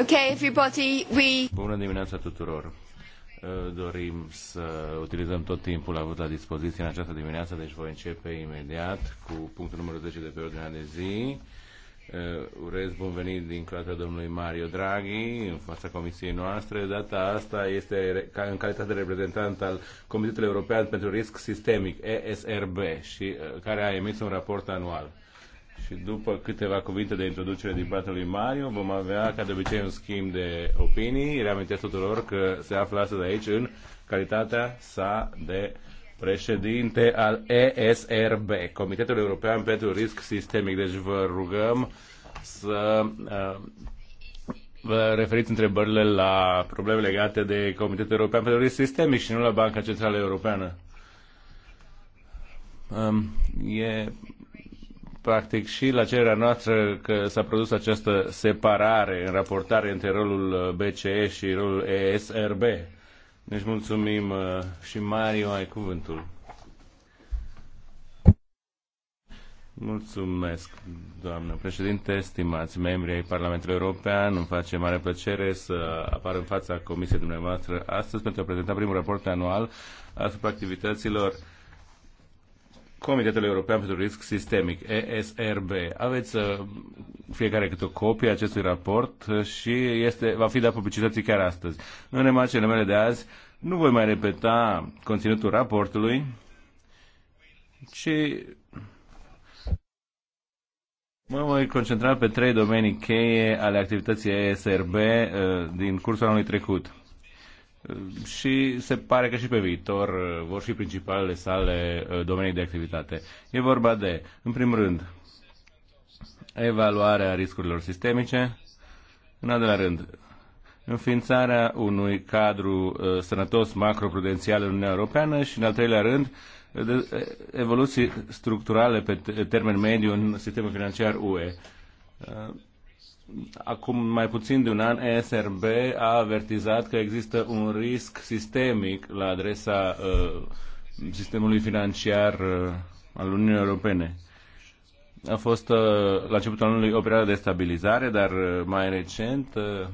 Okay, everybody, we... Bună dimineața tuturor! Uh, dorim să utilizăm tot timpul avut la dispoziție în această dimineață, deci voi începe imediat cu punctul numărul 10 de pe ordinea de zi. Uh, urez bun venit din clasa domnului Mario Draghi în fața comisiei noastre. Data asta este în calitate de reprezentant al Comitetului European pentru Risc Sistemic, ESRB, și uh, care a emis un raport anual și după câteva cuvinte de introducere din partea lui Mario vom avea, ca de obicei, un schimb de opinii. Reamintesc tuturor că se află astăzi aici în calitatea sa de președinte al ESRB, Comitetul European pentru Risc Sistemic. Deci vă rugăm să uh, vă referiți întrebările la probleme legate de Comitetul European pentru Risc Sistemic și nu la Banca Centrală Europeană. Um, e practic și la cererea noastră că s-a produs această separare în raportare între rolul uh, BCE și rolul ESRB. Deci mulțumim uh, și Mario, ai cuvântul. Mulțumesc, doamnă președinte, stimați membri ai Parlamentului European. Îmi face mare plăcere să apar în fața comisiei dumneavoastră astăzi pentru a prezenta primul raport anual asupra activităților Comitetul European pentru Risc Sistemic, ESRB. Aveți uh, fiecare câte o copie a acestui raport și este, va fi dat publicității chiar astăzi. În remarcele mele de azi nu voi mai repeta conținutul raportului, ci mă voi concentra pe trei domenii cheie ale activității ESRB uh, din cursul anului trecut și se pare că și pe viitor uh, vor fi principalele sale uh, domenii de activitate. E vorba de, în primul rând, evaluarea riscurilor sistemice, în al doilea rând, înființarea unui cadru uh, sănătos macroprudențial în Uniunea Europeană și, în al treilea rând, evoluții structurale pe termen mediu în sistemul financiar UE acum mai puțin de un an, ESRB a avertizat că există un risc sistemic la adresa uh, sistemului financiar uh, al Uniunii Europene. A fost uh, la începutul anului o perioadă de stabilizare, dar uh, mai recent uh,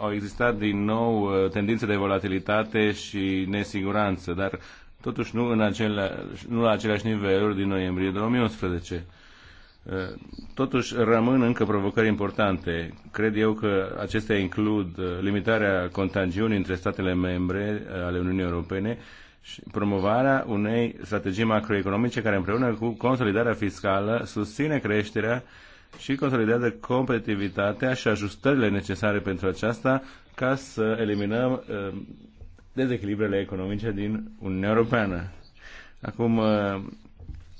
au existat din nou uh, tendințe de volatilitate și nesiguranță, dar totuși nu, în acelea, nu la aceleași niveluri din noiembrie 2011. Totuși rămân încă provocări importante. Cred eu că acestea includ uh, limitarea contagiunii între statele membre uh, ale Uniunii Europene și promovarea unei strategii macroeconomice care împreună cu consolidarea fiscală susține creșterea și consolidează competitivitatea și ajustările necesare pentru aceasta ca să eliminăm uh, dezechilibrele economice din Uniunea Europeană. Acum,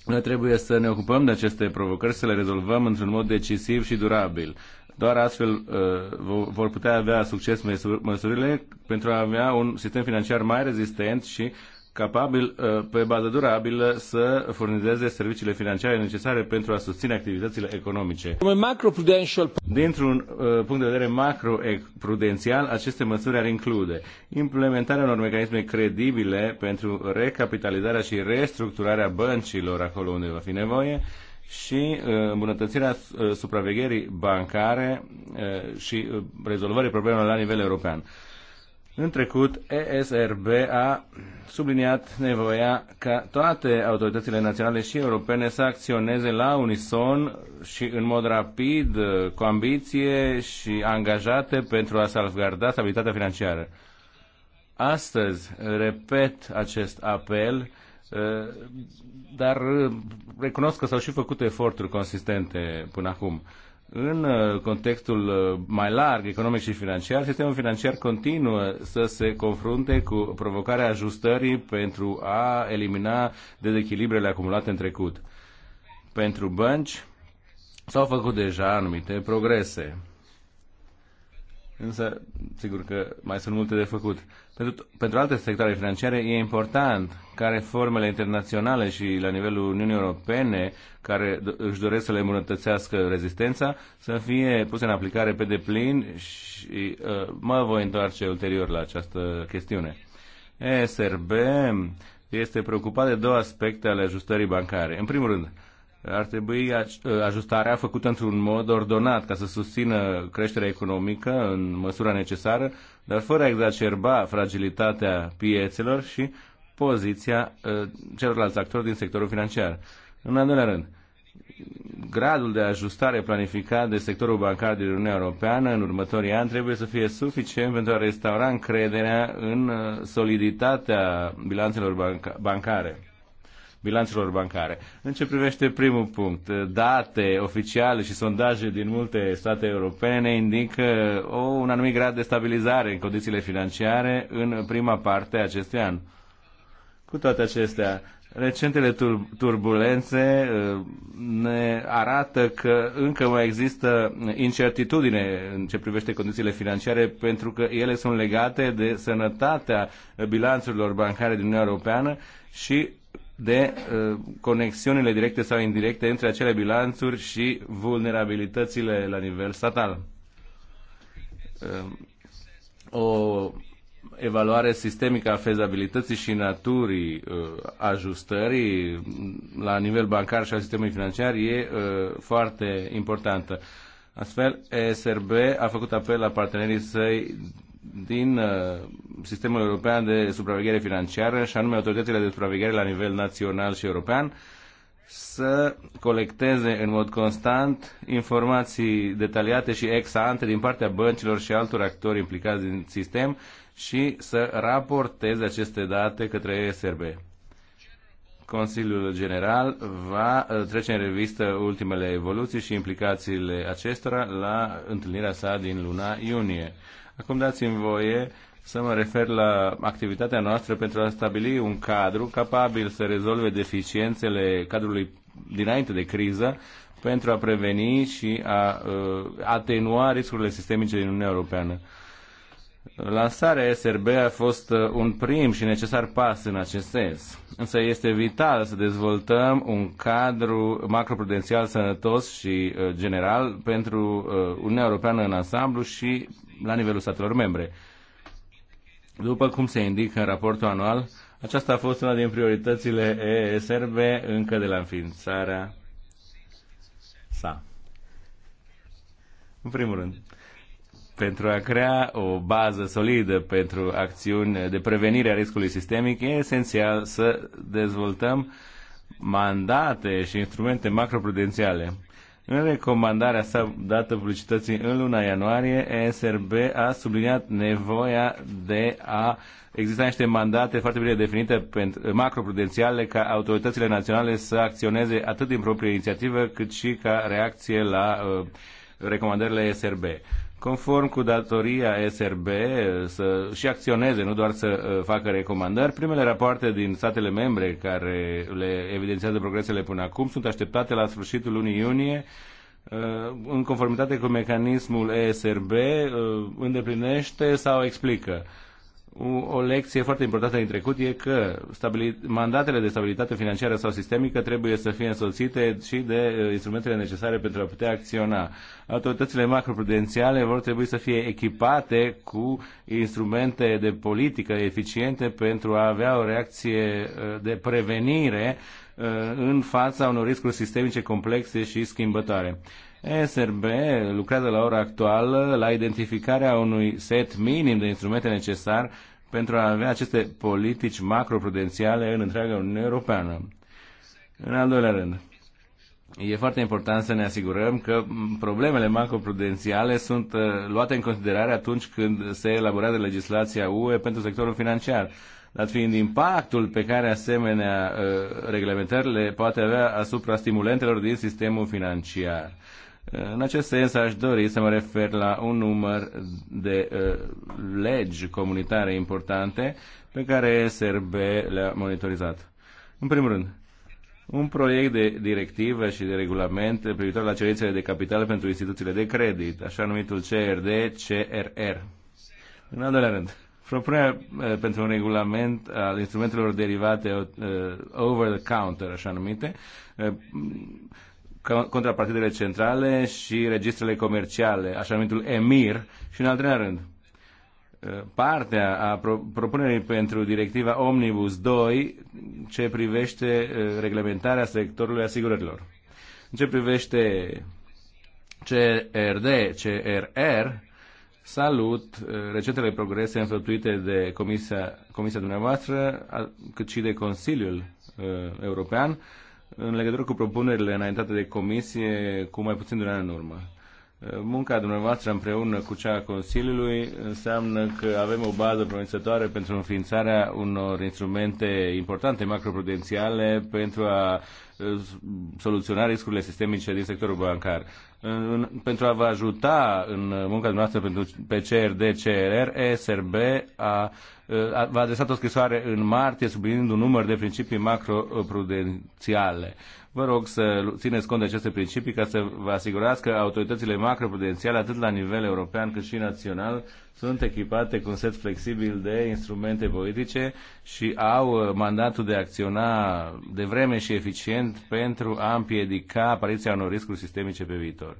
noi trebuie să ne ocupăm de aceste provocări, să le rezolvăm într-un mod decisiv și durabil. Doar astfel uh, vor putea avea succes măsurile pentru a avea un sistem financiar mai rezistent și capabil, ă, pe bază durabilă, să furnizeze serviciile financiare necesare pentru a susține activitățile economice. Dintr-un ă, punct de vedere macroprudențial, aceste măsuri ar include implementarea unor mecanisme credibile pentru recapitalizarea și restructurarea băncilor acolo unde va fi nevoie, și ă, îmbunătățirea supravegherii bancare și rezolvării problemelor la nivel european. În trecut, ESRB a subliniat nevoia ca toate autoritățile naționale și europene să acționeze la unison și în mod rapid, cu ambiție și angajate pentru a salvgarda stabilitatea financiară. Astăzi repet acest apel, eh, dar recunosc că s-au și făcut eforturi consistente până acum în uh, contextul uh, mai larg, economic și financiar, sistemul financiar continuă să se confrunte cu provocarea ajustării pentru a elimina dezechilibrele acumulate în trecut. Pentru bănci s-au făcut deja anumite progrese Însă, sigur că mai sunt multe de făcut. Pentru, pentru alte sectoare financiare e important care reformele internaționale și la nivelul Uniunii Europene, care își doresc să le îmbunătățească rezistența, să fie puse în aplicare pe deplin și uh, mă voi întoarce ulterior la această chestiune. ESRB este preocupat de două aspecte ale ajustării bancare. În primul rând, uh, ar trebui ajustarea făcută într-un mod ordonat ca să susțină creșterea economică în măsura necesară, dar fără a exacerba fragilitatea piețelor și poziția ă, celorlalți actori din sectorul financiar. În al doilea rând, gradul de ajustare planificat de sectorul bancar din Uniunea Europeană în următorii ani trebuie să fie suficient pentru a restaura încrederea în ă, soliditatea bilanțelor banca- bancare bilanțelor bancare. În ce privește primul punct, date oficiale și sondaje din multe state europene indică o, un anumit grad de stabilizare în condițiile financiare în prima parte a acestui an. Cu toate acestea, recentele tur- turbulențe uh, ne arată că încă mai există incertitudine în ce privește condițiile financiare pentru că ele sunt legate de sănătatea bilanțurilor bancare din Uniunea Europeană și de uh, conexiunile directe sau indirecte între acele bilanțuri și vulnerabilitățile la nivel statal. Uh, o evaluare sistemică a fezabilității și naturii uh, ajustării la nivel bancar și al sistemului financiar e uh, foarte importantă. Astfel, ESRB a făcut apel la partenerii săi din uh, sistemul european de supraveghere financiară și anume autoritățile de supraveghere la nivel național și european să colecteze în mod constant informații detaliate și ex ante din partea băncilor și altor actori implicați din sistem și să raporteze aceste date către ESRB. Consiliul General va uh, trece în revistă ultimele evoluții și implicațiile acestora la întâlnirea sa din luna iunie. Acum dați-mi voie să mă refer la activitatea noastră pentru a stabili un cadru capabil să rezolve deficiențele cadrului dinainte de criză pentru a preveni și a uh, atenua riscurile sistemice din Uniunea Europeană. Lansarea SRB a fost uh, un prim și necesar pas în acest sens, însă este vital să dezvoltăm un cadru macroprudențial sănătos și uh, general pentru uh, Uniunea Europeană în ansamblu și la nivelul statelor membre. După cum se indică în raportul anual, aceasta a fost una din prioritățile ESRB încă de la înființarea sa. În primul rând, pentru a crea o bază solidă pentru acțiuni de prevenire a riscului sistemic, e esențial să dezvoltăm mandate și instrumente macroprudențiale în recomandarea sa dată publicității în luna ianuarie, ESRB a subliniat nevoia de a exista niște mandate foarte bine definite pentru macroprudențiale ca autoritățile naționale să acționeze atât din proprie inițiativă cât și ca reacție la uh, recomandările SRB conform cu datoria SRB, să și acționeze, nu doar să uh, facă recomandări. Primele rapoarte din statele membre care le evidențiază progresele până acum sunt așteptate la sfârșitul lunii iunie uh, în conformitate cu mecanismul ESRB uh, îndeplinește sau explică o lecție foarte importantă din trecut e că mandatele de stabilitate financiară sau sistemică trebuie să fie însoțite și de uh, instrumentele necesare pentru a putea acționa. Autoritățile macroprudențiale vor trebui să fie echipate cu instrumente de politică eficiente pentru a avea o reacție uh, de prevenire uh, în fața unor riscuri sistemice complexe și schimbătoare. SRB lucrează la ora actuală la identificarea unui set minim de instrumente necesar pentru a avea aceste politici macroprudențiale în întreaga Uniune Europeană. În al doilea rând, e foarte important să ne asigurăm că problemele macroprudențiale sunt uh, luate în considerare atunci când se elaborează legislația UE pentru sectorul financiar, dat fiind impactul pe care asemenea uh, reglementări le poate avea asupra stimulentelor din sistemul financiar. În acest sens aș dori să mă refer la un număr de uh, legi comunitare importante pe care SRB le-a monitorizat. În primul rând, un proiect de directivă și de regulament privitor la cerințele de capital pentru instituțiile de credit, așa numitul CRD-CRR. În al doilea rând, propunerea uh, pentru un regulament al instrumentelor derivate uh, over the counter, așa numite, uh, contrapartidele centrale și registrele comerciale, așa numitul EMIR, și în al treilea rând, eh, partea a propunerii pentru directiva Omnibus 2 ce privește eh, reglementarea sectorului asigurărilor. În ce privește CRD, CRR, salut eh, recentele progrese înfăptuite de Comisia, Comisia dumneavoastră, cât și de Consiliul European, în legătură cu propunerile înaintate de comisie cu mai puțin de un an în urmă. Munca dumneavoastră împreună cu cea a Consiliului înseamnă că avem o bază promițătoare pentru înființarea unor instrumente importante macroprudențiale pentru a uh, soluționa riscurile sistemice din sectorul bancar. pentru a vă ajuta în munca dumneavoastră pentru, PCRD, CRR, SRB a, uh, a, v-a adresat o scrisoare în martie subliniind un număr de principii macroprudențiale. Vă rog să țineți cont de aceste principii ca să vă asigurați că autoritățile macroprudențiale, atât la nivel european cât și național, sunt echipate cu un set flexibil de instrumente politice și au uh, mandatul de a acționa de vreme și eficient pentru a împiedica apariția unor riscuri sistemice pe viitor.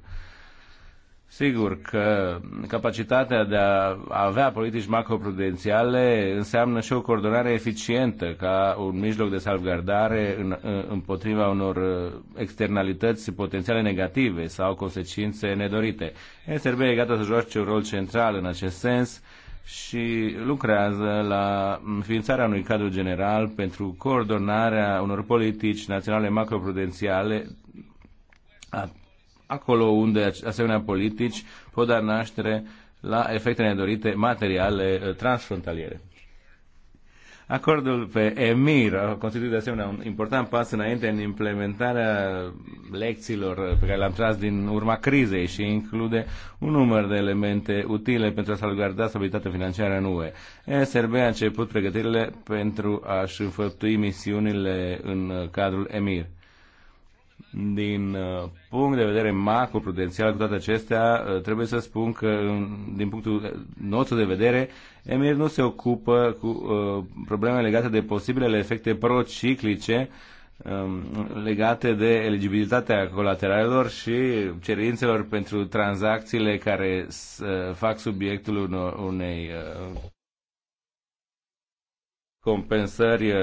Sigur că capacitatea de a avea politici macroprudențiale înseamnă și o coordonare eficientă ca un mijloc de salvgardare în, împotriva unor uh, externalități potențiale negative sau consecințe nedorite. SRB e gata să joace un rol central în acest sens și lucrează la înființarea unui cadru general pentru coordonarea unor politici naționale macroprudențiale acolo unde asemenea politici pot da naștere la efecte nedorite materiale uh, transfrontaliere. Acordul pe EMIR a constituit de asemenea un important pas înainte în implementarea lecțiilor pe care le-am tras din urma crizei și include un număr de elemente utile pentru a salvaguarda stabilitatea financiară în UE. SRB a început pregătirile pentru a-și înfăptui misiunile în uh, cadrul EMIR. Din uh, punct de vedere macroprudențial, cu toate acestea, uh, trebuie să spun că, din punctul nostru de vedere, EMIR nu se ocupă cu uh, probleme legate de posibilele efecte prociclice um, legate de eligibilitatea colateralelor și cerințelor pentru tranzacțiile care uh, fac subiectul unei compensări eh,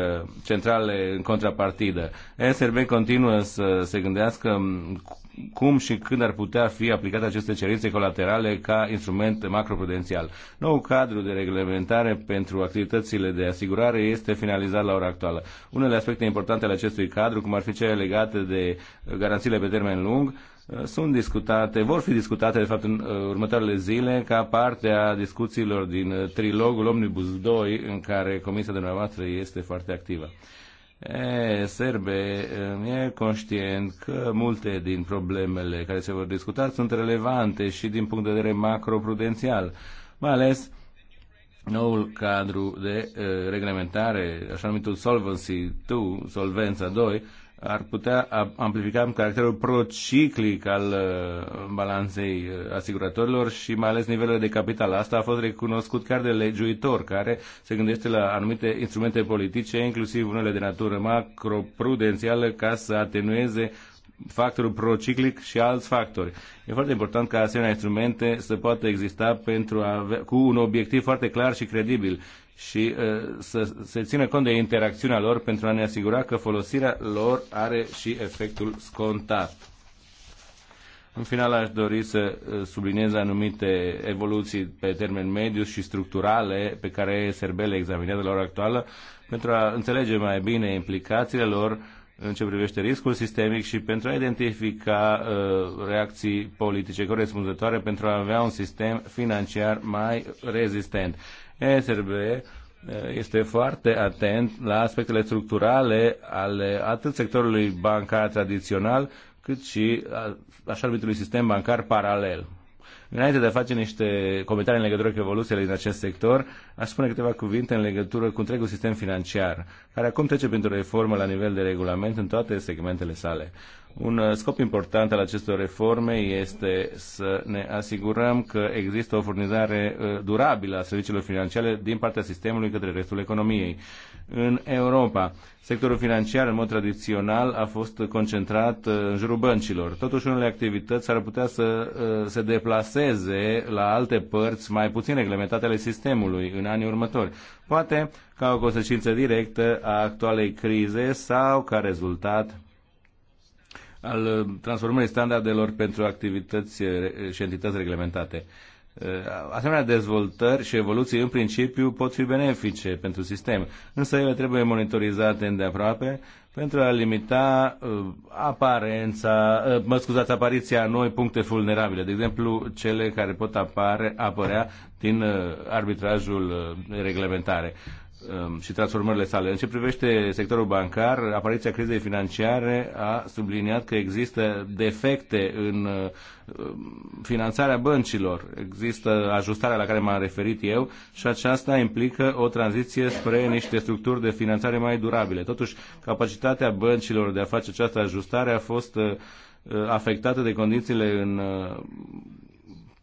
centrale în contrapartidă. SRB continuă să se gândească cum și când ar putea fi aplicate aceste cerințe colaterale ca instrument macroprudențial. Nou cadru de reglementare pentru activitățile de asigurare este finalizat la ora actuală. Unele aspecte importante ale acestui cadru, cum ar fi cele legate de garanțiile pe termen lung, Uh, sunt discutate, vor fi discutate, de fapt, în uh, următoarele zile, ca parte a discuțiilor din uh, trilogul Omnibus 2, în care Comisia dumneavoastră este foarte activă. E, serbe e conștient că multe din problemele care se vor discuta sunt relevante și din punct de vedere macroprudențial, mai ales noul cadru de uh, reglementare, așa numitul Solvency 2, Solvența 2, ar putea amplifica caracterul prociclic al uh, balanței uh, asiguratorilor și mai ales nivelul de capital. Asta a fost recunoscut chiar de legiuitor, care se gândește la anumite instrumente politice, inclusiv unele de natură macroprudențială, ca să atenueze factorul prociclic și alți factori. E foarte important ca asemenea instrumente să poată exista pentru a avea, cu un obiectiv foarte clar și credibil și uh, să se țină cont de interacțiunea lor pentru a ne asigura că folosirea lor are și efectul scontat. În final aș dori să uh, subliniez anumite evoluții pe termen mediu și structurale pe care SRB le examinează la ora actuală pentru a înțelege mai bine implicațiile lor în ce privește riscul sistemic și pentru a identifica uh, reacții politice corespunzătoare pentru a avea un sistem financiar mai rezistent. SRB este foarte atent la aspectele structurale ale atât sectorului bancar tradițional, cât și așa numitului sistem bancar paralel. Înainte de a face niște comentarii în legătură cu evoluțiile din acest sector, aș spune câteva cuvinte în legătură cu întregul sistem financiar, care acum trece printr-o reformă la nivel de regulament în toate segmentele sale. Un uh, scop important al acestor reforme este să ne asigurăm că există o furnizare uh, durabilă a serviciilor financiare din partea sistemului către restul economiei. În Europa, sectorul financiar în mod tradițional a fost concentrat uh, în jurul băncilor. Totuși, unele activități ar putea să se deplaseze la alte părți mai puțin reglementate ale sistemului în anii următori. Poate ca o consecință directă a actualei crize sau ca rezultat al uh, transformării standardelor pentru activități uh, și entități reglementate. Uh, asemenea, dezvoltări și evoluții în principiu pot fi benefice pentru sistem, însă ele trebuie monitorizate îndeaproape pentru a limita aparența, mă scuzați, apariția noi puncte vulnerabile, de exemplu cele care pot apare, apărea din arbitrajul reglementare. Um, și transformările sale. În ce privește sectorul bancar, apariția crizei financiare a subliniat că există defecte în uh, um, finanțarea băncilor. Există ajustarea la care m-am referit eu și aceasta implică o tranziție spre niște structuri de finanțare mai durabile. Totuși, capacitatea băncilor de a face această ajustare a fost uh, uh, afectată de condițiile în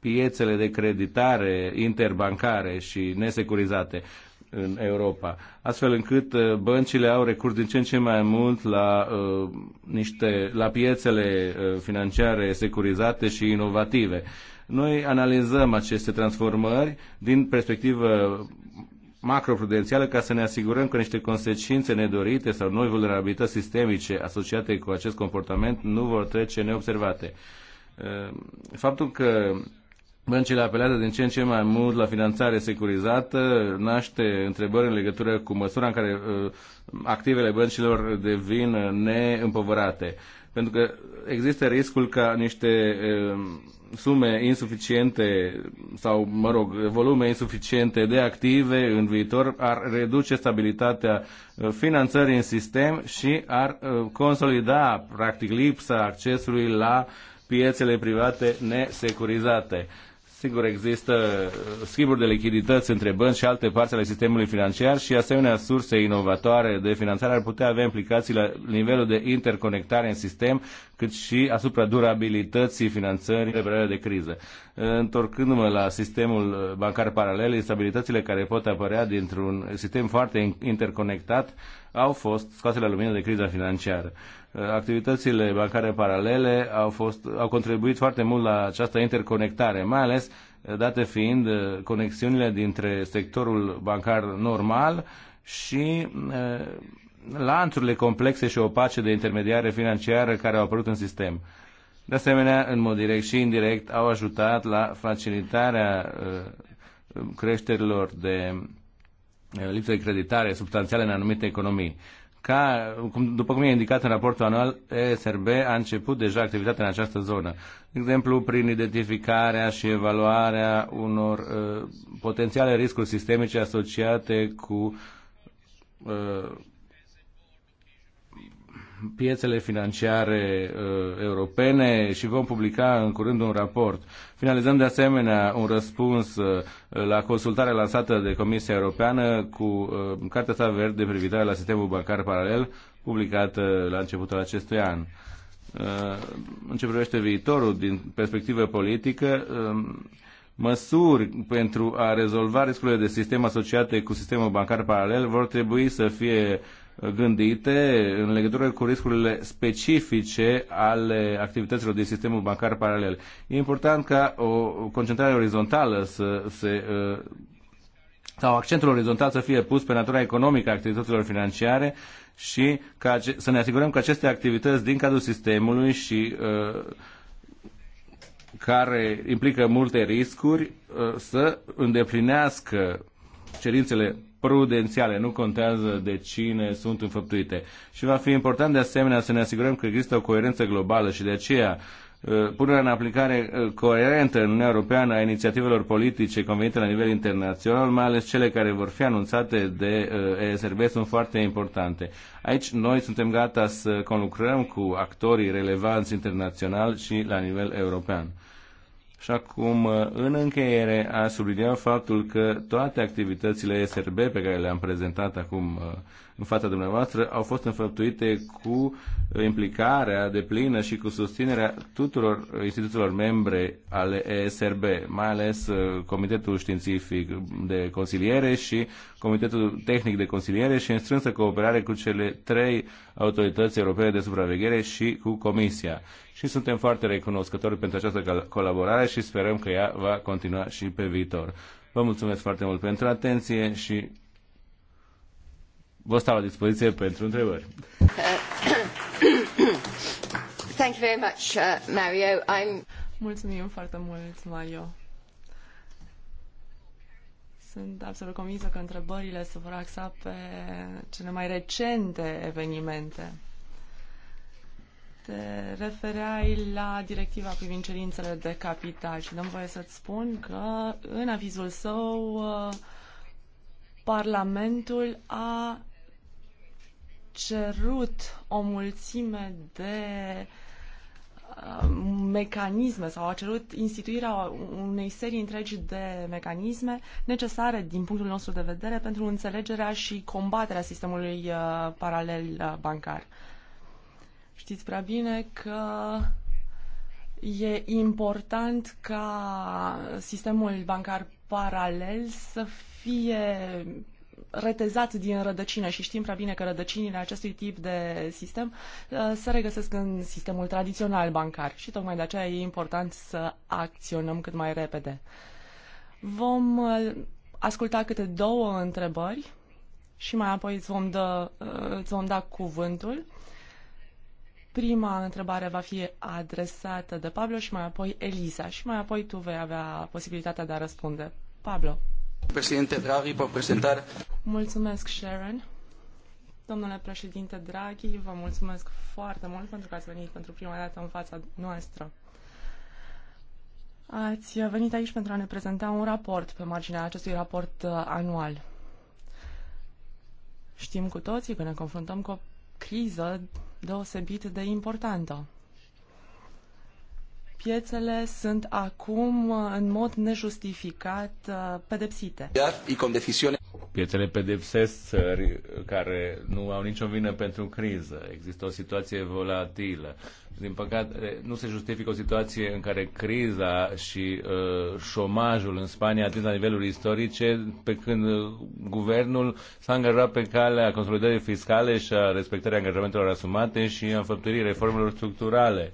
piețele de creditare interbancare și nesecurizate în Europa, astfel încât uh, băncile au recurs din ce în ce mai mult la, uh, niște, la piețele uh, financiare securizate și inovative. Noi analizăm aceste transformări din perspectivă macroprudențială ca să ne asigurăm că niște consecințe nedorite sau noi vulnerabilități sistemice asociate cu acest comportament nu vor trece neobservate. Uh, faptul că Băncile apelează din ce în ce mai mult la finanțare securizată, naște întrebări în legătură cu măsura în care uh, activele băncilor devin neîmpovărate. Pentru că există riscul ca niște uh, sume insuficiente sau, mă rog, volume insuficiente de active în viitor ar reduce stabilitatea uh, finanțării în sistem și ar uh, consolida, practic, lipsa accesului la piețele private nesecurizate. Sigur, există uh, schimburi de lichidități între bănci și alte părți ale sistemului financiar și asemenea surse inovatoare de finanțare ar putea avea implicații la nivelul de interconectare în sistem, cât și asupra durabilității finanțării în perioada de criză. Uh, întorcându-mă la sistemul uh, bancar paralel, instabilitățile care pot apărea dintr-un sistem foarte interconectat au fost scoase la lumină de criza financiară activitățile bancare paralele au, fost, au contribuit foarte mult la această interconectare, mai ales eh, date fiind eh, conexiunile dintre sectorul bancar normal și eh, lanțurile complexe și opace de intermediare financiară care au apărut în sistem. De asemenea, în mod direct și indirect, au ajutat la facilitarea creșterilor de lipsă de creditare substanțiale în anumite economii ca, după cum e indicat în raportul anual, ESRB a început deja activitatea în această zonă. De exemplu, prin identificarea și evaluarea unor uh, potențiale riscuri sistemice asociate cu uh, piețele financiare uh, europene și vom publica în curând un raport. Finalizăm de asemenea un răspuns uh, la consultarea lansată de Comisia Europeană cu uh, Cartea sa verde privitare la sistemul bancar paralel, publicată la începutul acestui an. Uh, în ce privește viitorul din perspectivă politică, uh, măsuri pentru a rezolva riscurile de sistem asociate cu sistemul bancar paralel vor trebui să fie uh, gândite în legătură cu riscurile specifice ale activităților din sistemul bancar paralel. E important ca o concentrare orizontală să se uh, sau accentul orizontal să fie pus pe natura economică a activităților financiare și ca, să ne asigurăm că aceste activități din cadrul sistemului și uh, care implică multe riscuri uh, să îndeplinească cerințele prudențiale, nu contează de cine sunt înfăptuite. Și va fi important de asemenea să ne asigurăm că există o coerență globală și de aceea uh, punerea în aplicare uh, coerentă în Uniunea Europeană a inițiativelor politice convenite la nivel internațional, mai ales cele care vor fi anunțate de uh, ESRB, sunt foarte importante. Aici noi suntem gata să conlucrăm cu actorii relevanți internațional și la nivel european. Și acum, uh, în încheiere, a subliniat faptul că toate activitățile SRB pe care le-am prezentat acum uh, în fața dumneavoastră au fost înfăptuite cu implicarea deplină și cu susținerea tuturor uh, instituțiilor membre ale ESRB, mai ales Comitetul Științific de Consiliere și Comitetul Tehnic de Consiliere și în strânsă cooperare cu cele trei autorități europene de supraveghere și cu Comisia și suntem foarte recunoscători pentru această colaborare și sperăm că ea va continua și pe viitor. Vă mulțumesc foarte mult pentru atenție și vă stau la dispoziție pentru întrebări. Thank you very much, uh, Mario. I'm... Mulțumim foarte mult, Mario. Sunt absolut convinsă că întrebările se vor axa pe cele mai recente evenimente te refereai la directiva privind cerințele de capital și dăm voie să-ți spun că în avizul său uh, Parlamentul a cerut o mulțime de uh, mecanisme sau a cerut instituirea unei serii întregi de mecanisme necesare din punctul nostru de vedere pentru înțelegerea și combaterea sistemului uh, paralel bancar. Știți prea bine că e important ca sistemul bancar paralel să fie retezat din rădăcină și știm prea bine că rădăcinile acestui tip de sistem uh, se regăsesc în sistemul tradițional bancar și tocmai de aceea e important să acționăm cât mai repede. Vom uh, asculta câte două întrebări și mai apoi îți vom da, îți vom da cuvântul Prima întrebare va fi adresată de Pablo și mai apoi Elisa și mai apoi tu vei avea posibilitatea de a răspunde. Pablo. Președinte Draghi, pe prezentare. Mulțumesc, Sharon. Domnule președinte Draghi, vă mulțumesc foarte mult pentru că ați venit pentru prima dată în fața noastră. Ați venit aici pentru a ne prezenta un raport pe marginea acestui raport uh, anual. Știm cu toții că ne confruntăm cu o criză deosebit de importantă. Piețele sunt acum uh, în mod nejustificat uh, pedepsite. Iar, piețele pedepsesc țări care nu au nicio vină pentru criză. Există o situație volatilă. Din păcate, nu se justifică o situație în care criza și uh, șomajul în Spania atins la niveluri istorice, pe când guvernul s-a angajat pe calea consolidării fiscale și a respectării angajamentelor asumate și a înfăptuirii reformelor structurale.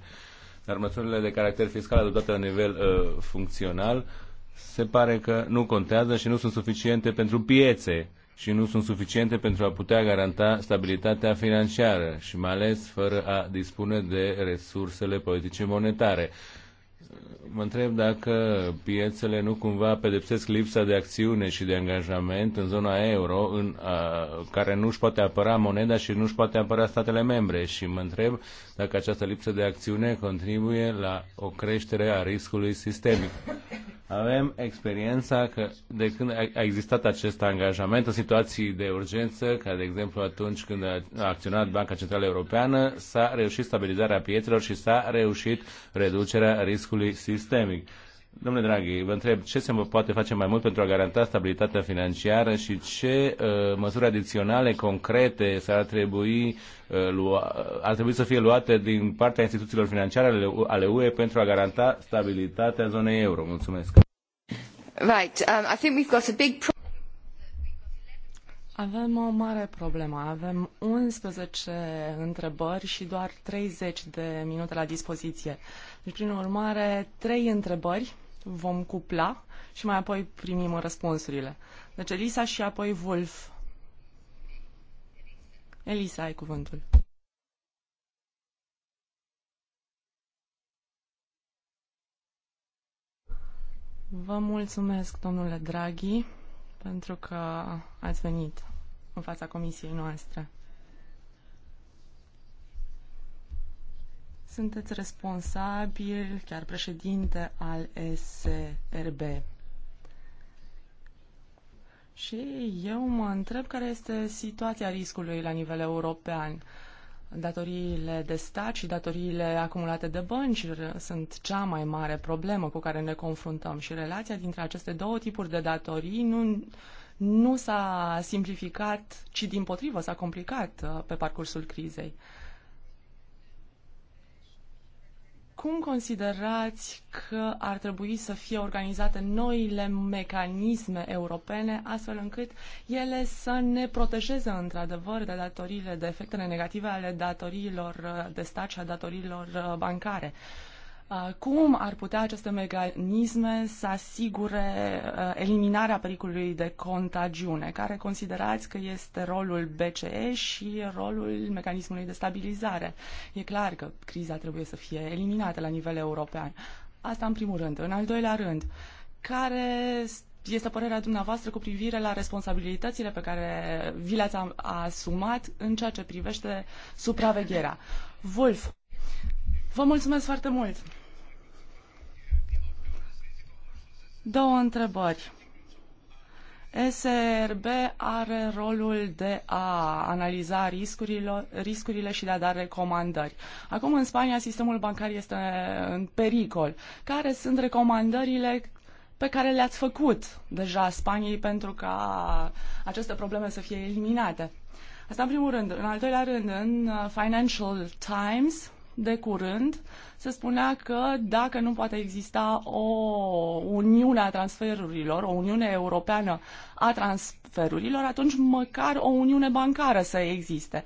Dar măsurile de caracter fiscal adoptate la nivel uh, funcțional uh, se pare că nu contează și nu sunt suficiente pentru piețe și nu sunt suficiente pentru a putea garanta stabilitatea financiară și mai ales fără a dispune de resursele politice monetare. Mă întreb dacă piețele nu cumva pedepsesc lipsa de acțiune și de angajament în zona euro, în, a, care nu și poate apăra moneda și nu și poate apăra statele membre. Și mă întreb dacă această lipsă de acțiune contribuie la o creștere a riscului sistemic. Avem experiența că de când a existat acest angajament în situații de urgență, ca de exemplu atunci când a acționat Banca Centrală Europeană, s-a reușit stabilizarea piețelor și s-a reușit reducerea riscului sistemic. Domnule Draghi, vă întreb ce se poate face mai mult pentru a garanta stabilitatea financiară și ce uh, măsuri adiționale concrete s-ar trebui, uh, lua, ar trebui să fie luate din partea instituțiilor financiare ale, ale UE pentru a garanta stabilitatea zonei euro. Mulțumesc. Right. Um, I think we've got a big problem. Avem o mare problemă. Avem 11 întrebări și doar 30 de minute la dispoziție. Deci, prin urmare, trei întrebări vom cupla și mai apoi primim răspunsurile. Deci Elisa și apoi Wolf. Elisa, ai cuvântul. Vă mulțumesc, domnule Draghi, pentru că ați venit în fața comisiei noastre. sunteți responsabil, chiar președinte al SRB. Și eu mă întreb care este situația riscului la nivel european. Datoriile de stat și datoriile acumulate de bănci sunt cea mai mare problemă cu care ne confruntăm și relația dintre aceste două tipuri de datorii nu, nu s-a simplificat, ci din potrivă s-a complicat uh, pe parcursul crizei. Cum considerați că ar trebui să fie organizate noile mecanisme europene astfel încât ele să ne protejeze într-adevăr de datoriile, de efectele negative ale datoriilor uh, de stat și a datoriilor uh, bancare? Uh, Uh, cum ar putea aceste mecanisme să asigure uh, eliminarea pericolului de contagiune? Care considerați că este rolul BCE și rolul mecanismului de stabilizare? E clar că criza trebuie să fie eliminată la nivel european. Asta în primul rând. În al doilea rând, care este părerea dumneavoastră cu privire la responsabilitățile pe care vi le-ați asumat în ceea ce privește supravegherea? Wolf, Vă mulțumesc foarte mult! Două întrebări. SRB are rolul de a analiza riscurile, riscurile și de a da recomandări. Acum în Spania sistemul bancar este în pericol. Care sunt recomandările pe care le-ați făcut deja Spaniei pentru ca aceste probleme să fie eliminate? Asta în primul rând. În al doilea rând, în uh, Financial Times de curând se spunea că dacă nu poate exista o uniune a transferurilor, o uniune europeană a transferurilor, atunci măcar o uniune bancară să existe.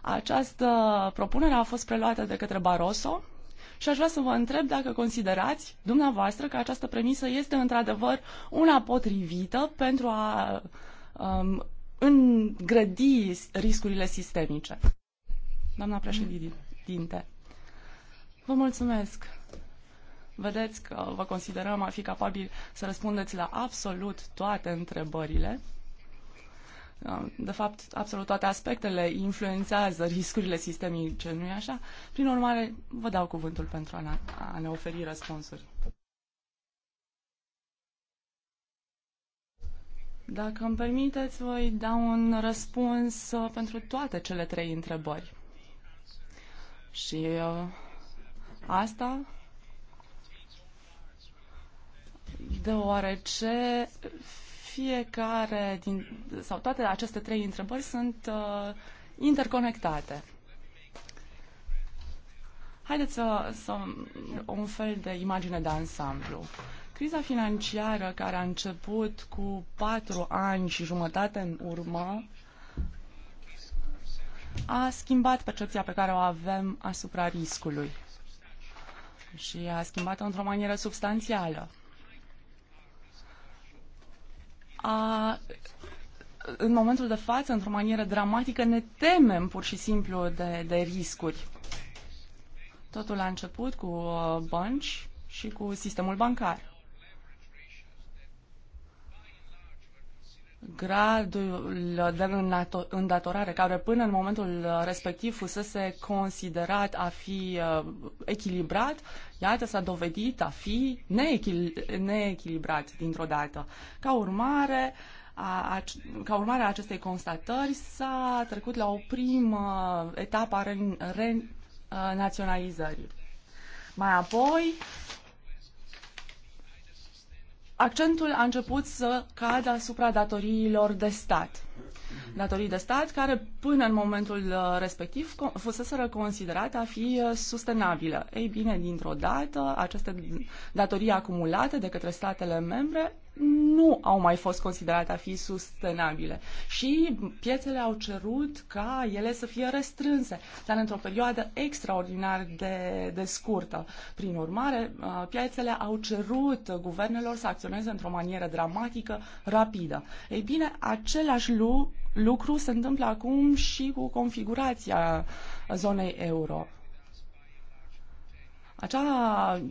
Această propunere a fost preluată de către Barroso și aș vrea să vă întreb dacă considerați dumneavoastră că această premisă este într-adevăr una potrivită pentru a um, îngrădi riscurile sistemice. Doamna președinte. Vă mulțumesc. Vedeți că vă considerăm a fi capabili să răspundeți la absolut toate întrebările. De fapt, absolut toate aspectele influențează riscurile sistemice, nu-i așa? Prin urmare, vă dau cuvântul pentru a ne oferi răspunsuri. Dacă îmi permiteți, voi da un răspuns uh, pentru toate cele trei întrebări. Și uh, Asta deoarece fiecare din, sau toate aceste trei întrebări sunt uh, interconectate. Haideți să, să un fel de imagine de ansamblu. Criza financiară care a început cu patru ani și jumătate în urmă a schimbat percepția pe care o avem asupra riscului și a schimbat-o într-o manieră substanțială. A, în momentul de față, într-o manieră dramatică, ne temem pur și simplu de, de riscuri. Totul a început cu uh, bănci și cu sistemul bancar. gradul de îndatorare care până în momentul respectiv fusese considerat a fi uh, echilibrat, iată s-a dovedit a fi neechil- neechilibrat dintr-o dată. Ca urmare, a, a, ca urmare a acestei constatări s-a trecut la o primă etapă a renaționalizării. Re, uh, Mai apoi accentul a început să cadă asupra datoriilor de stat. Datorii de stat care până în momentul uh, respectiv fuseseră considerate a fi uh, sustenabile. Ei bine, dintr-o dată, aceste datorii acumulate de către statele membre nu au mai fost considerate a fi sustenabile și piețele au cerut ca ele să fie restrânse, dar într-o perioadă extraordinar de, de scurtă. Prin urmare, uh, piețele au cerut guvernelor să acționeze într-o manieră dramatică, rapidă. Ei bine, același lu- lucru se întâmplă acum și cu configurația zonei euro. Acea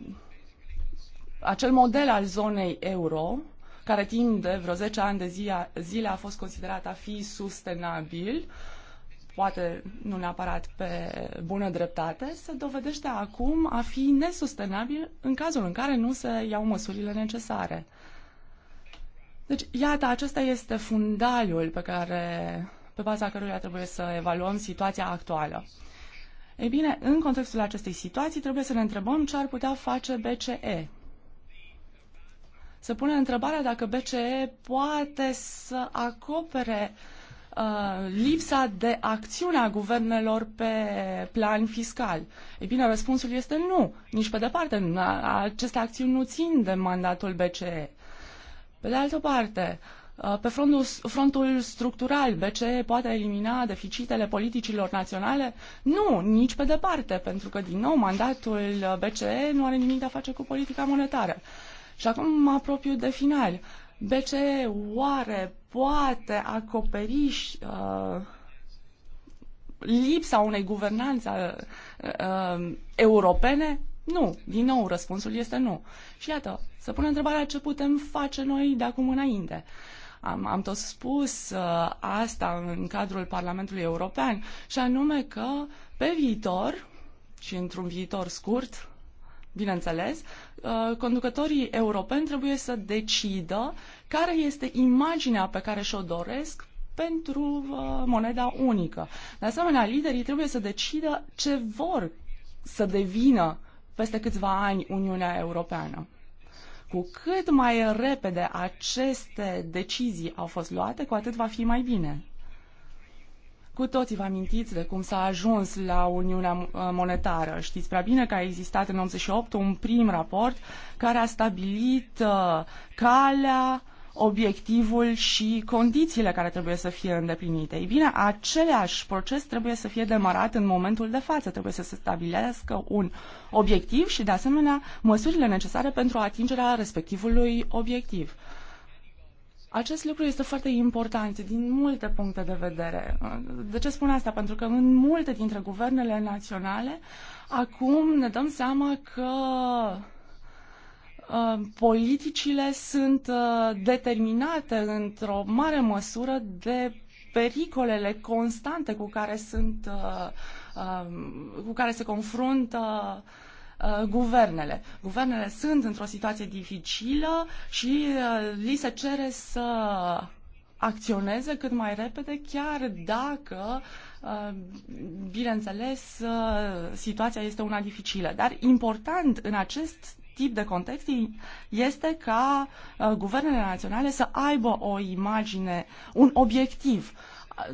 acel model al zonei euro care timp de vreo 10 ani de zi, zile a fost considerat a fi sustenabil, poate nu neapărat pe bună dreptate, se dovedește acum a fi nesustenabil în cazul în care nu se iau măsurile necesare. Deci, iată, acesta este fundalul pe care, pe baza căruia trebuie să evaluăm situația actuală. Ei bine, în contextul acestei situații trebuie să ne întrebăm ce ar putea face BCE se pune întrebarea dacă BCE poate să acopere uh, lipsa de acțiune a guvernelor pe plan fiscal. Ei bine, răspunsul este nu, nici pe departe. Aceste acțiuni nu țin de mandatul BCE. Pe de altă parte, uh, pe frontul, frontul structural, BCE poate elimina deficitele politicilor naționale? Nu, nici pe departe, pentru că, din nou, mandatul BCE nu are nimic de a face cu politica monetară. Uh, și acum mă apropiu de final. BCE oare poate acoperi uh, lipsa unei guvernanțe uh, uh, europene? Nu. Din nou, răspunsul este nu. Și iată, să punem întrebarea ce putem face noi de acum înainte. Am, am tot spus uh, asta în cadrul Parlamentului European, și anume că pe viitor, și într-un viitor scurt, bineînțeles, uh, conducătorii europeni trebuie să decidă care este imaginea pe care și-o doresc pentru uh, moneda unică. De asemenea, liderii trebuie să decidă ce vor să devină peste câțiva ani Uniunea Europeană. Cu cât mai repede aceste decizii au fost luate, cu atât va fi mai bine. Cu toții vă amintiți de cum s-a ajuns la Uniunea uh, Monetară. Știți prea bine că a existat în 88 un prim raport care a stabilit uh, calea obiectivul și condițiile care trebuie să fie îndeplinite. Ei bine, același proces trebuie să fie demarat în momentul de față. Trebuie să se stabilească un obiectiv și, de asemenea, măsurile necesare pentru atingerea respectivului obiectiv. Acest lucru este foarte important din multe puncte de vedere. De ce spun asta? Pentru că în multe dintre guvernele naționale acum ne dăm seama că uh, politicile sunt uh, determinate într-o mare măsură de pericolele constante cu care sunt uh, cu care se confruntă Uh, guvernele. Guvernele sunt într-o situație dificilă și uh, li se cere să acționeze cât mai repede, chiar dacă, uh, bineînțeles, situația este una dificilă. Dar important în acest tip de context este ca guvernele naționale să aibă o imagine, un obiectiv.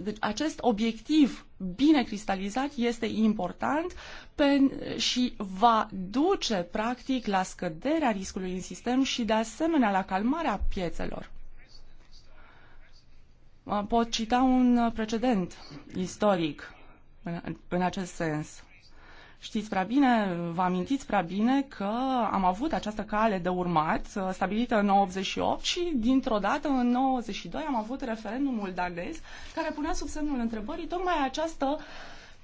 Deci acest obiectiv bine cristalizat este important pe, și va duce practic la scăderea riscului în sistem și de asemenea la calmarea piețelor. Pot cita un precedent istoric în, în acest sens. Știți prea bine, vă amintiți prea bine că am avut această cale de urmat uh, stabilită în 98 și dintr-o dată în 92 am avut referendumul danez care punea sub semnul întrebării tocmai această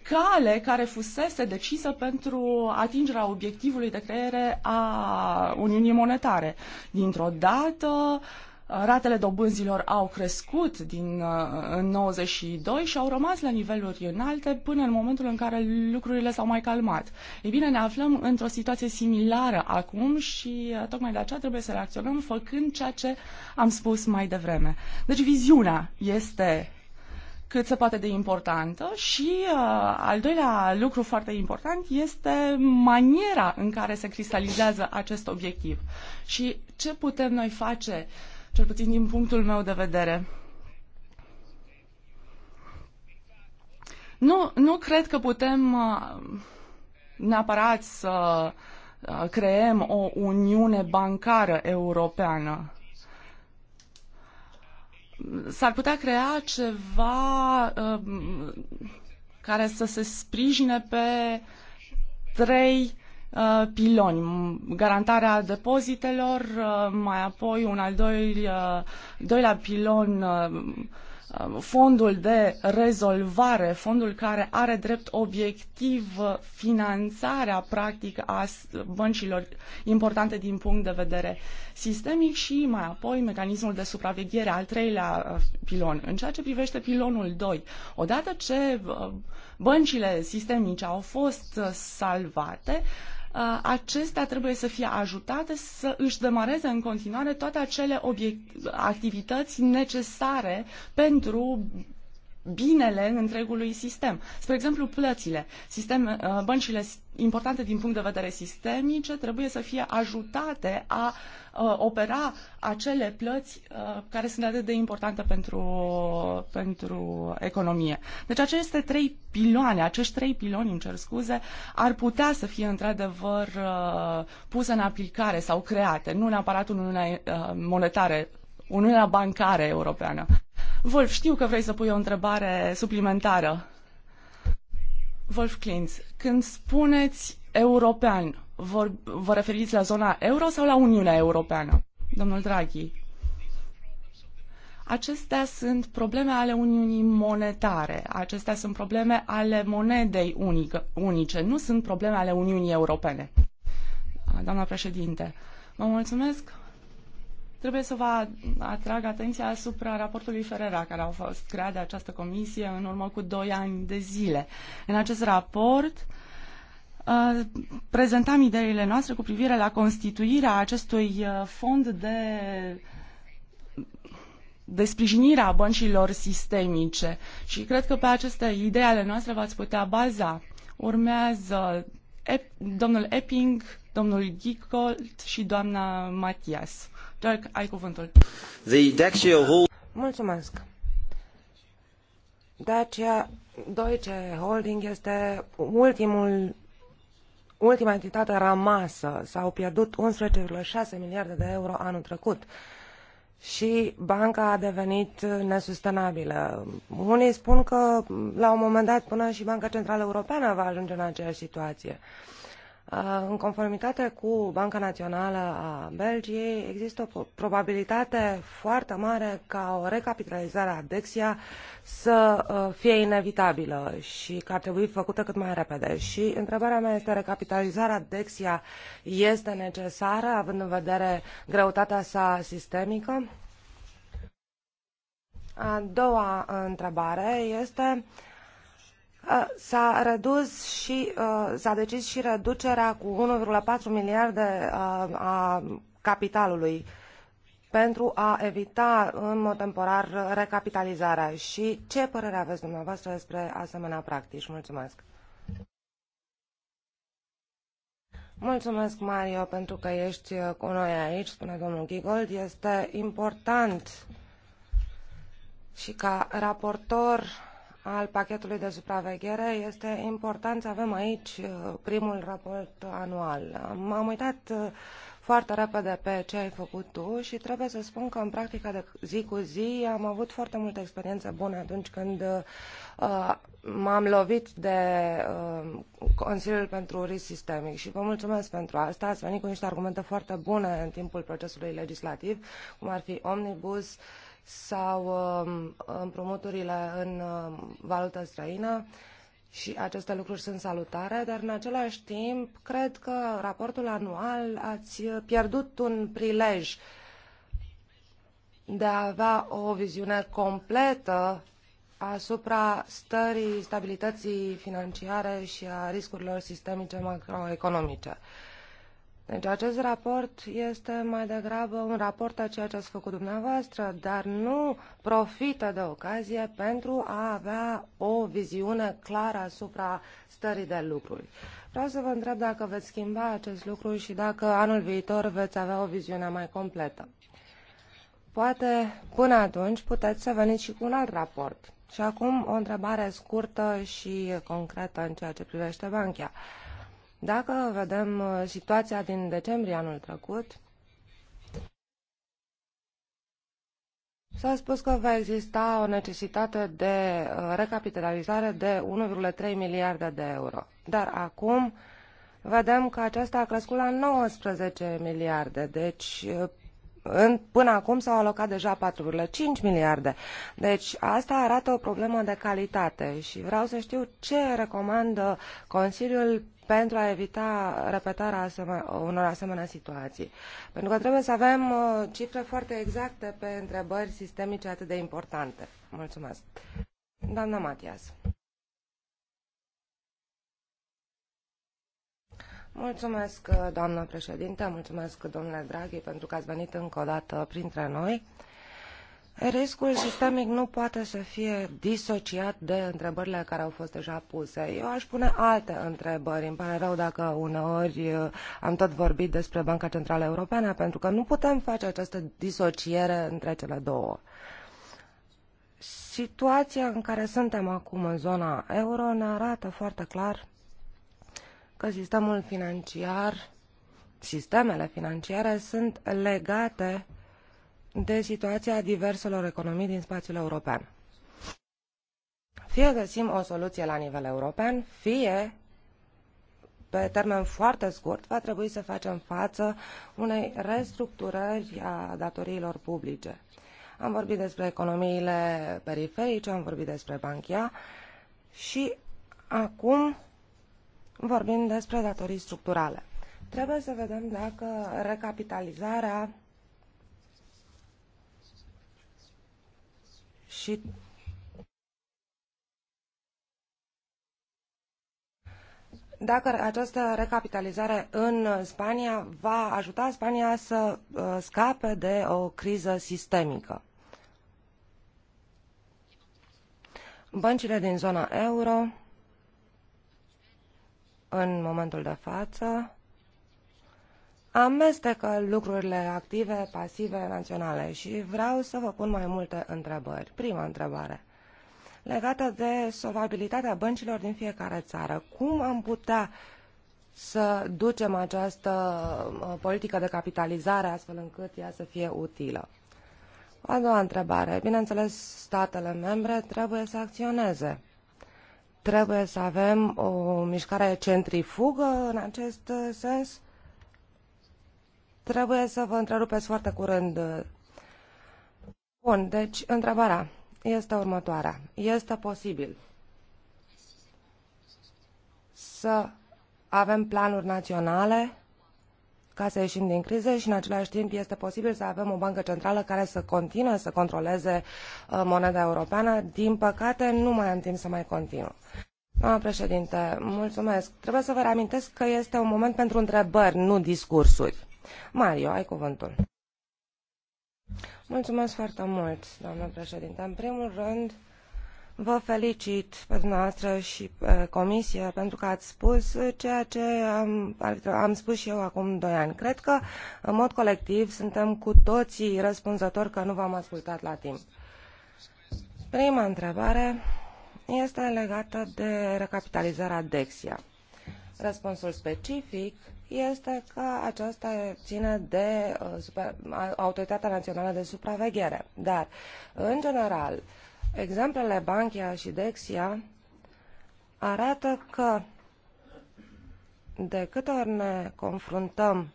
cale care fusese decisă pentru atingerea obiectivului de creere a Uniunii Monetare. Dintr-o dată uh, ratele dobânzilor au crescut din uh, în 92 și au rămas la niveluri înalte până în momentul în care lucrurile s-au mai calmat. Ei bine, ne aflăm într-o situație similară acum și uh, tocmai de aceea trebuie să reacționăm făcând ceea ce am spus mai devreme. Deci viziunea este cât se poate de importantă și uh, al doilea lucru foarte important este maniera în care se cristalizează acest obiectiv și ce putem noi face uh, cel puțin din punctul meu de vedere. Nu, nu cred că putem uh, neapărat să uh, creăm o uniune bancară europeană. S-ar putea crea ceva uh, care să se sprijine pe trei Uh, piloni, garantarea depozitelor, uh, mai apoi un al doilea, uh, doilea pilon, fondul de rezolvare, fondul care are drept obiectiv finanțarea practic a băncilor importante din punct de vedere sistemic și mai apoi mecanismul de supraveghere, al treilea pilon. În ceea ce privește pilonul 2, odată ce băncile sistemice au fost salvate, Uh, acestea trebuie să fie ajutate să își demareze în continuare toate acele activități necesare pentru binele întregului sistem. Spre exemplu, plățile. Sistem, uh, băncile importante din punct de vedere sistemice trebuie să fie ajutate a uh, opera acele plăți uh, care sunt atât de importante pentru, pentru economie. Deci aceste trei piloane, acești trei piloni, îmi cer scuze, ar putea să fie într-adevăr puse în aplicare sau create, nu neapărat în Uniunea Monetare, Uniunea Bancară Europeană. Wolf, știu că vrei să pui o întrebare suplimentară. Wolf Klintz, când spuneți european, vor, vă referiți la zona euro sau la Uniunea Europeană? Domnul Draghi. Acestea sunt probleme ale Uniunii Monetare, acestea sunt probleme ale monedei unică, unice, nu sunt probleme ale Uniunii Europene. Doamna președinte, mă mulțumesc Trebuie să vă atrag atenția asupra raportului Ferrera, care a fost creat de această comisie în urmă cu 2 ani de zile. În acest raport uh, prezentam ideile noastre cu privire la constituirea acestui uh, fond de de a băncilor sistemice și cred că pe aceste idei ale noastre v-ați putea baza. Urmează Ep, domnul Epping, domnul Gicolt și doamna Matias ai cuvântul. The Dacia Mulțumesc. Dacia Deutsche Holding este ultimul ultima entitate rămasă. S-au pierdut 11,6 miliarde de euro anul trecut și banca a devenit nesustenabilă. Unii spun că la un moment dat până și Banca Centrală Europeană va ajunge în aceeași situație. Uh, Uh, în conformitate cu Banca Națională a Belgiei, există o probabilitate foarte mare ca o recapitalizare a Dexia să uh, fie inevitabilă și că ar trebui făcută cât mai repede. Și întrebarea mea este, recapitalizarea Dexia este necesară, având în vedere greutatea sa sistemică? A doua întrebare este, uh, S-a redus și uh, s-a decis și reducerea cu 1,4 miliarde uh, a capitalului pentru a evita în mod temporar recapitalizarea. Și ce părere aveți dumneavoastră despre asemenea practici? Mulțumesc! Mulțumesc, Mario, pentru că ești uh, cu noi aici, spune domnul Gigold. Este important și ca raportor al pachetului de supraveghere, este important să avem aici uh, primul raport anual. M-am uitat uh, foarte repede pe ce ai făcut tu și trebuie să spun că în practica de zi cu zi am avut foarte multă experiență bună. atunci când uh, m-am lovit de uh, Consiliul pentru Risc Sistemic și vă mulțumesc pentru asta. Ați venit cu niște argumente foarte bune în timpul procesului legislativ, cum ar fi Omnibus, uh, sau um, împrumuturile în um, valută străină și aceste lucruri sunt salutare, dar în același timp cred că raportul anual ați pierdut un prilej de a avea o viziune completă asupra stării stabilității financiare și a riscurilor sistemice macroeconomice. Deci acest raport este mai degrabă un raport a ceea ce ați făcut dumneavoastră, dar nu profită de ocazie pentru a avea o viziune clară asupra stării de lucruri. Vreau să vă întreb dacă veți schimba acest lucru și dacă anul viitor veți avea o viziune mai completă. Poate până atunci puteți să veniți și cu un alt raport. Și acum o întrebare scurtă și concretă în ceea ce privește banchia. Dacă vedem uh, situația din decembrie anul trecut, S-a spus că va exista o necesitate de uh, recapitalizare de 1,3 miliarde de euro. Dar acum vedem că aceasta a crescut la 19 miliarde, deci uh, în, până acum s-au alocat deja 4,5 miliarde. Deci asta arată o problemă de calitate și vreau să știu ce recomandă Consiliul pentru a evita repetarea asemen- unor asemenea situații. Pentru că trebuie să avem uh, cifre foarte exacte pe întrebări sistemice atât de importante. Mulțumesc. Doamna Matias. Mulțumesc, uh, doamnă președinte, mulțumesc, domnule Draghi, pentru că ați venit încă o dată printre noi. Uh, Riscul sistemic nu poate să fie disociat de întrebările care au fost deja puse. Eu aș pune alte întrebări. Îmi pare rău dacă uneori uh, am tot vorbit despre Banca Centrală Europeană, pentru că nu putem face această disociere între cele două. Situația în care suntem acum în zona euro ne arată foarte clar că sistemul financiar, sistemele financiare sunt legate de situația diverselor economii din spațiul european. Fie găsim o soluție la nivel european, fie pe termen foarte scurt va trebui să facem față unei restructurări a datoriilor publice. Am vorbit despre economiile periferice, am vorbit despre banchia și acum vorbim despre datorii structurale. Trebuie să vedem dacă recapitalizarea și dacă această recapitalizare în Spania va ajuta Spania să uh, scape de o criză sistemică. Băncile din zona euro, în momentul de față, amestecă lucrurile active, pasive, naționale și vreau să vă pun mai multe întrebări. Prima întrebare legată de solvabilitatea băncilor din fiecare țară. Cum am putea să ducem această uh, politică de capitalizare astfel încât ea să fie utilă? A doua întrebare. Bineînțeles, statele membre trebuie să acționeze. Trebuie să avem o mișcare centrifugă în acest uh, sens Trebuie să vă întrerupeți foarte curând. Bun, deci întrebarea este următoarea. Este posibil să avem planuri naționale ca să ieșim din criză și în același timp este posibil să avem o bancă centrală care să continue să controleze uh, moneda europeană. Din păcate, nu mai am timp să mai continu. Doamna președinte, mulțumesc. Trebuie să vă reamintesc că este un moment pentru întrebări, nu discursuri. Mario, ai cuvântul. Mulțumesc foarte mult, doamnă președinte. În primul rând, vă felicit pe dumneavoastră și pe comisie pentru că ați spus ceea ce am, adică am spus și eu acum doi ani. Cred că, în mod colectiv, suntem cu toții răspunzători că nu v-am ascultat la timp. Prima întrebare este legată de recapitalizarea Dexia. Răspunsul specific este că aceasta ține de uh, super, Autoritatea Națională de Supraveghere. Dar, în general, exemplele Banchia și Dexia arată că de câte ori ne confruntăm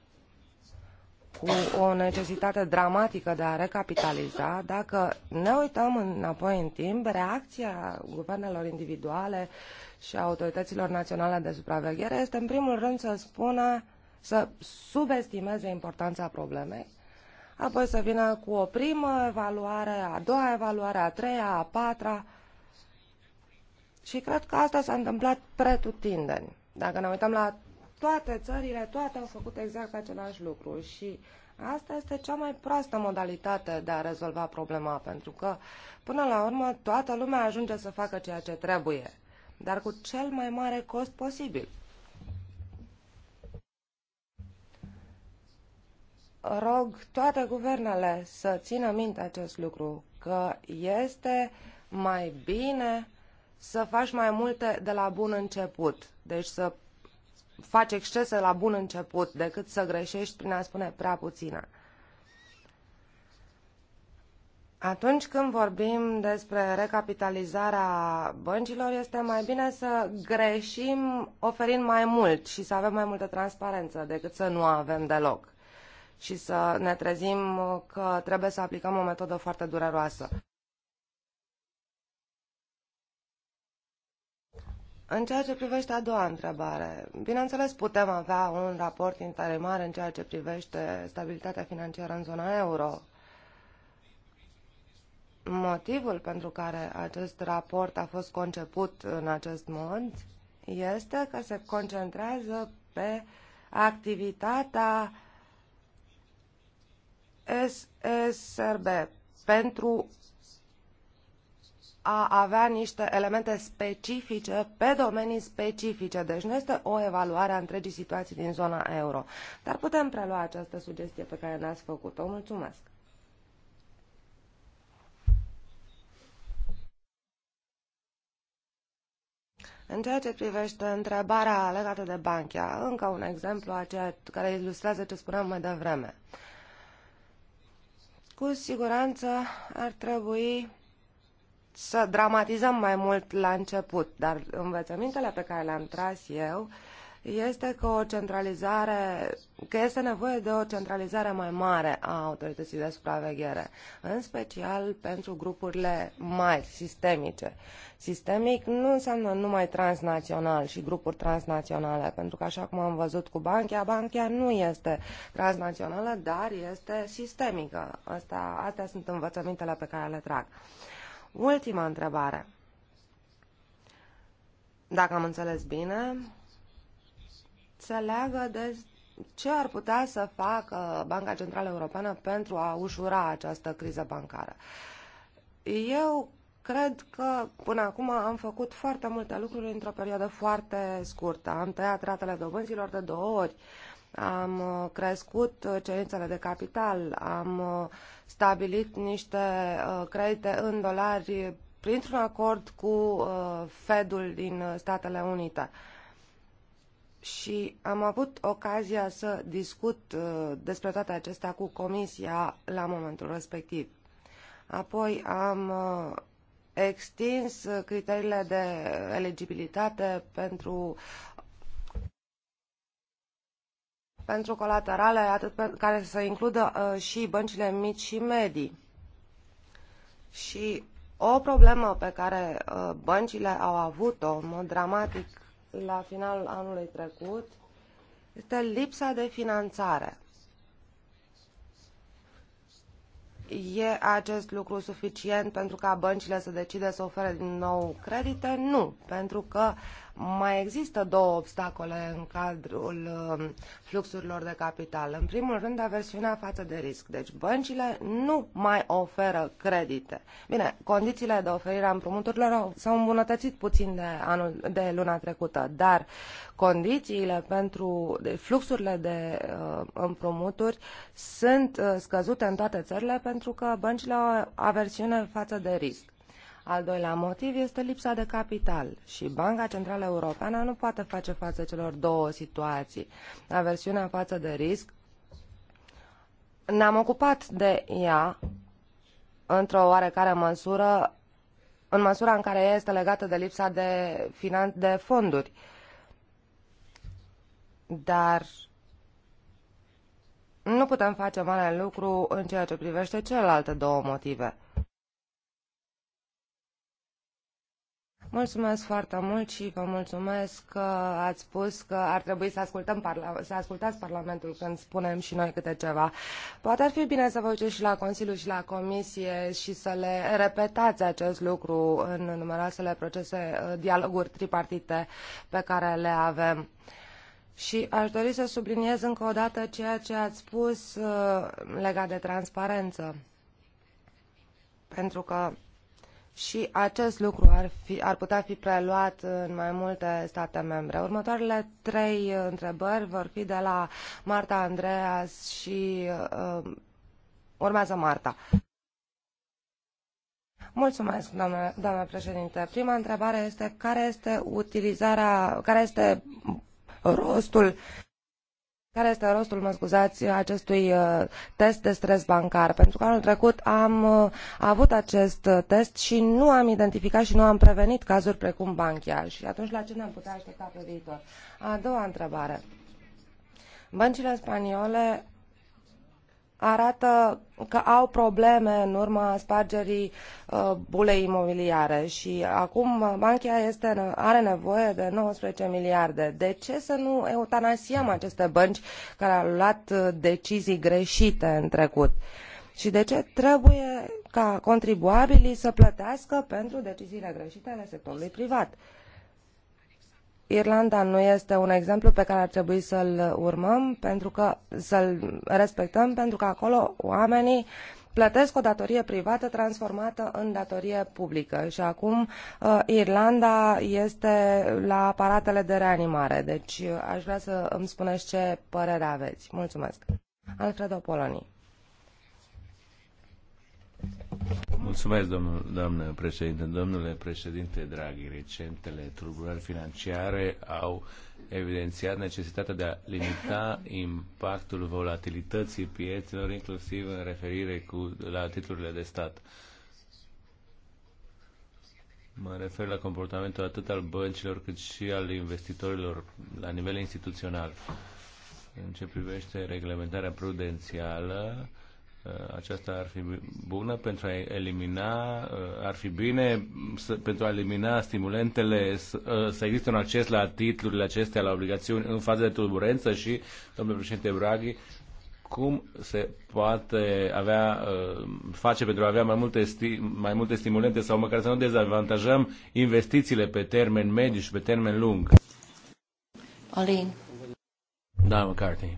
cu o necesitate dramatică de a recapitaliza, dacă ne uităm înapoi în timp, reacția guvernelor individuale uh, și a autorităților naționale de supraveghere este în primul rând să spună, să subestimeze importanța problemei, apoi să vină cu o primă evaluare, a doua evaluare, a treia, a patra și cred că asta s-a întâmplat pretutindeni. Dacă ne uităm la toate țările, toate au făcut exact același lucru și Asta este cea mai proastă modalitate de a rezolva problema, pentru că, până la urmă, toată lumea ajunge să facă ceea ce trebuie dar cu cel mai mare cost posibil. Rog toate guvernele să țină minte acest lucru, că este mai bine să faci mai multe de la bun început, deci să faci excese la bun început, decât să greșești prin a spune prea puțină. Atunci când vorbim despre recapitalizarea băncilor, este mai bine să greșim oferind mai mult și să avem mai multă transparență decât să nu avem deloc și să ne trezim că trebuie să aplicăm o metodă foarte dureroasă. În ceea ce privește a doua întrebare, bineînțeles putem avea un raport interimar în ceea ce privește stabilitatea financiară în zona euro, Motivul pentru care acest raport a fost conceput în acest mod este că se concentrează pe activitatea SSRB pentru a avea niște elemente specifice pe domenii specifice. Deci nu este o evaluare a întregii situații din zona euro. Dar putem prelua această sugestie pe care ne-ați făcut-o. Mulțumesc! În ceea ce privește întrebarea legată de Banchia, încă un exemplu a ceea care ilustrează ce spuneam mai devreme. Cu siguranță ar trebui să dramatizăm mai mult la început, dar învățămintele pe care le-am tras eu uh, este că o centralizare, că este nevoie de o centralizare mai mare a autorității de supraveghere, în special pentru grupurile mari, sistemice. Sistemic nu înseamnă numai transnațional și grupuri transnaționale, pentru că așa cum am văzut cu Banchea, Banchea nu este transnațională, dar este sistemică. Asta, astea sunt învățămintele pe care le trag. Ultima întrebare. Dacă am înțeles bine, se leagă de ce ar putea să facă Banca Centrală Europeană pentru a ușura această criză bancară. Eu cred că până acum am făcut foarte multe lucruri într-o perioadă foarte scurtă. Am tăiat ratele dobânzilor de două ori, am uh, crescut uh, cerințele de capital, am uh, stabilit niște credite în dolari printr-un acord cu Fedul din Statele Unite. Uh, și am avut ocazia să discut uh, despre toate acestea cu Comisia la momentul respectiv. Apoi am uh, extins criteriile de eligibilitate pentru pentru colaterale atât pe, care să includă uh, și băncile mici și medii. Și o problemă pe care uh, băncile au avut-o în mod dramatic la finalul anului trecut este lipsa de finanțare. E acest lucru suficient pentru ca băncile să decide să ofere din nou credite? Nu, pentru că mai există două obstacole în cadrul um, fluxurilor de capital. În primul rând, aversiunea față de risc. Deci băncile nu mai oferă credite. Bine, condițiile de oferire a împrumuturilor s-au îmbunătățit puțin de, anul, de luna trecută, dar condițiile pentru de, fluxurile de uh, împrumuturi sunt uh, scăzute în toate țările pentru că băncile au aversiune față de risc. Al doilea motiv este lipsa de capital și Banca Centrală Europeană nu poate face față celor două situații. Aversiunea față de risc ne-am ocupat de ea într-o oarecare măsură, în măsura în care ea este legată de lipsa de, finan- de fonduri. Dar nu putem face mare lucru în ceea ce privește celelalte două motive – Mulțumesc foarte mult și vă mulțumesc că ați spus că ar trebui să, ascultăm parla- să ascultați Parlamentul când spunem și noi câte ceva. Poate ar fi bine să vă uceți și la Consiliu și la Comisie și să le repetați acest lucru în numeroasele procese, uh, dialoguri tripartite pe care le avem. Și aș dori să subliniez încă o dată ceea ce ați spus uh, legat de transparență. Pentru că și acest lucru ar, fi, ar putea fi preluat în mai multe state membre. Următoarele trei întrebări vor fi de la Marta Andreas și uh, urmează Marta. Mulțumesc, doamne, doamne președinte. Prima întrebare este care este utilizarea, care este rostul care este rostul, mă scuzați, acestui uh, test de stres bancar? Pentru că anul trecut am uh, avut acest uh, test și nu am identificat și nu am prevenit cazuri precum Banchia. Și atunci la ce ne-am putea aștepta pe viitor? A doua întrebare. Băncile spaniole arată că au probleme în urma spargerii uh, bulei imobiliare și acum Banchia este, are nevoie de 19 miliarde. De ce să nu eutanasiem aceste bănci care au luat uh, decizii greșite în trecut? Și de ce trebuie ca contribuabilii să plătească pentru deciziile greșite ale sectorului privat? Irlanda nu este un exemplu pe care ar trebui să-l urmăm, pentru că să-l respectăm, pentru că acolo oamenii plătesc o datorie privată transformată în datorie publică și acum uh, Irlanda este la aparatele de reanimare. Deci uh, aș vrea să îmi spuneți ce părere aveți. Mulțumesc. Alfredo Poloni. Mulțumesc, domnul, președinte. Domnule președinte Draghi, recentele tulburări financiare au evidențiat necesitatea de a limita impactul volatilității piețelor, inclusiv în referire cu, la titlurile de stat. Mă refer la comportamentul atât al băncilor cât și al investitorilor la nivel instituțional. În ce privește reglementarea prudențială, Uh, aceasta ar fi bună pentru a elimina, uh, ar fi bine să, pentru a elimina stimulentele, să, uh, să existe un acces la titlurile acestea, la obligațiuni în fază de turbulență și, domnule președinte Braghi, cum se poate avea, face pentru a avea mai multe, sti, mai multe stimulente sau măcar să nu dezavantajăm investițiile pe termen mediu și pe termen lung. Olin. Da, McCarthy.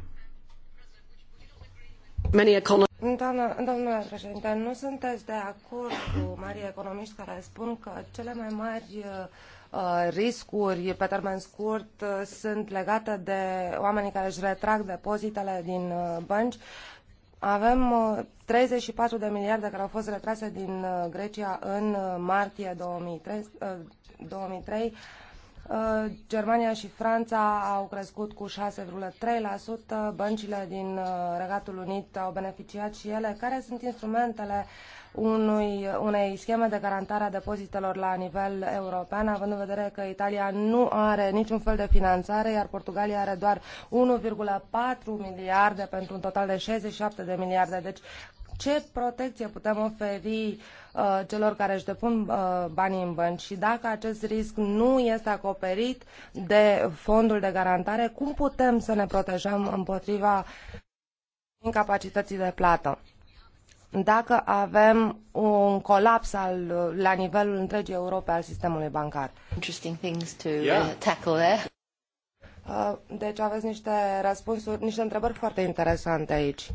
Domnule președinte, nu sunteți de acord cu marii economiști care spun că cele mai mari uh, riscuri pe termen scurt uh, sunt legate de oamenii care își retrag depozitele din uh, bănci. Avem 34 uh, de miliarde care au fost retrase din uh, Grecia în uh, martie 2003, 2003 Uh, Germania și Franța au crescut cu 6,3%, băncile din uh, Regatul Unit au beneficiat și ele. Care sunt instrumentele unui, unei scheme de garantare a depozitelor la nivel european, având în vedere că Italia nu are niciun fel de finanțare, iar Portugalia are doar 1,4 miliarde pentru un total de 67 de miliarde. Deci, ce protecție putem oferi uh, celor care își depun uh, banii în bănci și dacă acest risc nu este acoperit de fondul de garantare, cum putem să ne protejăm împotriva incapacității de plată? dacă avem un colaps al, la nivelul întregii Europe al sistemului bancar. Interesting things to uh, yeah. tackle there. Uh, deci aveți niște răspunsuri, niște întrebări foarte interesante aici.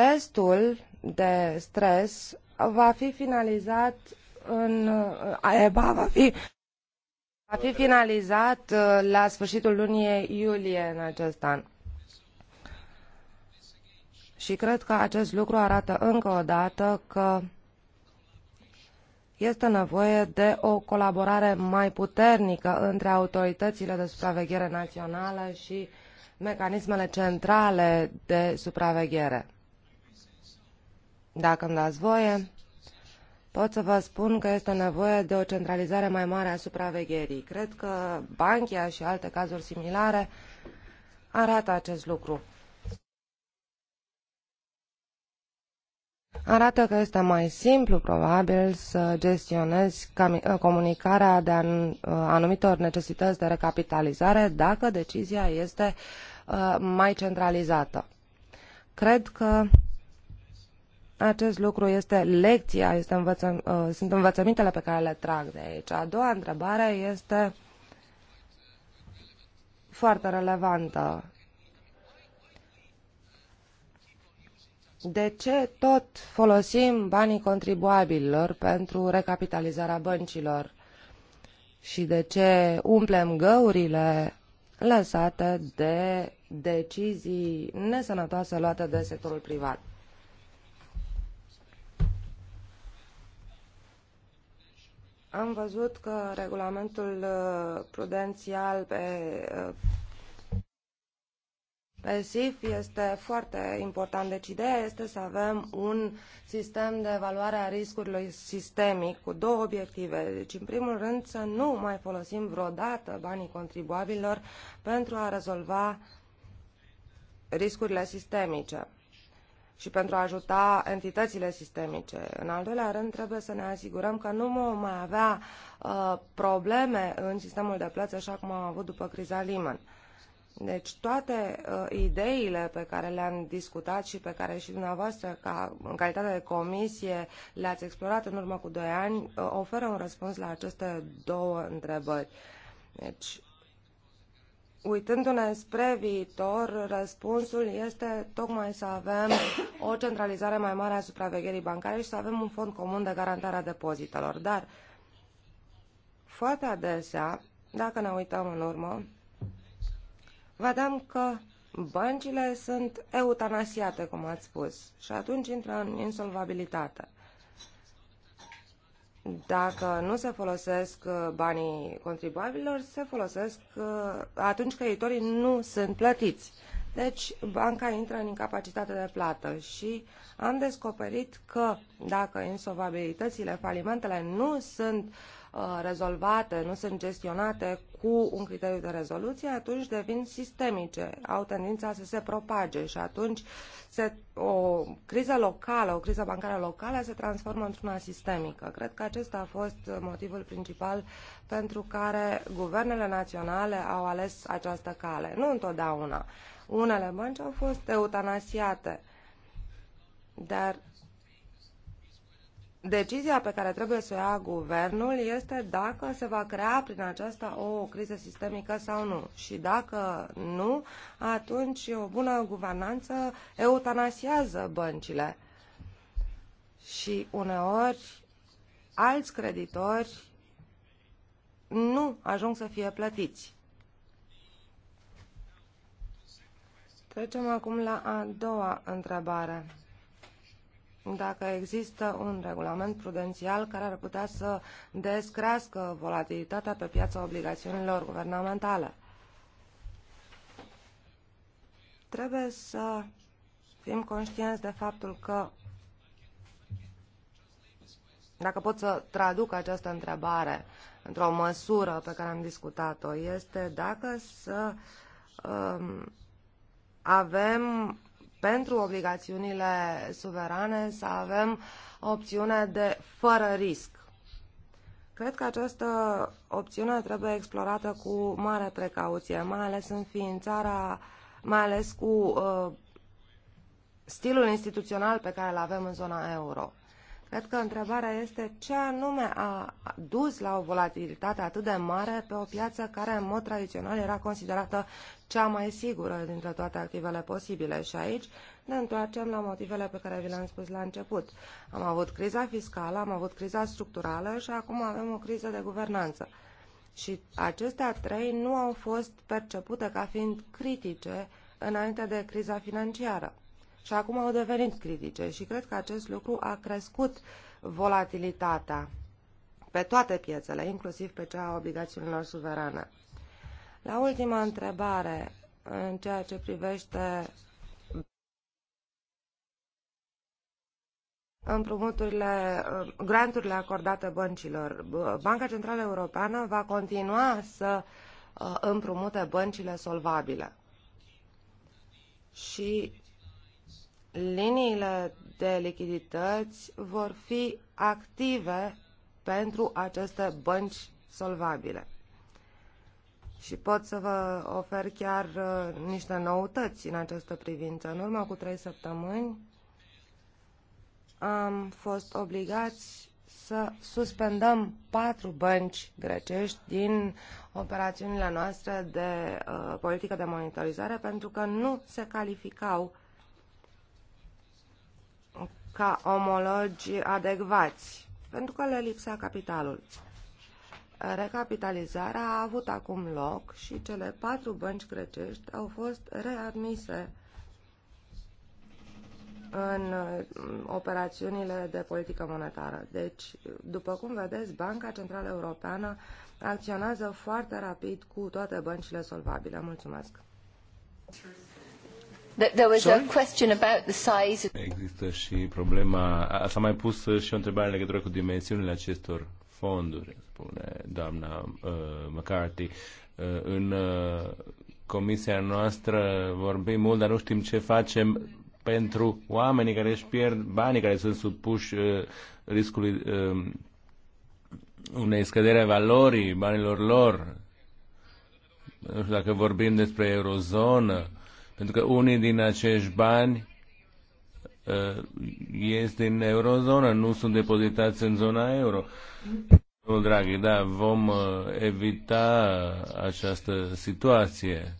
testul de stres va fi finalizat în eh, EBA va fi va fi finalizat eh, la sfârșitul lunii iulie în acest an. Și cred că acest lucru arată încă o dată că este nevoie de o colaborare mai puternică între autoritățile de supraveghere națională și mecanismele centrale de supraveghere. Dacă îmi dați voie, pot să vă spun că este nevoie de o centralizare mai mare a supravegherii. Cred că Banchia și alte cazuri similare arată acest lucru. Arată că este mai simplu, probabil, să gestionezi uh, comunicarea de uh, anumitor necesități de recapitalizare dacă decizia este uh, mai centralizată. Cred că acest lucru este lecția, este învăță, uh, sunt învățămintele pe care le trag de aici. A doua întrebare este foarte relevantă. De ce tot folosim banii contribuabililor pentru recapitalizarea băncilor? Și de ce umplem găurile lăsate de decizii nesănătoase luate de sectorul privat? Am văzut că regulamentul uh, prudențial pe, uh, pe SIF este foarte important. Deci ideea este să avem un sistem de evaluare a riscurilor sistemic cu două obiective. Deci, în primul rând, să nu mai folosim vreodată banii contribuabililor pentru a rezolva riscurile sistemice și pentru a ajuta entitățile sistemice. În al doilea rând, trebuie să ne asigurăm că nu vom mai avea uh, probleme în sistemul de plăți așa cum am avut după criza Lehman. Deci toate uh, ideile pe care le-am discutat și pe care și dumneavoastră, ca, în calitate de comisie, le-ați explorat în urmă cu doi ani, uh, oferă un răspuns la aceste două întrebări. Deci, uitându-ne spre viitor, răspunsul este tocmai să avem o centralizare mai mare a supravegherii bancare și să avem un fond comun de garantare a depozitelor. Dar foarte adesea, dacă ne uităm în urmă, vedem că băncile sunt eutanasiate, cum ați spus, și atunci intră în insolvabilitate dacă nu se folosesc uh, banii contribuabililor, se folosesc uh, atunci creditorii nu sunt plătiți. Deci banca intră în incapacitate de plată și am descoperit că dacă insolvabilitățile, falimentele nu sunt uh, Uh, rezolvate, nu sunt gestionate cu un criteriu de rezoluție, atunci devin sistemice, au tendința să se propage și atunci se, o criză locală, o criză bancară locală se transformă într-una sistemică. Cred că acesta a fost motivul principal pentru care guvernele naționale au ales această cale. Nu întotdeauna. Unele bănci au fost eutanasiate, dar Decizia pe care trebuie să o ia guvernul este dacă se va crea prin aceasta o criză sistemică sau nu. Și dacă nu, atunci o bună guvernanță eutanasiază băncile. Și uneori alți creditori nu ajung să fie plătiți. Trecem acum la a doua întrebare dacă există un regulament prudențial care ar putea să descrească volatilitatea pe piața obligațiunilor guvernamentale. Trebuie să fim conștienți de faptul că dacă pot să traduc această întrebare într-o măsură pe care am discutat-o, este dacă să um, avem pentru obligațiunile suverane să avem opțiune de fără risc. Cred că această opțiune trebuie explorată cu mare precauție, mai ales în ființarea, mai ales cu uh, stilul instituțional pe care îl avem în zona euro. Cred că întrebarea este ce anume a dus la o volatilitate atât de mare pe o piață care în mod tradițional era considerată cea mai sigură dintre toate activele posibile și aici ne întoarcem la motivele pe care vi le-am spus la început. Am avut criza fiscală, am avut criza structurală și acum avem o criză de guvernanță. Și acestea trei nu au fost percepute ca fiind critice înainte de criza financiară. Și acum au devenit critice și cred că acest lucru a crescut volatilitatea pe toate piețele, inclusiv pe cea a obligațiunilor suverane. La ultima întrebare, în ceea ce privește împrumuturile, granturile acordate băncilor. Banca Centrală Europeană va continua să uh, împrumute băncile solvabile. Și liniile de lichidități vor fi active pentru aceste bănci solvabile și pot să vă ofer chiar uh, niște noutăți în această privință. În urmă cu trei săptămâni am fost obligați să suspendăm patru bănci grecești din operațiunile noastre de uh, politică de monitorizare pentru că nu se calificau ca omologi adecvați, pentru că le lipsea capitalul recapitalizarea a avut acum loc și cele patru bănci grecești au fost readmise în uh, operațiunile de politică monetară. Deci, după cum vedeți, Banca Centrală Europeană acționează foarte rapid cu toate băncile solvabile. Mulțumesc! There was a question about the size. Există și problema, s-a mai pus și o întrebare în legătură cu dimensiunile acestor fonduri, spune doamna uh, McCarthy. Uh, în uh, comisia noastră vorbim mult, dar nu știm ce facem pentru oamenii care își pierd banii, care sunt supuși uh, riscului uh, unei scădere a valorii banilor lor. Nu știu dacă vorbim despre eurozonă, pentru că unii din acești bani uh, ies din eurozonă, nu sunt depozitați în zona euro. Uh, Domnul Draghi, da, vom uh, evita această situație.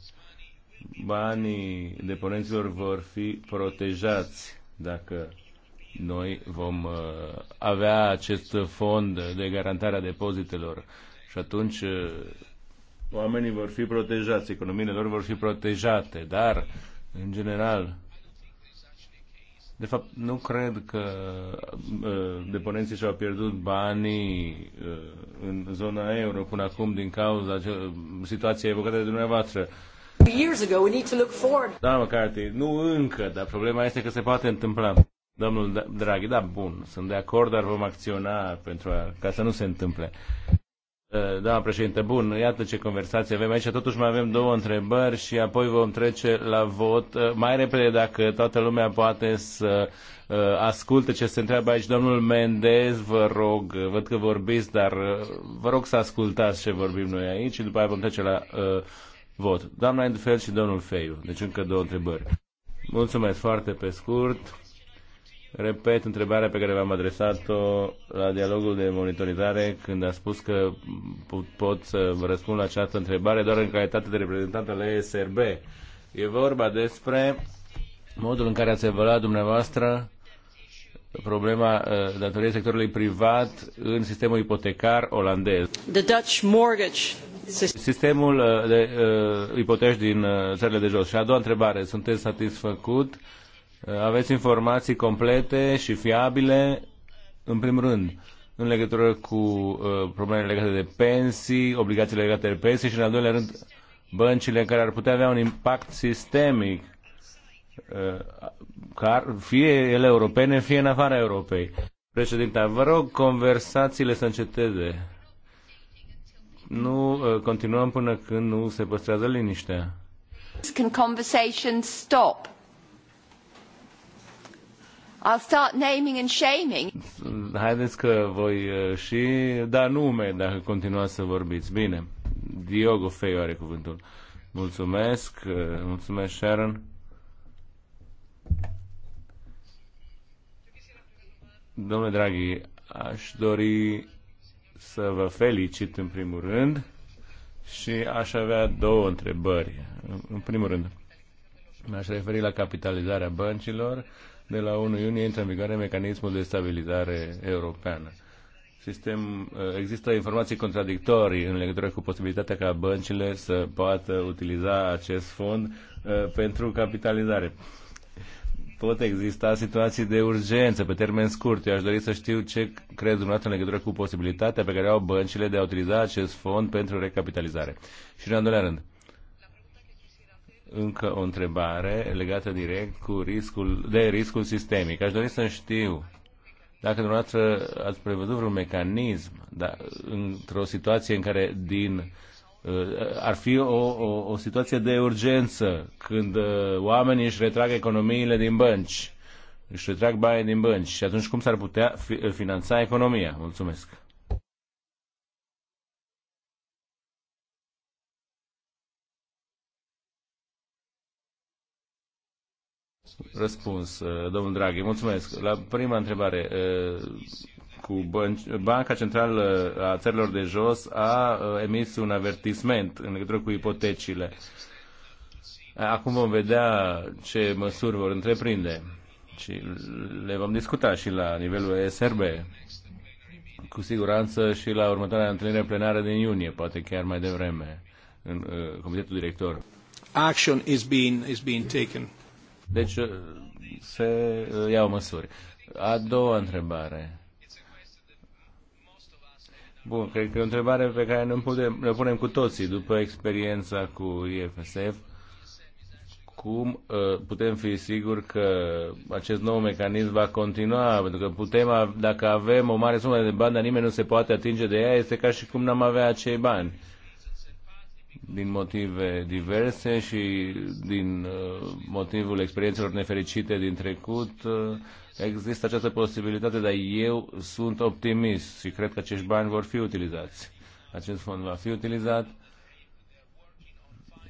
Banii deponenților vor fi protejați dacă noi vom uh, avea acest fond de garantare a depozitelor și atunci uh, oamenii vor fi protejați, economiile lor vor fi protejate, dar, în general, de fapt, nu cred că uh, deponenții și-au pierdut banii uh, în zona euro până acum din cauza situației evocate de dumneavoastră. Years ago, we need to look forward. Da, McCarthy, nu încă, dar problema este că se poate întâmpla. Domnul Draghi, da, bun, sunt de acord, dar vom acționa pentru a, ca să nu se întâmple. Eh, da, președinte, bun, iată ce conversație avem aici. Totuși mai avem două întrebări și apoi vom trece la vot eh, mai repede dacă toată lumea poate să eh, asculte ce se întreabă aici. Domnul Mendez, vă rog, văd că vorbiți, dar vă rog să ascultați ce vorbim noi aici și după aia vom trece la uh, vot. Doamna Endfeld și domnul Feiu, deci încă două întrebări. Mulțumesc foarte pe scurt Repet întrebarea pe care v-am adresat-o la dialogul de monitorizare când a spus că pot să vă răspund la această întrebare doar în calitate de reprezentant al ESRB. E vorba despre modul în care ați evaluat dumneavoastră problema uh, datoriei sectorului privat în sistemul ipotecar olandez. The Dutch mortgage Sistemul uh, de uh, ipoteci din uh, țările de jos. Și a doua întrebare, sunteți satisfăcut uh, aveți informații complete și fiabile, în primul rând, în legătură cu uh, problemele legate de pensii, obligațiile legate de pensii și, în al doilea rând, băncile care ar putea avea un impact sistemic, uh, fie ele europene, fie în afara Europei. Președinte, vă rog conversațiile să înceteze. Nu uh, continuăm până când nu se păstrează liniștea. Can conversations stop? I'll start naming and shaming. Haideți că voi uh, și da nume dacă continuați să vorbiți. Bine. Diogo Feio are cuvântul. Mulțumesc. Uh, mulțumesc, Sharon. Domnule Draghi, aș dori să vă felicit în primul rând și aș avea două întrebări. În primul rând, m-aș referi la capitalizarea băncilor de la 1 iunie intră în vigoare mecanismul de stabilizare europeană. Sistem, uh, există informații contradictorii în legătură cu posibilitatea ca băncile să poată utiliza acest fond uh, pentru capitalizare pot exista situații de urgență pe termen scurt. Eu aș dori să știu ce crezi dumneavoastră în legătură cu posibilitatea pe care au băncile de a utiliza acest fond pentru recapitalizare. Și în al doilea rând, încă o întrebare legată direct cu riscul, de riscul sistemic. Aș dori să știu dacă dumneavoastră ați prevăzut vreun mecanism da, într-o situație în care din uh, ar fi o, o, o situație de urgență când uh, oamenii își retrag economiile din bănci, își retrag banii din bănci și atunci cum s-ar putea finanța economia? Mulțumesc! Răspuns, uh, domnul Draghi, mulțumesc. La prima întrebare, uh, cu Banca Centrală a Țărilor de Jos a uh, emis un avertisment în legătură cu ipotecile. Acum vom vedea ce măsuri vor întreprinde și le vom discuta și la nivelul SRB, cu siguranță și la următoarea întâlnire plenară din iunie, poate chiar mai devreme, în uh, Comitetul Director. Action is being, is being taken. Deci uh, se uh, iau măsuri. A doua întrebare. Bun, cred că e o întrebare pe care ne putem, ne punem cu toții după experiența cu IFSF. Cum uh, putem fi siguri că acest nou mecanism va continua? Pentru că putem, dacă avem o mare sumă de bani, dar nimeni nu se poate atinge de ea, este ca și cum n-am avea acei bani. Uh, din motive diverse și din uh, motivul experiențelor nefericite din trecut, uh, există această posibilitate, dar eu sunt optimist și cred că acești bani vor fi utilizați. Acest fond va fi utilizat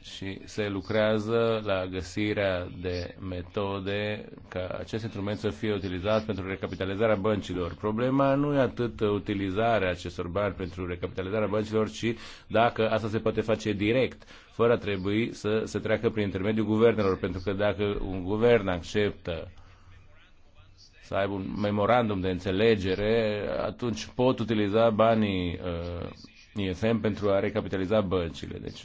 și se lucrează la găsirea de metode ca acest instrument să fie utilizat pentru recapitalizarea băncilor. Problema nu e atât utilizarea acestor bani pentru recapitalizarea băncilor, ci dacă asta se poate face direct, fără a trebui să se treacă prin intermediul guvernelor, pentru că dacă un guvern acceptă să aibă un memorandum de înțelegere, atunci pot utiliza banii uh, ISM pentru a recapitaliza băncile. Deci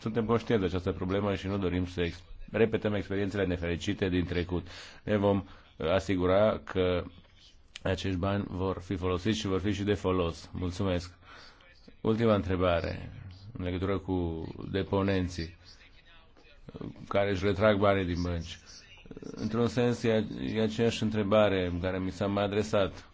suntem conștienți de această problemă și nu dorim să repetăm experiențele nefericite din trecut. Ne vom uh, asigura că acești bani vor fi folosiți și vor fi și de folos. Mulțumesc. Ultima întrebare în legătură cu deponenții uh, care își retrag banii din bănci. Uh, într-un sens, e aceeași întrebare care mi s-a mai adresat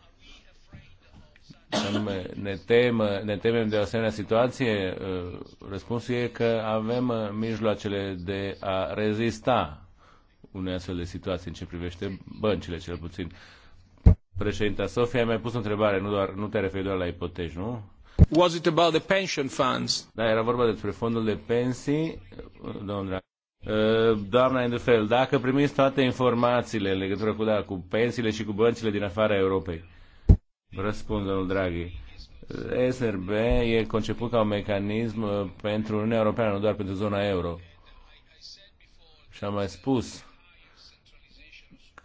anume ne, temă, ne temem de o asemenea situație, ă, răspunsul e că avem ă, mijloacele de a rezista unei astfel de situații în ce privește băncile, cel puțin. Președinta Sofia mi-a pus o întrebare, nu, doar, nu te referi doar la ipoteci, nu? Was it about the pension funds? Da, era vorba despre fondul de pensii, doamna. Ă, doamna Endufel, dacă primiți toate informațiile în legătură cu, da, cu pensiile și cu băncile din afara Europei, Răspuns, domnul Draghi. SRB e conceput ca un mecanism uh, pentru Uniunea Europeană, nu doar pentru zona euro. Și am mai spus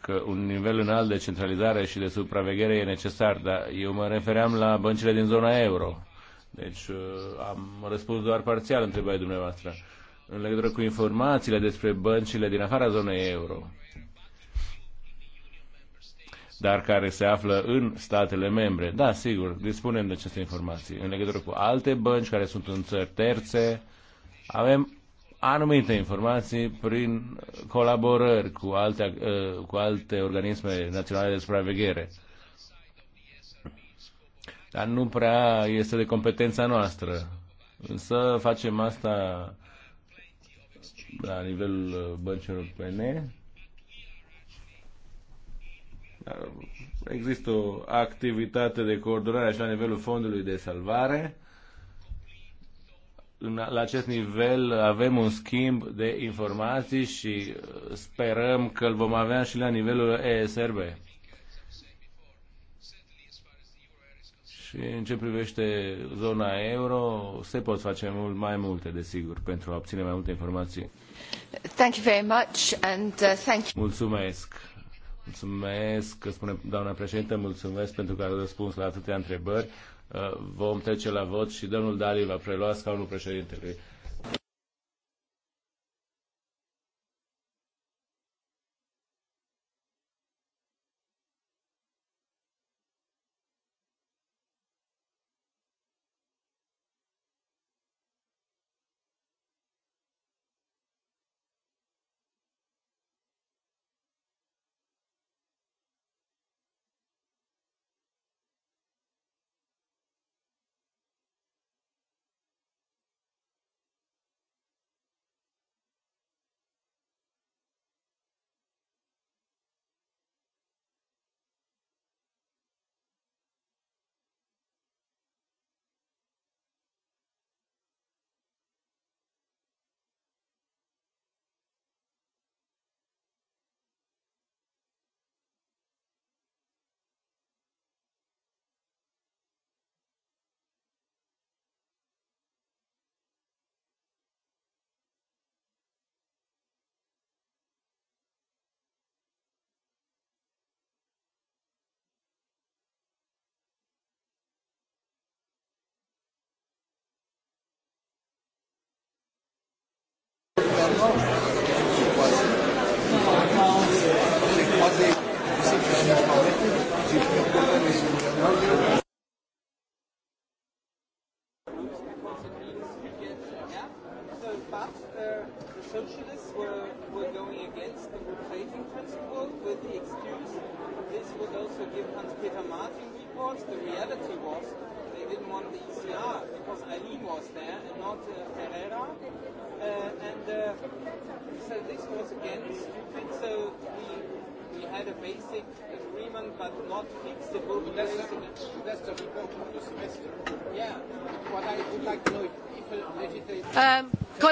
că un nivel înalt de centralizare și de supraveghere e necesar, dar eu mă refeream la băncile din zona euro. Deci uh, am răspuns doar parțial întrebarea dumneavoastră. În legătură cu informațiile despre băncile din afara zonei euro, dar care se află în statele membre. Da, sigur, dispunem de aceste informații. În legătură cu alte bănci care sunt în țări terțe, avem anumite informații prin colaborări cu alte, uh, cu alte organisme naționale de supraveghere. Dar nu prea este de competența noastră. Însă facem asta la nivelul băncii europene Există o activitate de coordonare și la nivelul fondului de salvare. La acest nivel avem un schimb de informații și uh, sperăm că îl vom avea și la nivelul ESRB. Și în ce privește zona euro, se pot face mult mai multe, desigur, pentru a obține mai multe informații. Thank you very much and, uh, thank you. Mulțumesc. Mulțumesc, spune doamna președinte, mulțumesc pentru că a răspuns la atâtea întrebări. Uh, vom trece la vot și domnul Dali va prelua scaunul președintelui.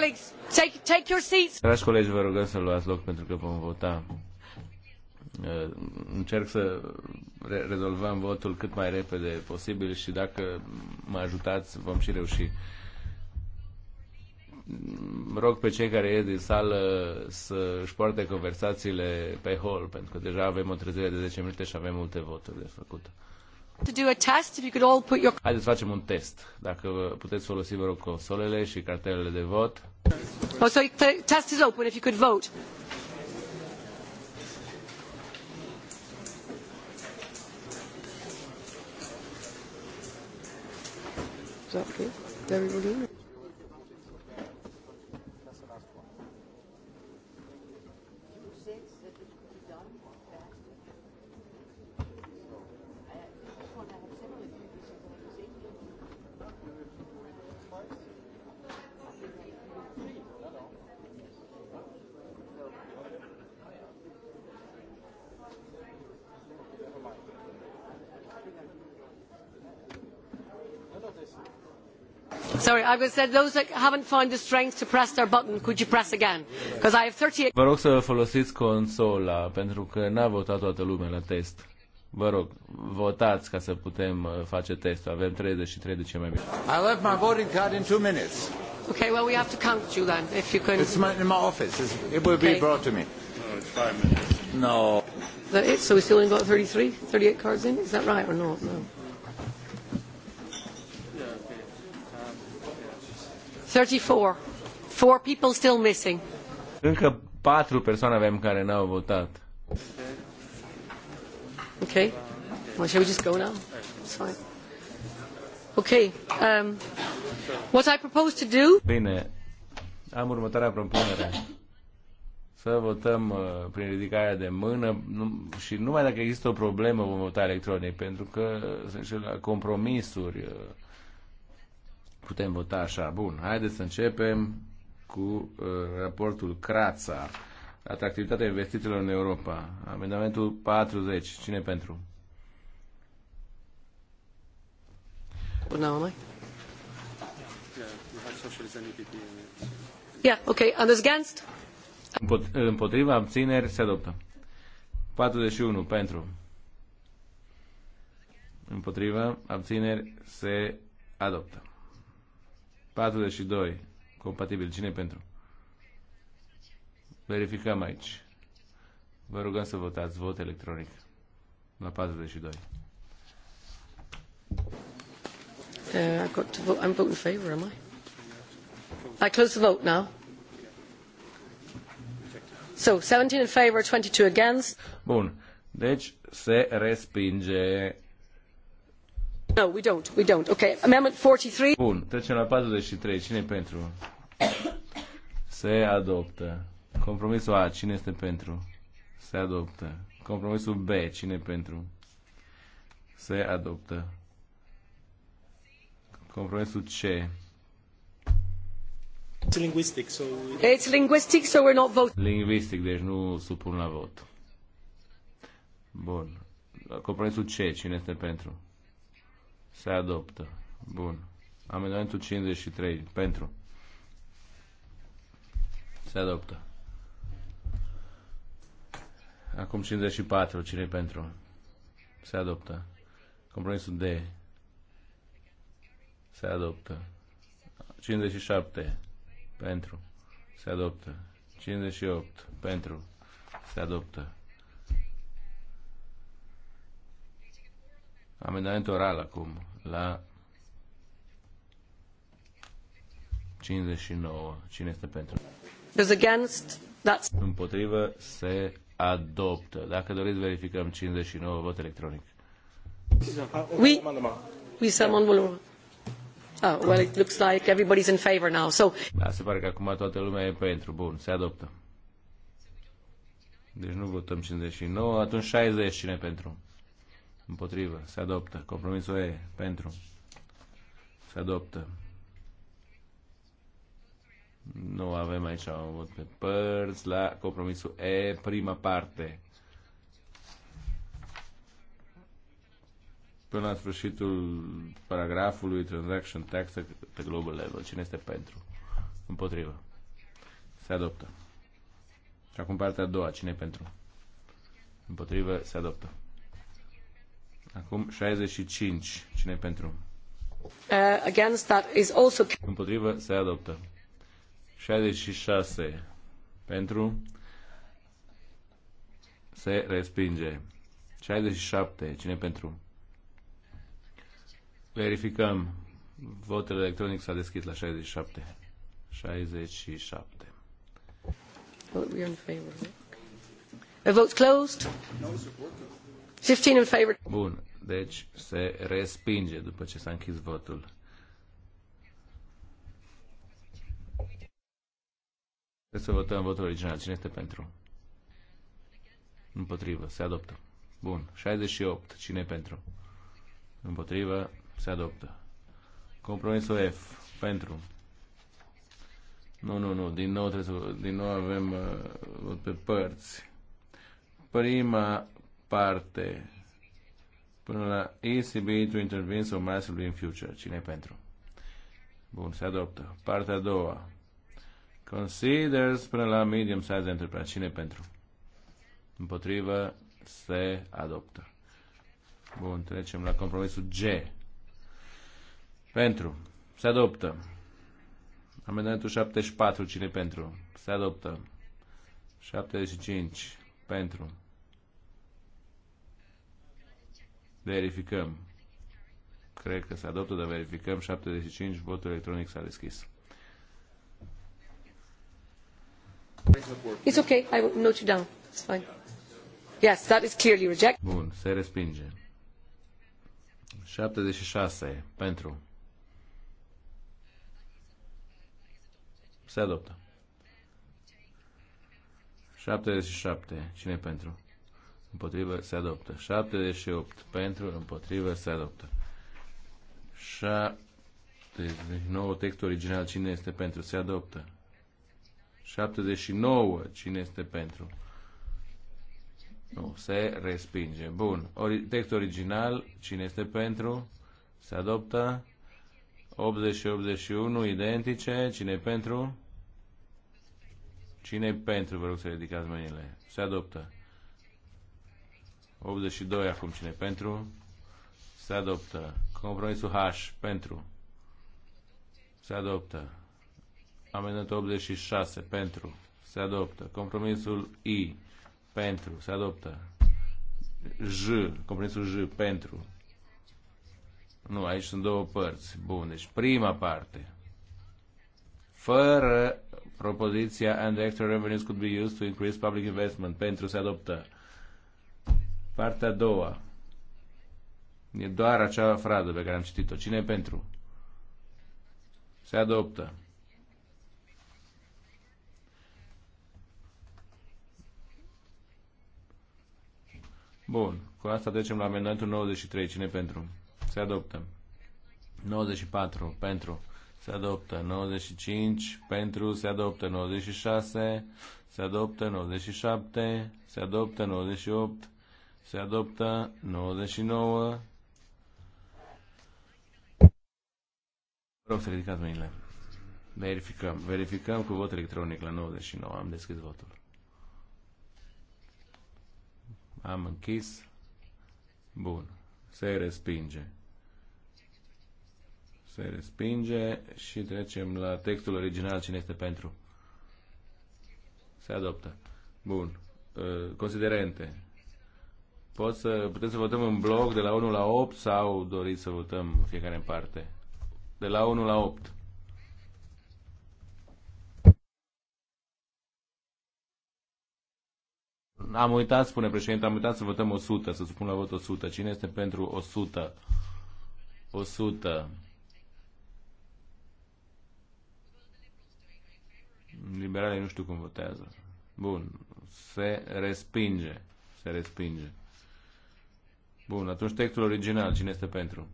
colleagues, take, take your seats. Dragi colegi, vă rugăm să luați loc pentru că vom vota. Uh, încerc să re rezolvăm votul cât mai repede posibil și dacă mă ajutați, vom și reuși. Mm, rog pe cei care ies din sală să își poarte conversațiile pe hol, pentru că deja avem o trezire de 10 minute și avem multe voturi de făcut. Haideți să facem un test. Dacă puteți folosi, vă rog, consolele și cartelele de vot. Oh, so the test is open if you could vote. Is that okay? Everybody? Sorry, I was said those that haven't found the strength to press their button, could you press again? Because I have 38... Vă rog să folosiți consola, pentru că n-a votat toată lumea la test. Vă rog, votați ca să putem uh, face testul. Avem 33 de cei mai bine. I left my voting card in two minutes. Okay, well we have to count you then, if you can... It's my, in my office. It's, it will okay. be brought to me. No, it's five minutes. No. That it? So we still only got 33, 38 cards in? Is that right or not? No. 34. Four people still missing. Încă patru persoane avem care n-au votat. Okay. Well, shall we just go now? It's fine. Okay. Um, what I propose to do... Bine. Am următoarea propunere. Să votăm uh, prin ridicarea de mână nu, și numai dacă există o problemă vom vota electronic, pentru că sunt și la compromisuri uh, Putem vota așa. Bun, haideți să începem cu uh, raportul Crața. Atractivitatea investițiilor în Europa. Amendamentul 40. Cine pentru? Bună, mai. Yeah, okay. And against? Împot- împotriva abțineri se adoptă. 41 pentru. Împotriva abțineri se adoptă. 42. Compatibil. Cine pentru? Verificăm aici. Vă rugăm să votați vot electronic la 42. Uh, I've got to vote. I'm voting in favour, am I? I close the vote now. So, 17 in favour, 22 against. Bun. Deci se respinge No, we don't, we don't. Okay. Amendment 43. Bun, trecem la 43. Cine pentru? Se adoptă. Compromisul A. Cine este pentru? Se adoptă. Compromisul B. Cine e pentru? Se adoptă. Compromisul C. It's linguistic, so... It's linguistic, so we're not voting. Linguistic, deci nu supun la vot. Bun. Compromisul C. Cine este pentru? Se adoptă. Bun. Amendamentul 53. Pentru. Se adoptă. Acum 54. Cine pentru? Se adoptă. Compromisul D. Se adoptă. 57. Pentru. Se adoptă. 58. Pentru. Se adoptă. Amendament oral acum la 59. Cine este pentru? against. That's... Împotrivă se adoptă. Dacă doriți, verificăm 59 vot electronic. We, we summon will... Oh, well, it looks like everybody's in favor now. So... Da, se pare că acum toată lumea e pentru. Bun, se adoptă. Deci nu votăm 59, atunci 60 cine pentru? Împotrivă. Se adoptă. Compromisul E. Pentru. Se adoptă. Nu avem aici un vot pe părți la compromisul E, prima parte. Până la sfârșitul paragrafului Transaction Tax pe Global Level. Cine este pentru? Împotrivă. Se adoptă. Și acum partea a doua. Cine e pentru? Împotrivă. Se adoptă. Acum 65. Cine pentru? Uh, against that is also... Împotrivă se adoptă. 66. Pentru se respinge. 67. Cine pentru? Verificăm. Votul electronic s-a deschis la 67. 67. Vote we are in favor. A closed. No support. 15 in favor. Bun, deci se respinge după ce s-a închis votul. Trebuie să votăm votul original. Cine este pentru? Împotrivă. Se adoptă. Bun. 68. Cine e pentru? Împotrivă. Se adoptă. Compromisul F. Pentru. Nu, nu, nu. Din nou, trebuie să, din nou avem uh, pe părți. Prima parte până la ECB to intervene so massively in future. cine pentru? Bun, se adoptă. Partea a doua. Considers până la medium size enterprise. cine pentru? Împotrivă se adoptă. Bun, trecem la compromisul G. Pentru. Se adoptă. Amendamentul 74. Cine pentru? Se adoptă. 75. Pentru. Verificăm. Cred că se adoptă, dar verificăm. 75, votul electronic s-a deschis. It's okay, I will note you down. It's fine. Yes, that is clearly rejected. Bun, se respinge. 76 pentru. Se adoptă. 77. Cine pentru? împotrivă se adoptă. 78 pentru, împotrivă se adoptă. 79 textul original, cine este pentru, se adoptă. 79, cine este pentru? Nu, se respinge. Bun. Ori, text original, cine este pentru? Se adoptă. 80 și 81, identice. Cine e pentru? Cine e pentru? Vă rog să ridicați mâinile. Se adoptă. 82 acum cine pentru? Se adoptă. Compromisul H pentru. Se adoptă. Amendamentul 86 pentru. Se adoptă. Compromisul I pentru. Se adoptă. J. Compromisul J pentru. Nu, aici sunt două părți. Bun, deci prima parte. Fără propoziția and extra revenues could be used to increase public investment pentru se adoptă. Partea a doua. E doar acea frază pe care am citit-o. Cine e pentru? Se adoptă. Bun. Cu asta trecem la amendamentul 93. Cine e pentru? Se adoptă. 94. Pentru. Se adoptă. 95. Pentru. Se adoptă. 96. Se adoptă. 97. Se adoptă. 98 se adoptă 99. Rog să ridicați mâinile. Verificăm. Verificăm cu vot electronic la 99. Am deschis votul. Am închis. Bun. Se respinge. Se respinge și trecem la textul original. Cine este pentru? Se adoptă. Bun. Uh, considerente. Pot să, putem să votăm în bloc de la 1 la 8 sau doriți să votăm fiecare în parte? De la 1 la 8. Am uitat, spune președinte, am uitat să votăm 100, să supun la vot 100. Cine este pentru 100? 100. Liberalii nu știu cum votează. Bun. Se respinge. Se respinge. Bun, atunci textul original, cine este pentru?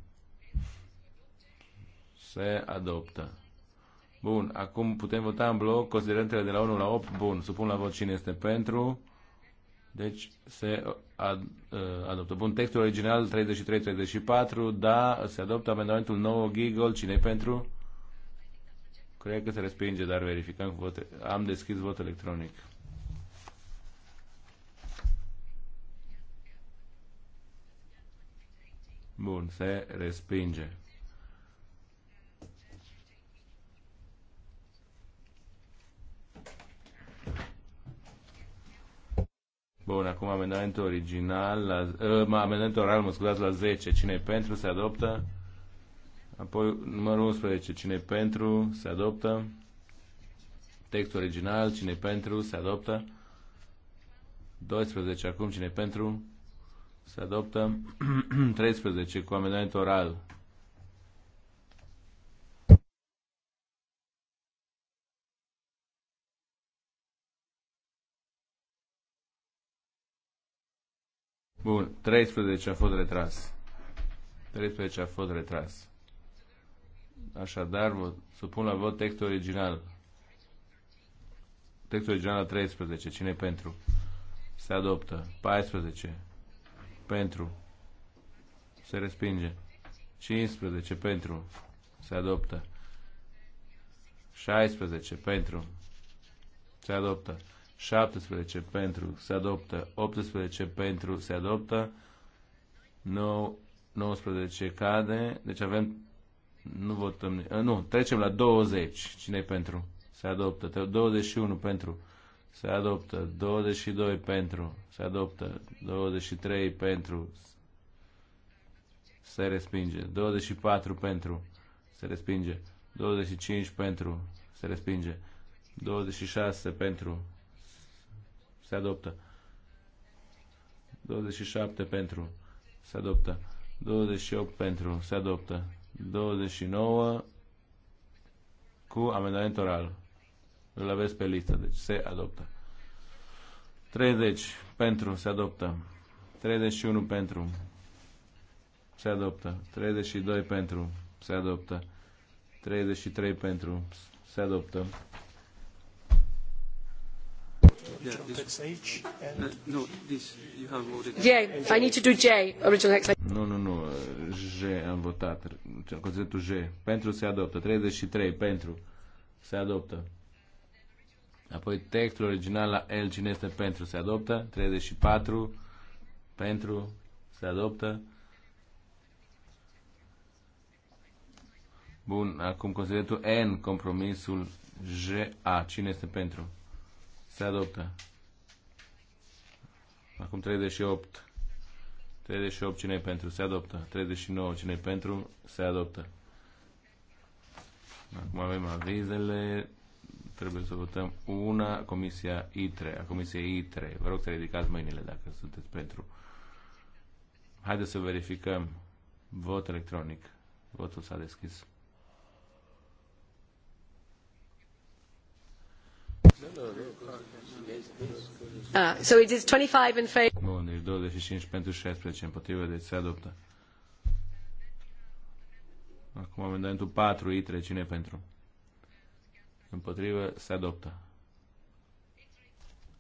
Se adoptă. Bun, acum putem vota în bloc considerentele de la 1 la 8. Bun, supun la vot cine este pentru. Deci se ad, uh, adoptă. Bun, textul original 33-34, da, se adoptă amendamentul 9 Giggle, cine pentru? Cred că se respinge, dar verificăm cu vot. Am deschis vot electronic. Bun, se respinge. Bun, acum amendamentul original, la, uh, amendamentul oral, mă scuzați, la 10. cine pentru, se adoptă. Apoi numărul 11. cine pentru, se adoptă. Textul original, cine pentru, se adoptă. 12. Acum, cine pentru, se adoptă 13 cu amendament oral. Bun, 13 a fost retras. 13 a fost retras. Așadar, vă supun la vot textul original. Textul original 13. Cine pentru? Se adoptă. 14 pentru, se respinge. 15 pentru, se adoptă. 16 pentru, se adoptă. 17 pentru, se adoptă. 18 pentru, se adoptă. 9, 19 cade, deci avem nu votăm, nu, trecem la 20. Cine pentru? Se adoptă. 21 pentru se adoptă, 22 pentru, se adoptă, 23 pentru, se respinge, 24 pentru, se respinge, 25 pentru, se respinge, 26 pentru, se adoptă, 27 pentru, se adoptă, 28 pentru, se adoptă, 29 cu amendament oral. Îl aveți pe listă, deci se adoptă. 30 pentru, se adoptă. 31 pentru, se adoptă. 32 pentru, se adoptă. 33 pentru, se adoptă. Yeah, this, uh, no, this you have voted. J. I need to do J, original text. Nu, nu, nu. J am votat. Conținutul J. Pentru se adoptă. 33 pentru se adoptă. Apoi textul original la L, cine este pentru, se adoptă. 34, pentru, se adoptă. Bun, acum considerentul N, compromisul GA, cine este pentru? Se adoptă. Acum 38. 38 cine pentru? Se adoptă. 39 cine pentru? Se adoptă. Acum avem avizele trebuie să votăm una, Comisia ITRE, a Comisiei ITRE. Vă rog să ridicați mâinile dacă sunteți pentru. Haideți să verificăm. Vot electronic. Votul s-a deschis. Ah, so it is 25 in favor. Bun, deci 25 pentru 16 împotrivă, deci se adoptă. Acum amendamentul 4, I3, cine pentru? Împotrivă se adoptă.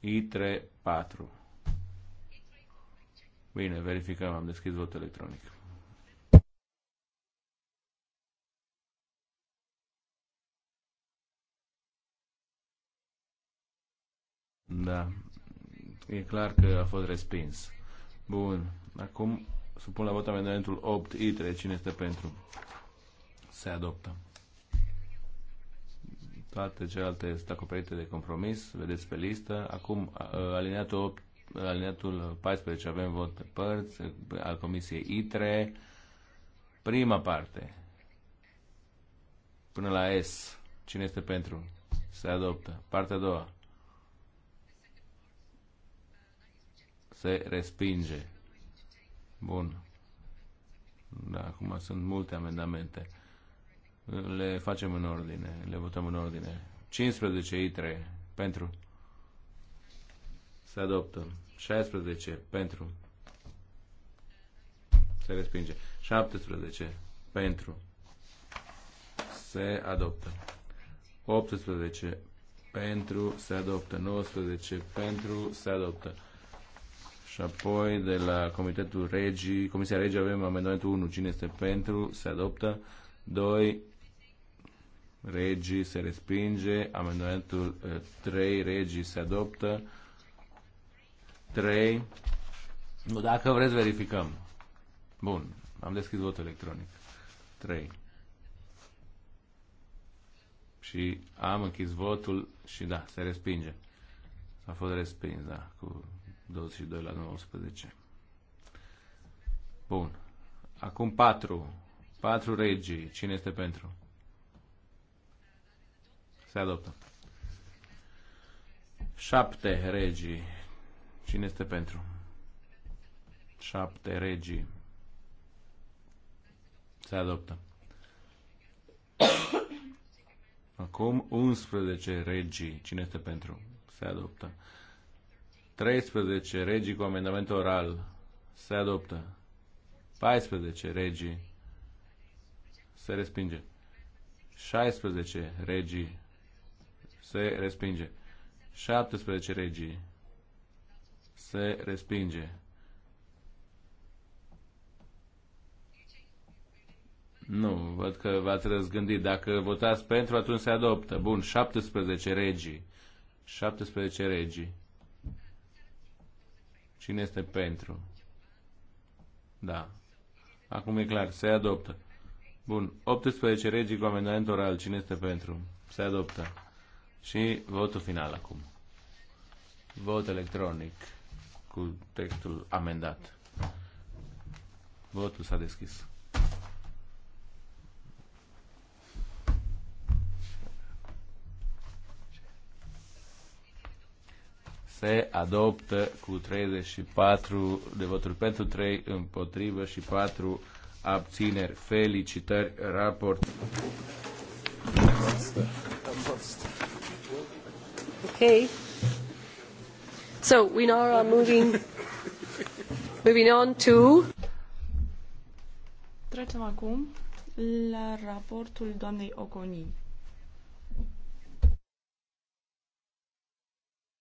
I3 4. Bine, verificăm, am deschis votul electronic. Da, e clar că a fost respins. Bun, acum supun la vot amendamentul 8, I3, cine este pentru? Se adoptă. Toate celelalte sunt acoperite de compromis, vedeți pe listă. Acum, alineatul 8 alineatul 14 avem vot pe părți al Comisiei ITRE. Prima parte. Până la S. Cine este pentru? Se adoptă. Partea a doua. Se respinge. Bun. Da, acum sunt multe amendamente. Le facem în ordine, le votăm în ordine. 15 I3 pentru. Se adoptă. 16 pentru. Se respinge. 17 pentru. Se adoptă. 18 pentru se adoptă, 19 pentru se adoptă. Și apoi de la Comitetul Regii, Comisia Regii avem amendamentul 1, cine este pentru, se adoptă, 2, regii se respinge, amendamentul 3, uh, regii se adoptă, 3, dacă vreți verificăm. Bun, am deschis votul electronic. 3. Și am închis votul și da, se respinge. A fost respins, da, cu 22 la 19. Bun. Acum 4. 4 regii. Cine este pentru? Se adoptă. Șapte regii. Cine este pentru? Șapte regii. Se adoptă. Acum 11 regii. Cine este pentru? Se adoptă. 13 regii cu amendament oral. Se adoptă. 14 regii. Se respinge. 16 regii se respinge. 17 regii se respinge. Nu, văd că v-ați răzgândit. Dacă votați pentru, atunci se adoptă. Bun, 17 regii. 17 regii. Cine este pentru? Da. Acum e clar, se adoptă. Bun, 18 regii cu amendament oral. Cine este pentru? Se adoptă. Și votul final acum. Vot electronic cu textul amendat. Votul s-a deschis. se adoptă cu 34 de voturi pentru, 3 împotrivă și 4 abțineri. Felicitări, raport. Asta. Okay. So we now are moving, moving on to... Trecem acum la raportul doamnei Oconi.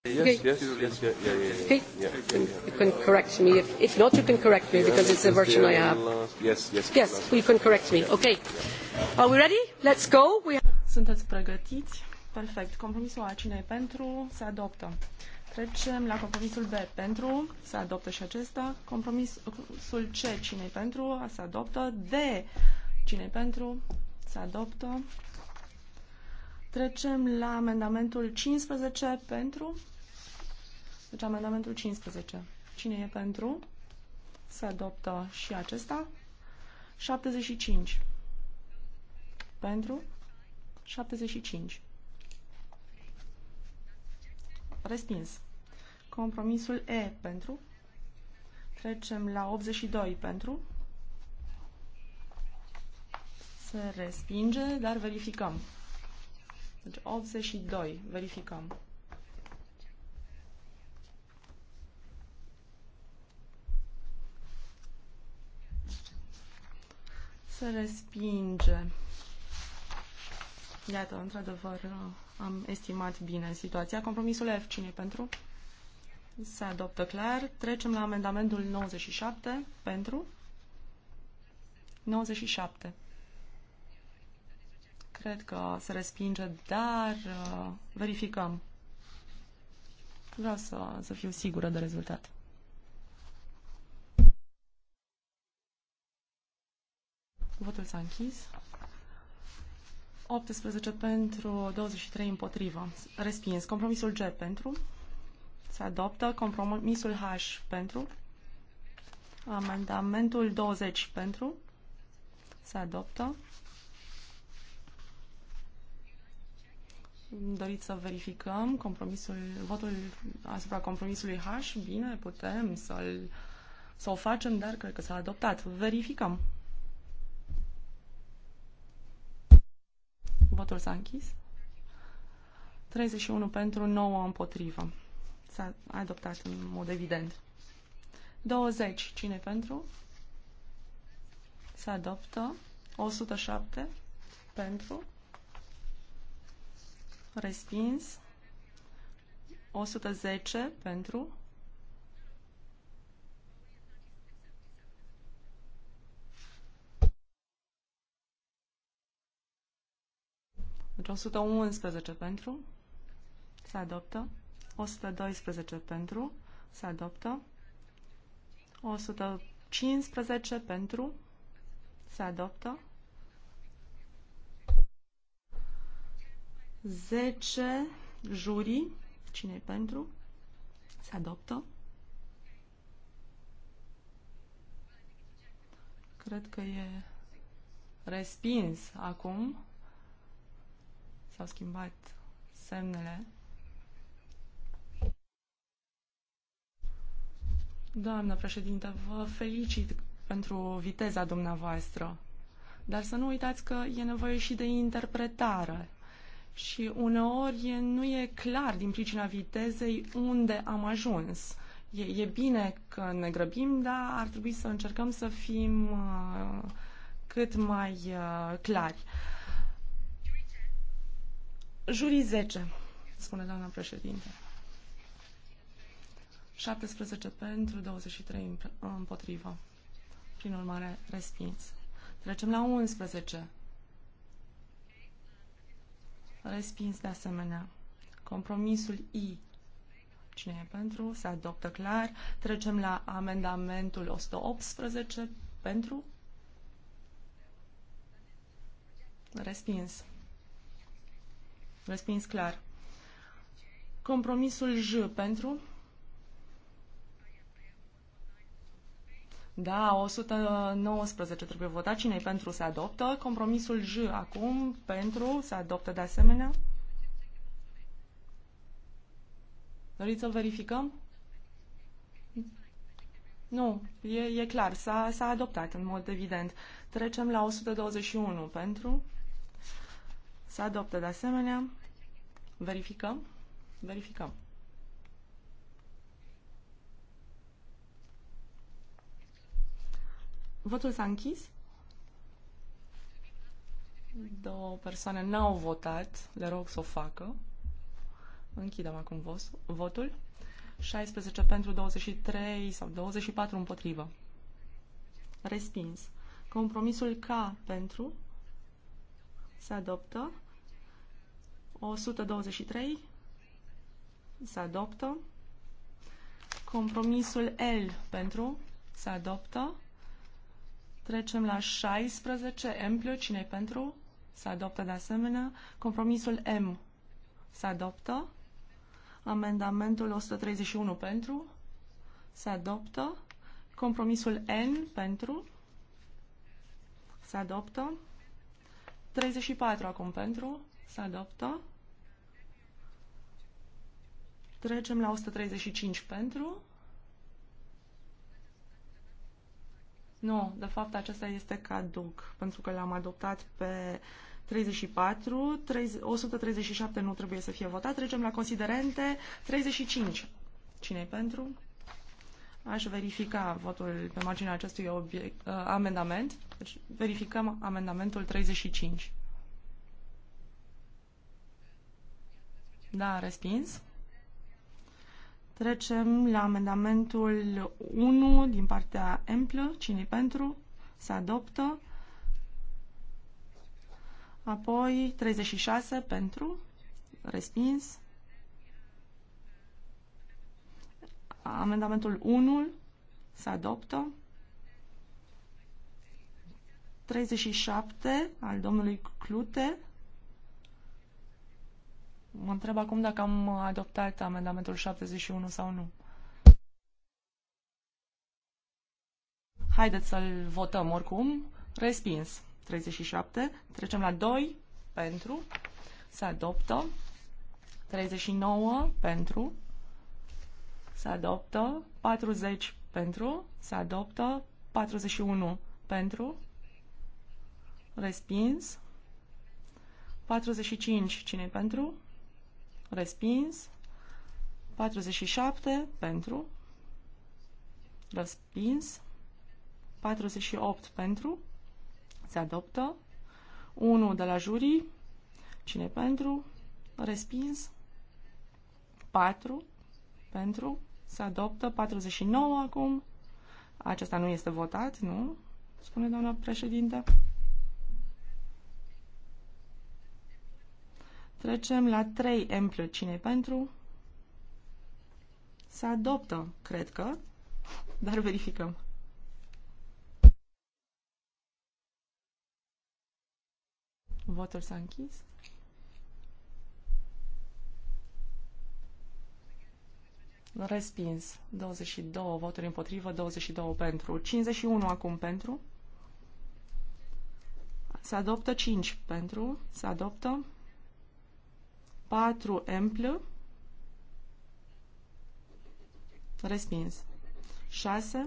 Yes, yes, yes, yeah, yeah, yeah. Okay. yeah. You, you can correct me. If, if not, you can correct me because it's the version I have. Yes, yes. Yes, you can correct me. Okay. Are we ready? Let's go. We Sunteți pregătiți? Perfect. Compromisul A, cine e pentru, se adoptă. Trecem la compromisul B, pentru, se adoptă și acesta. Compromisul C, cine e pentru, se adoptă. D, cine e pentru, se adoptă. Trecem la amendamentul 15, pentru. Deci amendamentul 15. Cine e pentru? Se adoptă și acesta. 75. Pentru? 75 respins. Compromisul E pentru. Trecem la 82 pentru. Se respinge, dar verificăm. Deci 82, verificăm. Se respinge. Iată, într-adevăr, am estimat bine situația. Compromisul F, cine pentru? Se adoptă clar. Trecem la amendamentul 97. Pentru? 97. Cred că se respinge, dar uh, verificăm. Vreau să, să fiu sigură de rezultat. Votul s-a închis. 18 pentru, 23 împotrivă. Respins. Compromisul G pentru. Se adoptă. Compromisul H pentru. Amendamentul 20 pentru. Se adoptă. Doriți să verificăm compromisul, votul asupra compromisului H? Bine, putem să-l, să o facem, dar cred că s-a adoptat. Verificăm. Votul s-a închis. 31 pentru, 9 împotrivă. S-a adoptat în mod evident. 20. Cine pentru? Se adoptă. 107 pentru. Respins. 110 pentru. 111 pentru, se adoptă. 112 pentru, se adoptă. 115 pentru, se adoptă. 10 jurii, cine pentru, se adoptă. Cred că e respins acum s-au schimbat semnele. Doamnă președinte, vă felicit pentru viteza dumneavoastră, dar să nu uitați că e nevoie și de interpretare. Și uneori nu e clar din pricina vitezei unde am ajuns. E, e bine că ne grăbim, dar ar trebui să încercăm să fim uh, cât mai uh, clari. Uh, Jurii 10, spune doamna președinte. 17 pentru, 23 împotrivă. Prin urmare, respins. Trecem la 11. Respins de asemenea. Compromisul I. Cine e pentru? Se adoptă clar. Trecem la amendamentul 118. Pentru? Respins. Respins clar. Compromisul J pentru. Da, 119 trebuie votat. cine pentru se adoptă? Compromisul J acum pentru se adoptă de asemenea. Doriți să verificăm? Nu, e, e clar, s-a adoptat în mod evident. Trecem la 121 pentru. Se adoptă de asemenea. Verificăm. Verificăm. Votul s-a închis. Două persoane n-au votat. Le rog să o facă. Închidem acum votul. 16 pentru 23 sau 24 împotrivă. Respins. Compromisul K pentru se adoptă. 123. Se adoptă. Compromisul L pentru. Se adoptă. Trecem la 16. amplu cine pentru? Se adoptă de asemenea. Compromisul M. Se adoptă. Amendamentul 131 pentru. Se adoptă. Compromisul N pentru. Se adoptă. 34 acum pentru. Se adoptă. Trecem la 135 pentru. Nu, de fapt acesta este caduc, pentru că l-am adoptat pe 34, 30, 137 nu trebuie să fie votat. Trecem la considerente, 35. Cine-i pentru? Aș verifica votul pe marginea acestui obiect, uh, amendament. Deci verificăm amendamentul 35. Da, respins. Trecem la amendamentul 1 din partea amplă. cine pentru? Se adoptă. Apoi 36 pentru, respins. Amendamentul 1 se adoptă. 37 al domnului Clute. Mă întreb acum dacă am adoptat amendamentul 71 sau nu. Haideți să-l votăm oricum. Respins. 37. Trecem la 2. Pentru. Se adoptă. 39. Pentru se adoptă, 40 pentru, se adoptă, 41 pentru, respins, 45 cine pentru, respins, 47 pentru, respins, 48 pentru, se adoptă, 1 de la jurii, cine pentru, respins, 4 pentru, se adoptă. 49 acum. Acesta nu este votat, nu? Spune doamna președinte. Trecem la 3 plus cine pentru? Se adoptă, cred că, dar verificăm. Votul s-a închis. Respins. 22 voturi împotrivă, 22 pentru. 51 acum pentru. Se adoptă 5 pentru. Se adoptă 4 amplă. Respins. 6.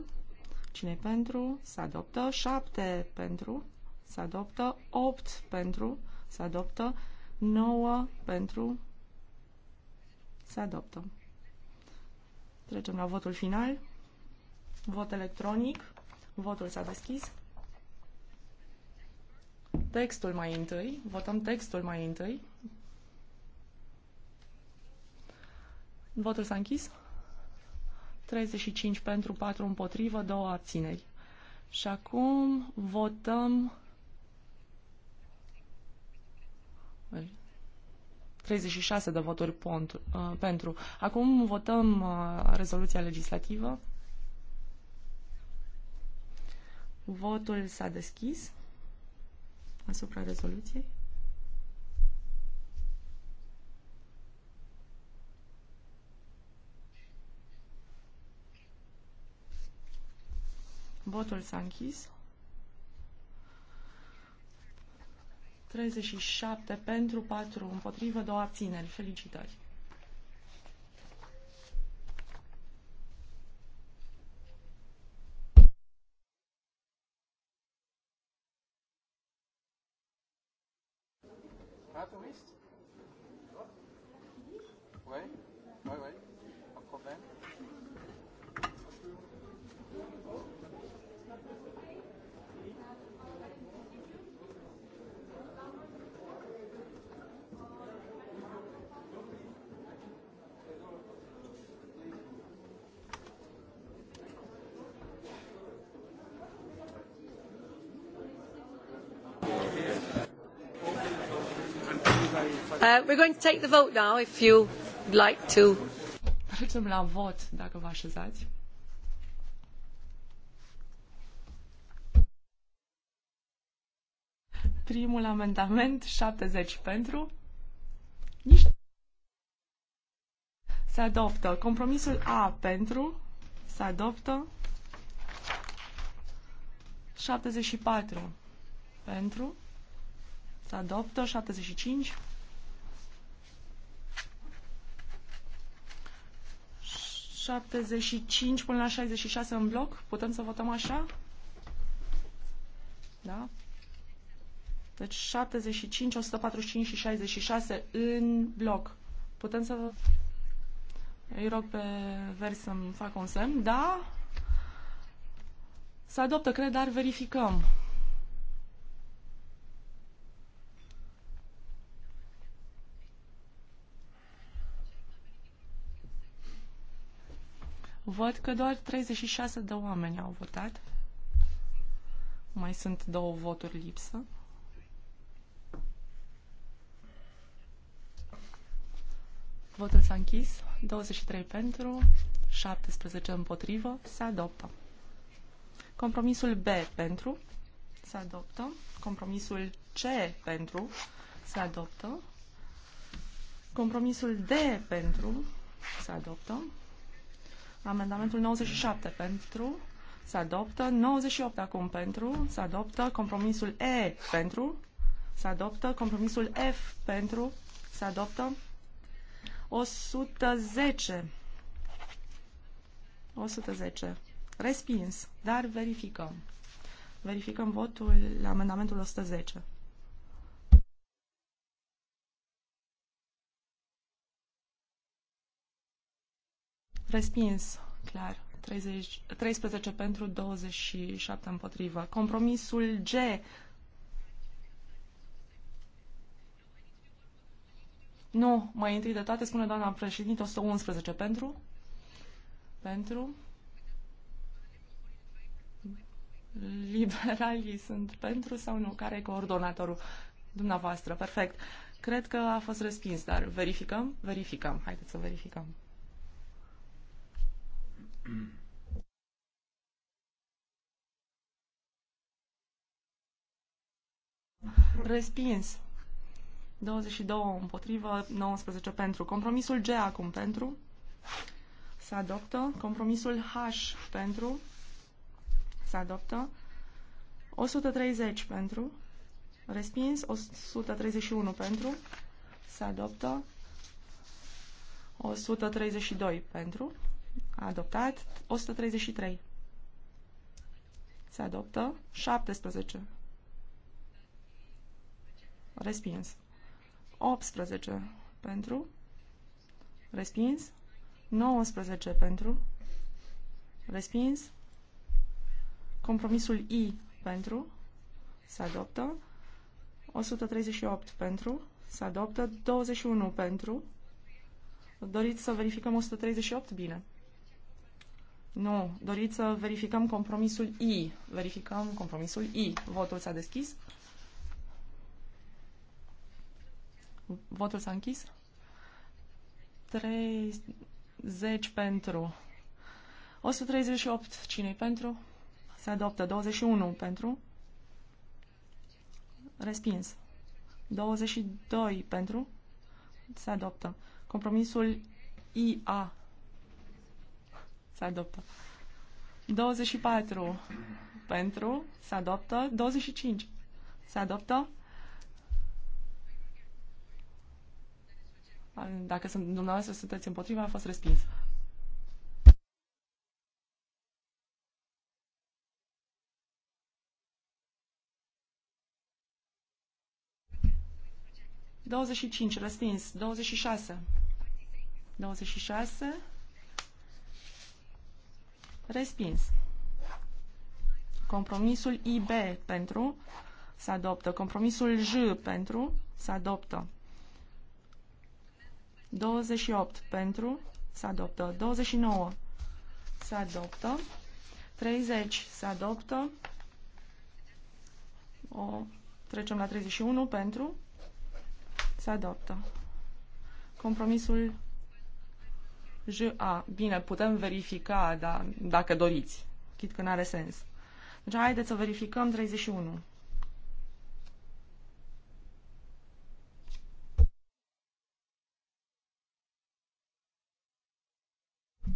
Cine pentru? Se adoptă. 7 pentru. Se adoptă. 8 pentru. Se adoptă. 9 pentru. Se adoptă. Trecem la votul final. Vot electronic. Votul s-a deschis. Textul mai întâi. Votăm textul mai întâi. Votul s-a închis. 35 pentru, 4 împotrivă, 2 abțineri. Și acum votăm 36 de voturi uh, pentru. Acum votăm uh, rezoluția legislativă. Votul s-a deschis asupra rezoluției. Votul s-a închis. 37 pentru 4 împotrivă, două abțineri. Felicitări! Uh, we're going to take the vote now, if you like to. Trecem la vot, dacă vă așezați. Primul amendament, 70 pentru. Nici... Se adoptă. Compromisul A pentru. Se adoptă. 74 pentru. Se adoptă. 75 75 până la 66 în bloc? Putem să votăm așa? Da? Deci 75, 145 și 66 în bloc. Putem să... Îi rog pe vers să-mi facă un semn. Da? Se adoptă, cred, dar verificăm. Văd că doar 36 de oameni au votat. Mai sunt două voturi lipsă. Votul s-a închis. 23 pentru, 17 împotrivă. Se adoptă. Compromisul B pentru. Se adoptă. Compromisul C pentru. Se adoptă. Compromisul D pentru. Se adoptă. Amendamentul 97 pentru se adoptă. 98 acum pentru se adoptă. Compromisul E pentru se adoptă. Compromisul F pentru se adoptă. 110. 110. Respins, dar verificăm. Verificăm votul la amendamentul 110. Respins, clar. 30, 13 pentru, 27 împotrivă. Compromisul G. Nu, mai întâi de toate spune doamna președinte 111 pentru. Pentru. Liberalii sunt pentru sau nu? Care e coordonatorul? Dumneavoastră, perfect. Cred că a fost respins, dar verificăm? Verificăm. Haideți să verificăm. Respins. 22 împotrivă, 19 pentru. Compromisul G acum pentru. Se adoptă. Compromisul H pentru. Se adoptă. 130 pentru. Respins. 131 pentru. Se adoptă. 132 pentru. Adoptat. 133. Se adoptă. 17. Respins. 18 pentru. Respins. 19 pentru. Respins. Compromisul I pentru. Se adoptă. 138 pentru. Se adoptă. 21 pentru. Doriți să verificăm 138? Bine. Nu. Doriți să verificăm compromisul I. Verificăm compromisul I. Votul s-a deschis. Votul s-a închis. 30 pentru. 138. cine pentru? Se adoptă. 21 pentru. Respins. 22 pentru. Se adoptă. Compromisul IA se adoptă. 24 pentru. Se adoptă. 25. Se adoptă. Dacă sunt, dumneavoastră sunteți împotriva, a fost respins. Douăzeci și cinci, respins. Douăzeci și șase. Douăzeci și șase. Respins. Compromisul IB pentru se adoptă. Compromisul J pentru se adoptă. 28 pentru se adoptă. 29 se adoptă. 30 se adoptă. O trecem la 31 pentru se adoptă. Compromisul J A. Bine, putem verifica, da, dacă doriți. Chit că n-are sens. Deci haideți să verificăm 31.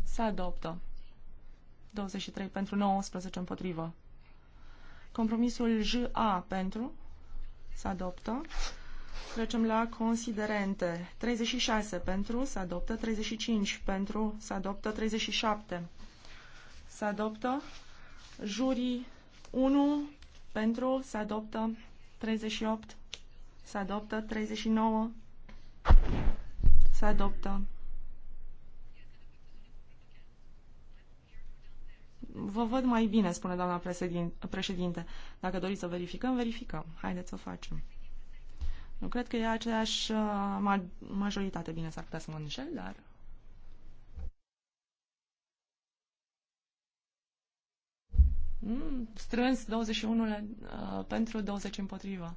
Se adoptă. 23 pentru 19 împotrivă. Compromisul J A pentru se adoptă. Trecem la considerente. 36 pentru, se adoptă. 35 pentru, se adoptă. 37 se adoptă. Jurii 1 pentru, se adoptă. 38 se adoptă. 39 se adoptă. Vă văd mai bine, spune doamna președinte. Dacă doriți să verificăm, verificăm. Haideți să o facem. Nu cred că e aceeași uh, majoritate. Bine, s-ar putea să mă înșel, dar... Mm, strâns 21 uh, pentru 20 împotriva.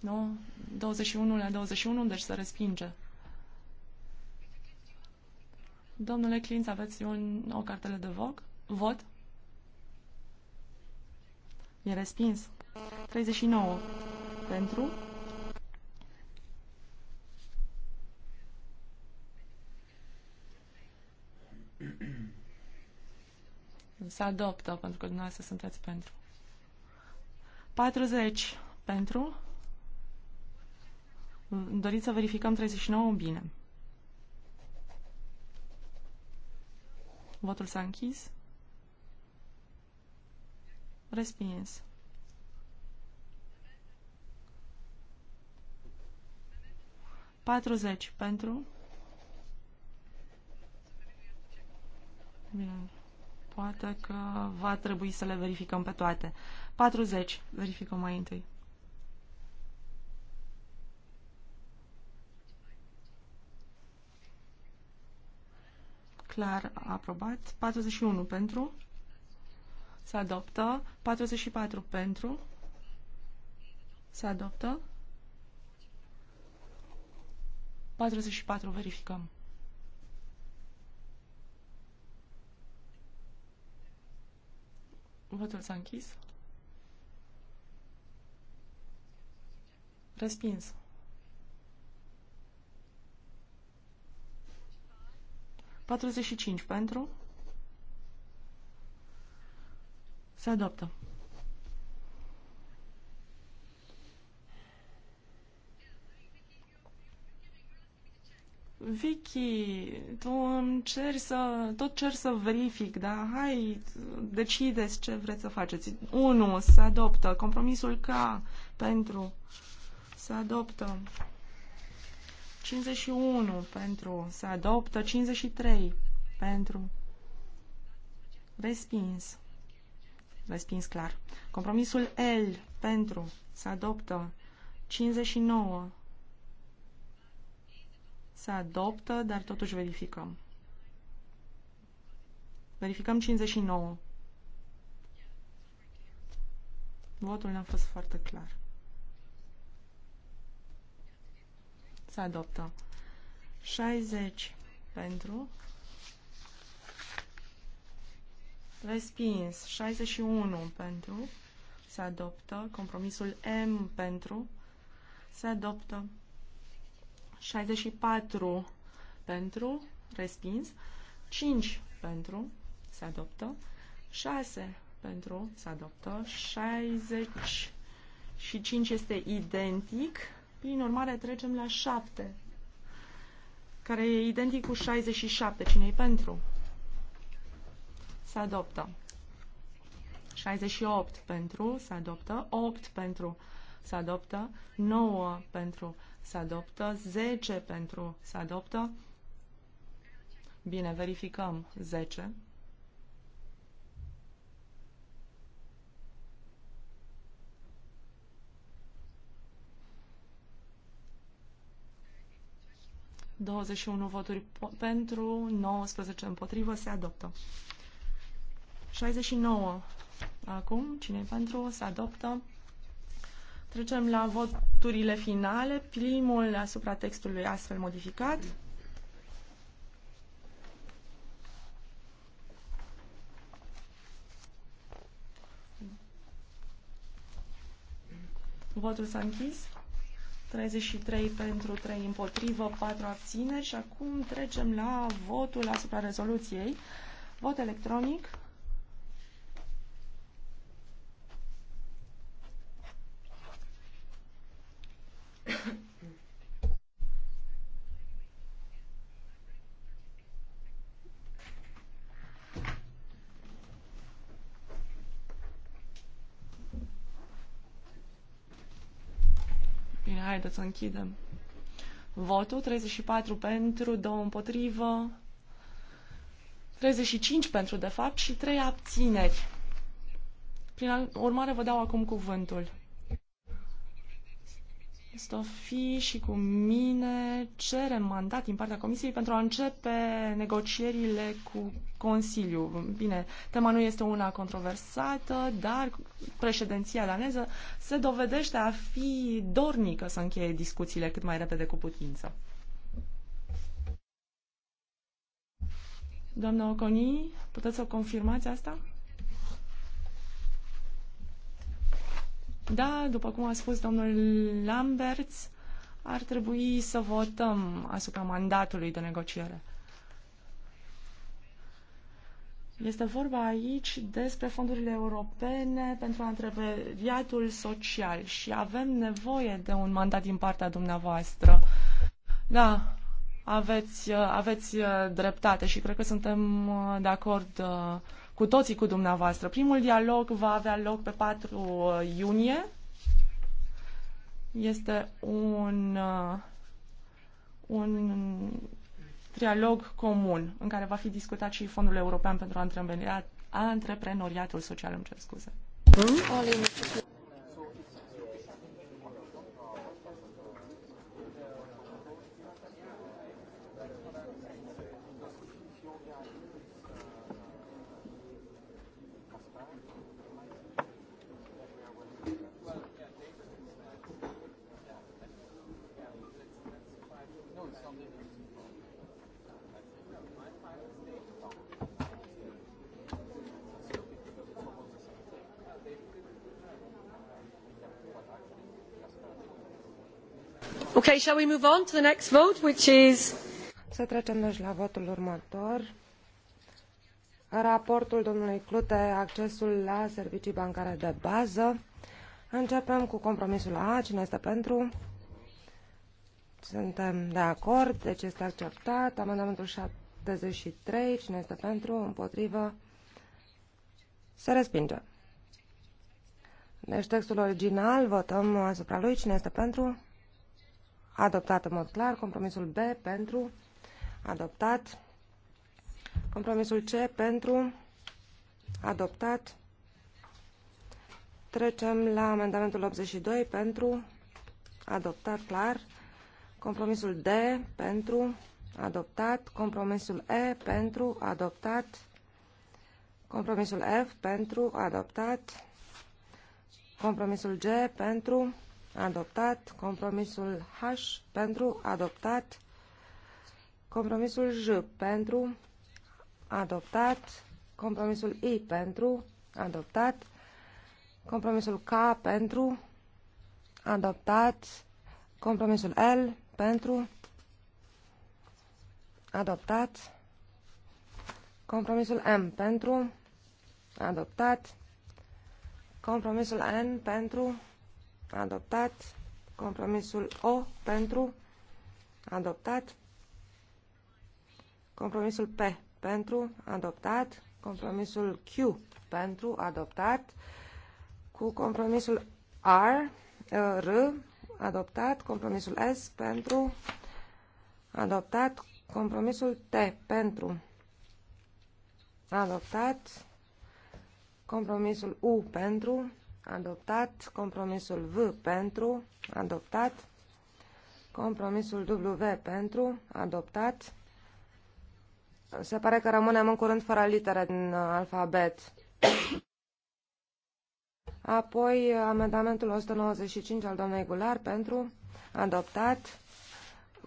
Nu? 21 la 21, deci se respinge. Domnule Clinț, aveți un, o cartelă de vot? vot? E respins. 39 pentru. Se adoptă, pentru că dumneavoastră sunteți pentru. 40 pentru. Doriți să verificăm 39? Bine. Votul s-a închis. Respins. Patruzeci pentru. Bine. Poate că va trebui să le verificăm pe toate. 40. Verificăm mai întâi. Clar aprobat. 41 pentru. Se adoptă. 44 pentru. Se adoptă. 44 verificăm. Votul s-a închis. Respins. 45 pentru. Se adaptă. Vicky, tu îmi ceri să, tot cer să verific, dar hai, decideți ce vreți să faceți. Unu, Se adoptă. Compromisul K pentru. Se adoptă. 51 pentru. Se adoptă. 53 pentru. Respins. Respins clar. Compromisul L pentru să adoptă 59. Se adoptă, dar totuși verificăm. Verificăm 59. Votul n-a fost foarte clar. Se adoptă. 60 pentru, Respins. 61 pentru. Se adoptă. Compromisul M pentru. Se adoptă. 64 pentru. Respins. 5 pentru. Se adoptă. 6 pentru. Se adoptă. 60 și 5 este identic. Prin urmare trecem la 7 care e identic cu 67. cine e pentru? se adoptă. 68 pentru, se adoptă. 8 pentru, se adoptă. 9 pentru, se adoptă. 10 pentru, se adoptă. Bine, verificăm 10. Douăzeci și unu voturi pentru, 19 împotrivă, se adoptă. 69. Acum, cine e pentru? Se adoptă. Trecem la voturile finale. Primul asupra textului astfel modificat. Votul s-a închis. 33 pentru 3 împotrivă, 4 abțineri și acum trecem la votul asupra rezoluției. Vot electronic. să închidem. Votul 34 pentru, 2 împotrivă, 35 pentru de fapt și 3 abțineri. Prin urmare vă dau acum cuvântul. Stofi și cu mine cerem mandat din partea Comisiei pentru a începe negocierile cu Consiliul. Bine, tema nu este una controversată, dar președinția daneză se dovedește a fi dornică să încheie discuțiile cât mai repede cu putință. Doamna Oconi, puteți să confirmați asta? Da, după cum a spus domnul Lamberts, ar trebui să votăm asupra mandatului de negociere. Este vorba aici despre fondurile europene pentru antreprenoriatul social și avem nevoie de un mandat din partea dumneavoastră. Da, aveți, aveți uh, dreptate și cred că suntem uh, de acord uh, cu toții cu dumneavoastră. Primul dialog va avea loc pe 4 uh, iunie. Este un, uh, un trialog comun în care va fi discutat și Fondul European pentru Antreprenoriatul Social, îmi cer scuze. Hmm? Să trecem deci la votul următor. Raportul domnului Clute, accesul la servicii bancare de bază. Începem cu compromisul A. Cine este pentru? Suntem de acord, deci este acceptat. Amendamentul 73. Cine este pentru? Împotrivă? Se respinge. Deci textul original, votăm asupra lui. Cine este pentru? adoptat în mod clar. Compromisul B pentru adoptat. Compromisul C pentru adoptat. Trecem la amendamentul 82 pentru adoptat clar. Compromisul D pentru adoptat. Compromisul E pentru adoptat. Compromisul F pentru adoptat. Compromisul G pentru adoptat, compromisul H pentru adoptat, compromisul J pentru adoptat, compromisul I pentru adoptat, compromisul K pentru adoptat, compromisul L pentru adoptat, compromisul M pentru adoptat, compromisul N pentru adoptat, adoptat. Compromisul O pentru, adoptat. Compromisul P pentru, adoptat. Compromisul Q pentru, adoptat. Cu compromisul R, uh, R, adoptat. Compromisul S pentru, adoptat. Compromisul T pentru, adoptat. Compromisul U pentru, adoptat, compromisul V pentru, adoptat, compromisul W pentru, adoptat. Se pare că rămânem în curând fără litere din uh, alfabet. Apoi amendamentul 195 al doamnei Gular pentru, adoptat,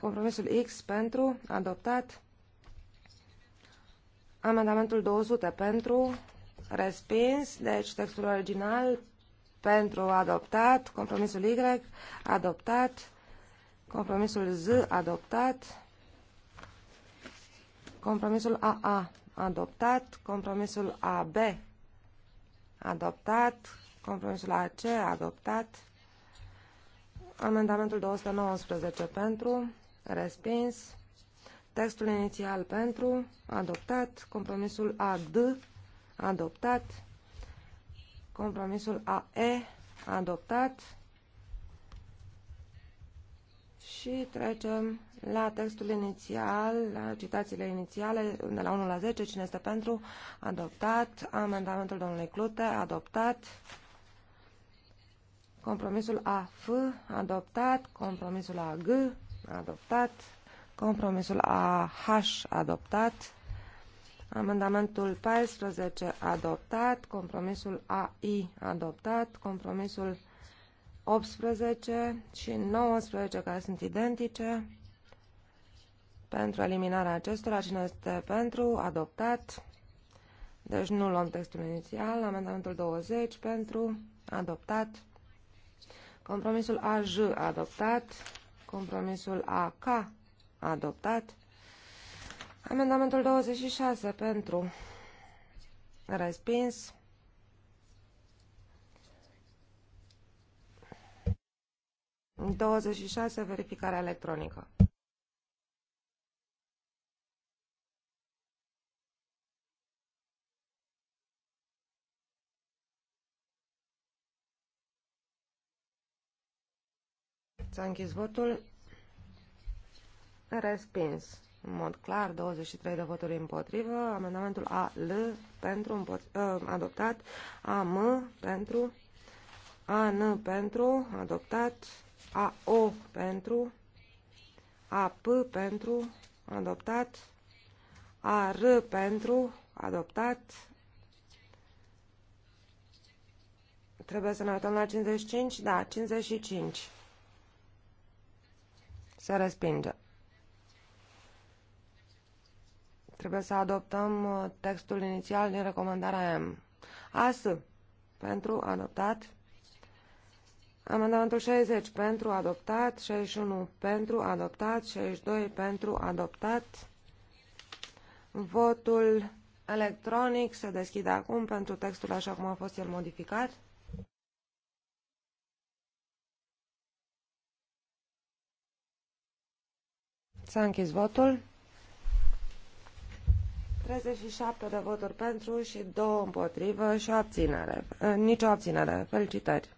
compromisul X pentru, adoptat, amendamentul 200 pentru, respins, deci textul original pentru adoptat, compromisul Y adoptat, compromisul Z adoptat, compromisul AA adoptat, compromisul AB adoptat, compromisul AC adoptat, amendamentul 219 pentru, respins, textul inițial pentru, adoptat, compromisul AD adoptat, Compromisul AE adoptat. Și trecem la textul inițial, la citațiile inițiale, de la 1 la 10, cine este pentru, adoptat, amendamentul domnului Clute, adoptat, compromisul AF, adoptat, compromisul AG, adoptat, compromisul AH, adoptat, Amendamentul 14 adoptat, compromisul AI adoptat, compromisul 18 și 19 care sunt identice pentru eliminarea acestora. Cine este pentru? Adoptat. Deci nu luăm textul inițial. Amendamentul 20 pentru adoptat. Compromisul AJ adoptat. Compromisul AK adoptat. Amendamentul 26 pentru respins. Douăzeci și șase, verificarea electronică. S-a închis votul. Respins în mod clar, 23 de voturi împotrivă, amendamentul AL ă, pentru adoptat, AM pentru, AN pentru adoptat, AO pentru, AP pentru adoptat, AR pentru adoptat, Trebuie să ne uităm la 55? Da, 55. Se respinge. Trebuie să adoptăm uh, textul inițial din recomandarea M. AS pentru adoptat. Amendamentul 60 pentru adoptat, 61 pentru adoptat, 62 pentru adoptat. Votul electronic se deschide acum pentru textul așa cum a fost el modificat. S-a închis votul. 37 de voturi pentru și 2 împotrivă și o abținere. Nici o abținere. Felicitări.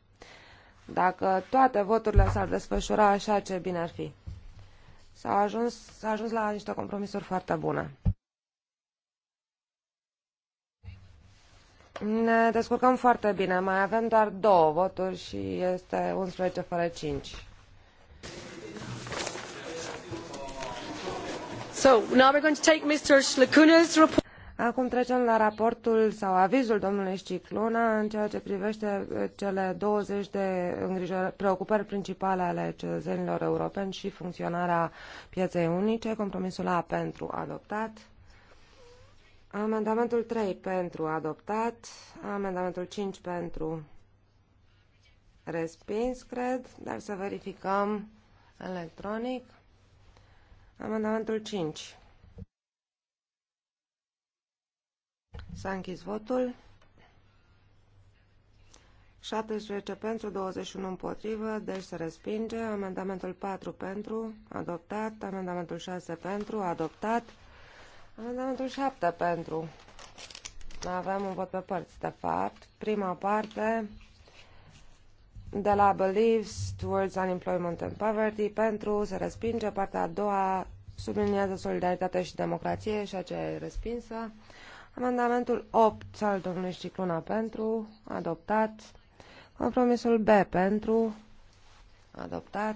Dacă toate voturile s-ar desfășura așa, ce bine ar fi. S-a ajuns, ajuns la niște compromisuri foarte bune. Ne descurcăm foarte bine. Mai avem doar două voturi și este 11 fără 5. Acum trecem la raportul sau avizul domnului Scicluna în ceea ce privește uh, cele 20 de preocupări principale ale cetățenilor europeni și funcționarea pieei unice. Compromisul A pentru adoptat. Amendamentul 3 pentru adoptat. Amendamentul 5 pentru respins, cred, dar să verificăm electronic. Amendamentul 5. S-a închis votul. 17 pentru, 21 împotrivă, deci se respinge. Amendamentul 4 pentru, adoptat. Amendamentul 6 pentru, adoptat. Amendamentul 7 pentru. Avem un vot pe părți, de fapt. Prima parte, de la beliefs, Towards Unemployment and Poverty pentru se respinge. Partea a doua subliniază solidaritate și democrație și aceea e respinsă. Amendamentul 8 al domnului Cicluna pentru adoptat. Compromisul B pentru adoptat.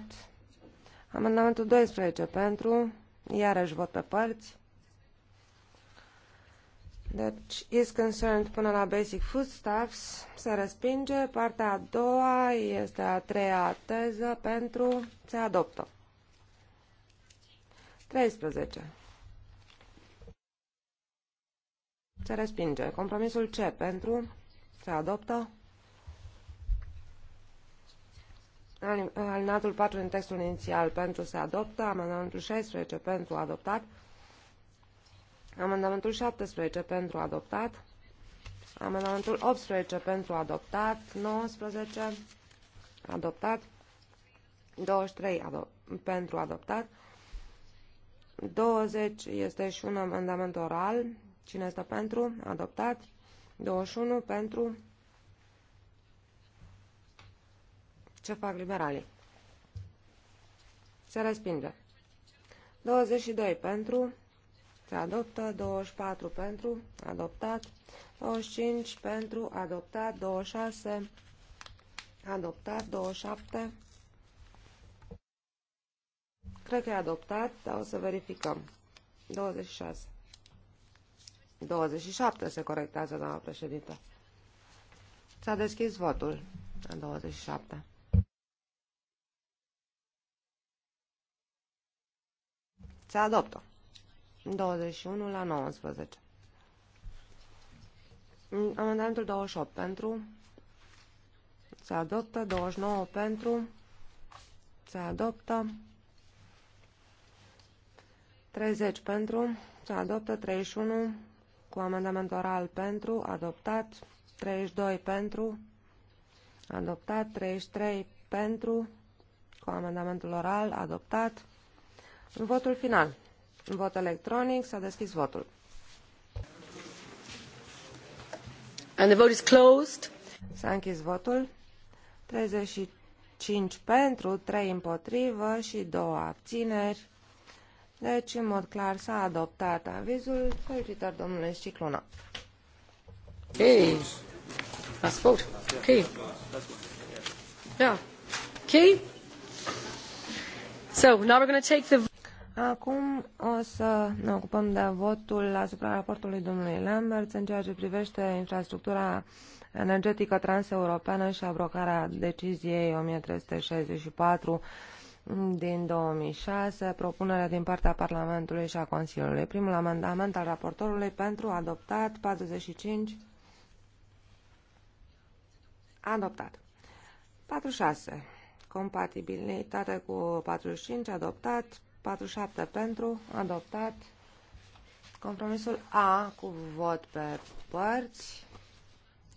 Amendamentul 12 pentru iarăși vot pe părți. Deci, is concerned până la basic foodstuffs se respinge. Partea a doua este a treia teză pentru se adoptă. 13. Se respinge. Compromisul C pentru se adoptă. Alinatul 4 din textul inițial pentru se adoptă. Amendamentul 16 pentru adoptat. Amendamentul 17 pentru adoptat. Amendamentul 18 pentru adoptat. 19 adoptat. 23 ado pentru adoptat. 20 este și un amendament oral. Cine este pentru? Adoptat. 21 pentru. Ce fac liberalii? Se respinge. 22 pentru se adoptă, 24 pentru, adoptat, 25 pentru, adoptat, 26, adoptat, 27, cred că e adoptat, dar o să verificăm, 26, 27 se corectează, doamna președintă. S-a deschis votul la 27. Se adoptă. 21 la 19. Amendamentul 28 pentru. Se adoptă. 29 pentru. Se adoptă. 30 pentru. Se adoptă. 31 cu amendament oral pentru. Adoptat. 32 pentru. Adoptat. 33 pentru. Cu amendamentul oral. Adoptat. Votul final. Vot electronic. S-a deschis votul. And the vote is closed. S-a închis votul. 35 pentru, 3 împotrivă și 2 abțineri. Deci, în mod clar, s-a adoptat avizul. Felicitări, domnule Cicluna. Ei, a spus. Ok. Yeah. Okay. So, now we're going to take the... Acum o să ne ocupăm de votul asupra raportului domnului Lamberts în ceea ce privește infrastructura energetică transeuropeană și abrocarea deciziei 1364 din 2006, propunerea din partea Parlamentului și a Consiliului. Primul amendament al raportorului pentru adoptat 45 adoptat. 46. Compatibilitate cu 45 adoptat. 47 pentru, adoptat. Compromisul A cu vot pe părți.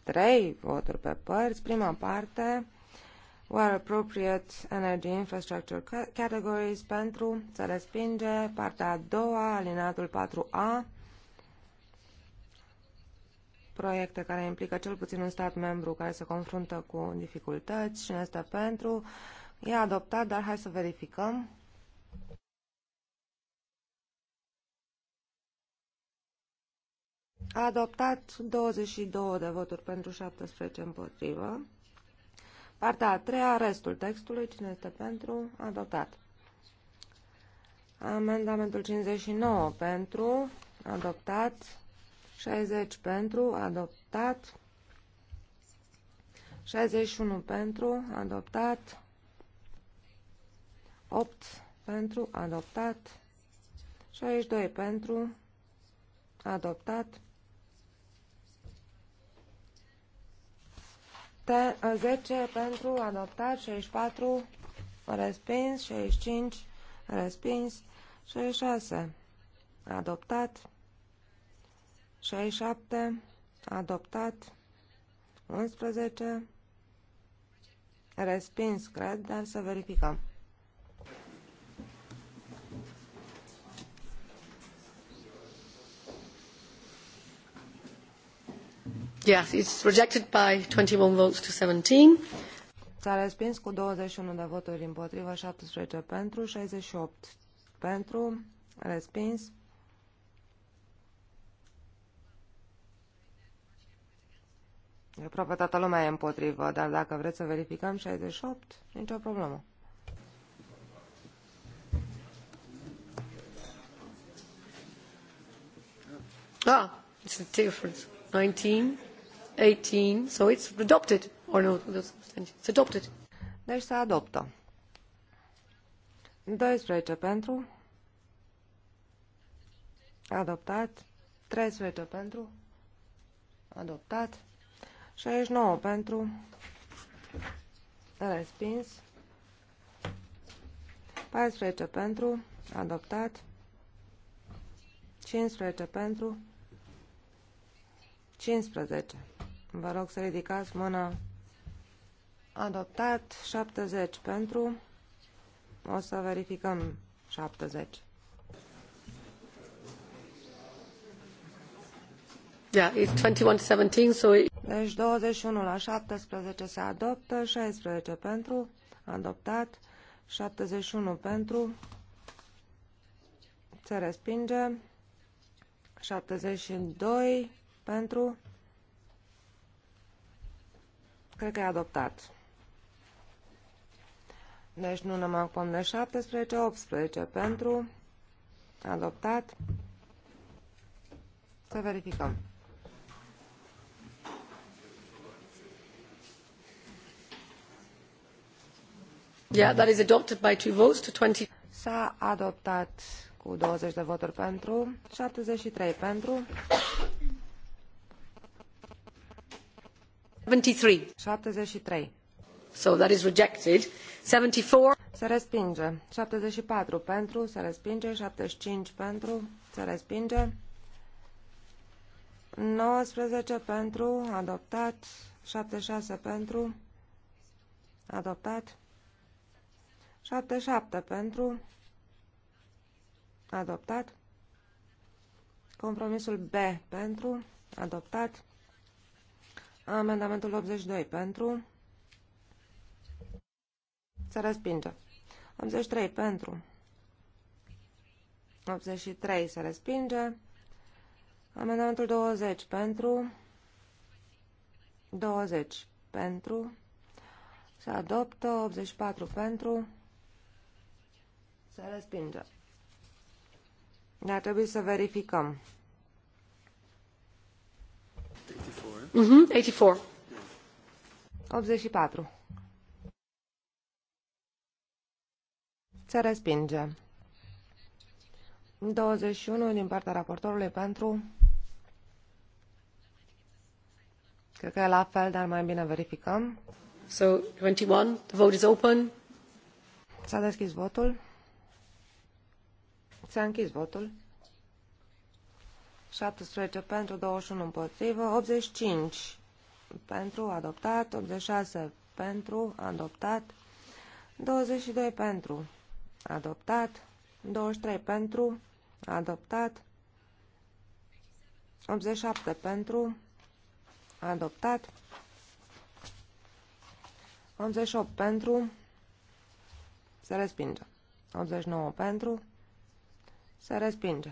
3 voturi pe părți. Prima parte. Where appropriate energy infrastructure categories pentru se respinge. Partea a doua, alineatul 4A. Proiecte care implică cel puțin un stat membru care se confruntă cu dificultăți. Și este pentru? E adoptat, dar hai să verificăm. A adoptat 22 de voturi pentru 17 împotrivă. Partea a treia, restul textului, cine este pentru, adoptat. Amendamentul 59 pentru, adoptat. 60 pentru, adoptat. 61 pentru, adoptat. 8 pentru, adoptat. 62 pentru, adoptat. 7, 10 pentru adoptat, 64 respins, 65 respins, 66 adoptat, 67 adoptat, 11 respins, cred, dar să verificăm. Yes, it's rejected by 21 votes to 17. S-a respins cu 21 de voturi împotrivă, 17 pentru, 68 pentru, respins. Aproape toată lumea e împotrivă, dar dacă vreți să verificăm 68, nicio problemă. Ah, it's a difference. 19. 18, so it's adopted, or no, it's adopted. Deci se adoptă. 12 pentru. Adoptat. 13 pentru. Adoptat. 69 pentru. Respins. 14 pentru. Adoptat. 15 pentru. 15. Vă rog să ridicați mâna. Adoptat 70 pentru. O să verificăm 70. Yeah, it's 21 17, so it... Deci 21 la 17 se adoptă, 16 pentru, adoptat, 71 pentru, se respinge, 72 pentru, Cred că e adoptat. Deci nu ne mai de 17, 18 pentru, adoptat. Să verificăm. Yeah, that is adopted by two votes to 20. S-a adoptat cu 20 de voturi pentru, 73 pentru, 73. și So se respinge șaptezeci 74. Se respinge. pentru, se respinge. și cinci. pentru, se respinge. nouăsprezece pentru, adoptat. și șase pentru, adoptat. și șapte pentru, adoptat. Compromisul B pentru, adoptat. Amendamentul 82 pentru. Se respinge. 83 pentru. 83 se respinge. Amendamentul 20 pentru. 20 pentru. Se adoptă. 84 pentru. Se respinge. Ne-ar trebuie să verificăm. 84. Mhm. Se respinge. 21 din partea raportorului pentru... Cred că e la fel, dar mai bine verificăm. So, 21, the vote is open. S-a deschis votul. S-a închis votul. 17 pentru, 21 împotrivă, 85 pentru, adoptat, 86 pentru, adoptat, 22 pentru, adoptat, 23 pentru, adoptat, 87 pentru, adoptat, 88 pentru, se respinge, 89 pentru, se respinge.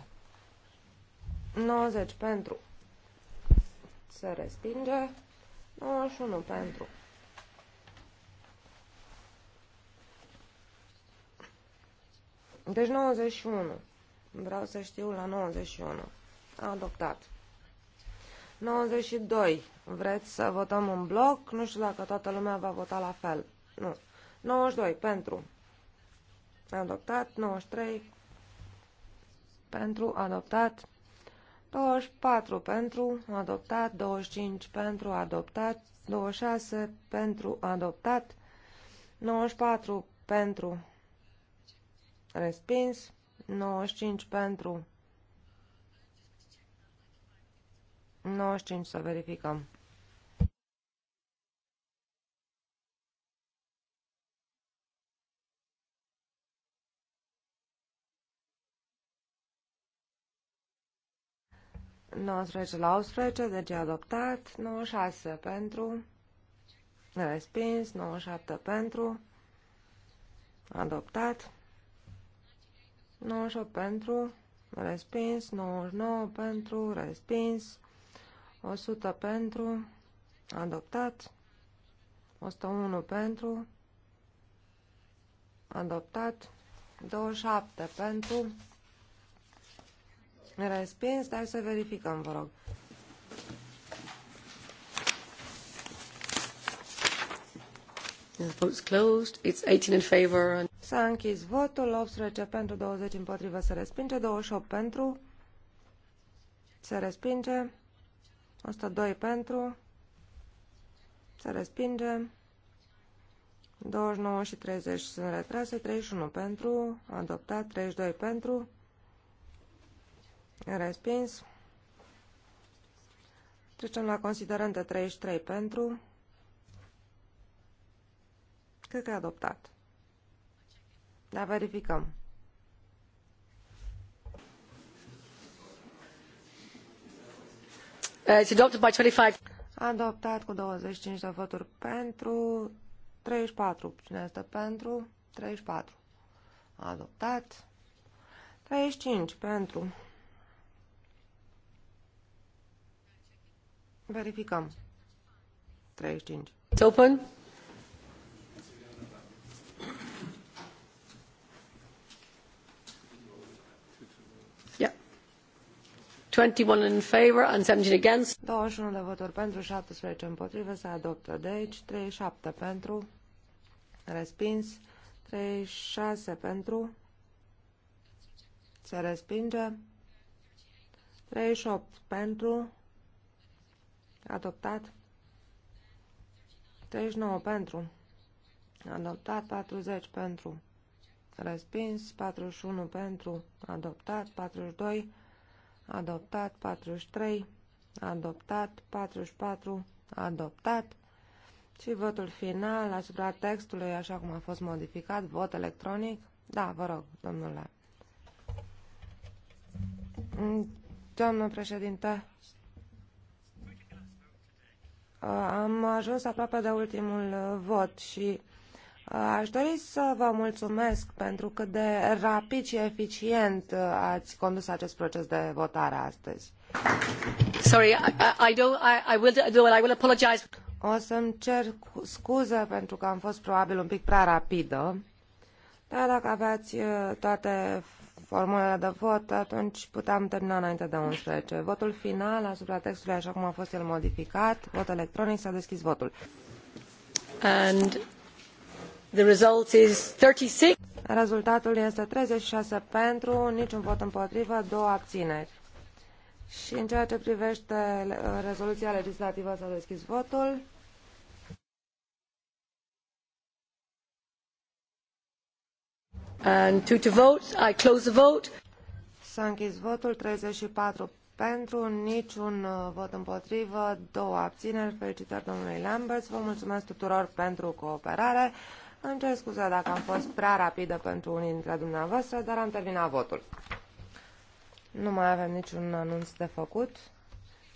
90 pentru. Se respinge. 91 pentru. Deci 91. Vreau să știu la 91. A adoptat. 92. Vreți să votăm în bloc? Nu știu dacă toată lumea va vota la fel. Nu. 92. Pentru. Adoptat. 93. Pentru. Adoptat. 24 pentru adoptat, 25 pentru adoptat, 26 pentru adoptat, 94 pentru respins, 95 pentru 95 să verificăm. 19 la 18, deci e adoptat. 96 pentru, respins. 97 pentru, adoptat. 98 pentru, respins. 99 pentru, respins. 100 pentru, adoptat. 101 pentru, adoptat. 27 pentru, Respins, dar să verificăm, vă rog. vote's closed. It's 18 in S-a închis votul, 18 pentru, 20 împotrivă se respinge, 28 pentru, se respinge, 102 pentru, se respinge, 29 și 30 sunt retrase, 31 pentru, adoptat, 32 pentru, Respins. Trecem la considerente 33 pentru. Cred că e adoptat. Da, verificăm. Uh, it's adopted by 25. Adoptat cu 25 de voturi pentru, 34. Cine este pentru? 34. Adoptat. 35 pentru. Verificăm. 35. It's open. Yeah. 21 in favor and 17 against. de împotrivă, Deci, 37 pentru, respins, 36 pentru, se respinge, 38 pentru, Adoptat. 39 pentru. Adoptat. 40 pentru. Respins. 41 pentru. Adoptat. 42. Adoptat. 43. Adoptat. 44. Adoptat. Și votul final asupra textului, așa cum a fost modificat, vot electronic. Da, vă rog, domnule. domnul președinte, Uh, am ajuns aproape de ultimul uh, vot și uh, aș dori să vă mulțumesc pentru cât de rapid și eficient ați condus acest proces de votare astăzi. Sorry, I, I, do, I, I will, do, I will apologize. O să-mi cer scuze pentru că am fost probabil un pic prea rapidă, dar dacă aveați toate formulele de vot, atunci puteam termina înainte de 11. Votul final asupra textului, așa cum a fost el modificat, vot electronic, s-a deschis votul. And the result is 36. Rezultatul este 36 pentru, niciun vot împotrivă, două abțineri. Și în ceea ce privește uh, rezoluția legislativă s-a deschis votul. And two to vote. I close the vote. S-a închis votul 34 pentru, niciun uh, vot împotrivă, două abțineri. Felicitări domnului Lambert. Vă mulțumesc tuturor pentru cooperare. Îmi cer scuze dacă am fost prea rapidă pentru unii dintre dumneavoastră, dar am terminat votul. Nu mai avem niciun anunț de făcut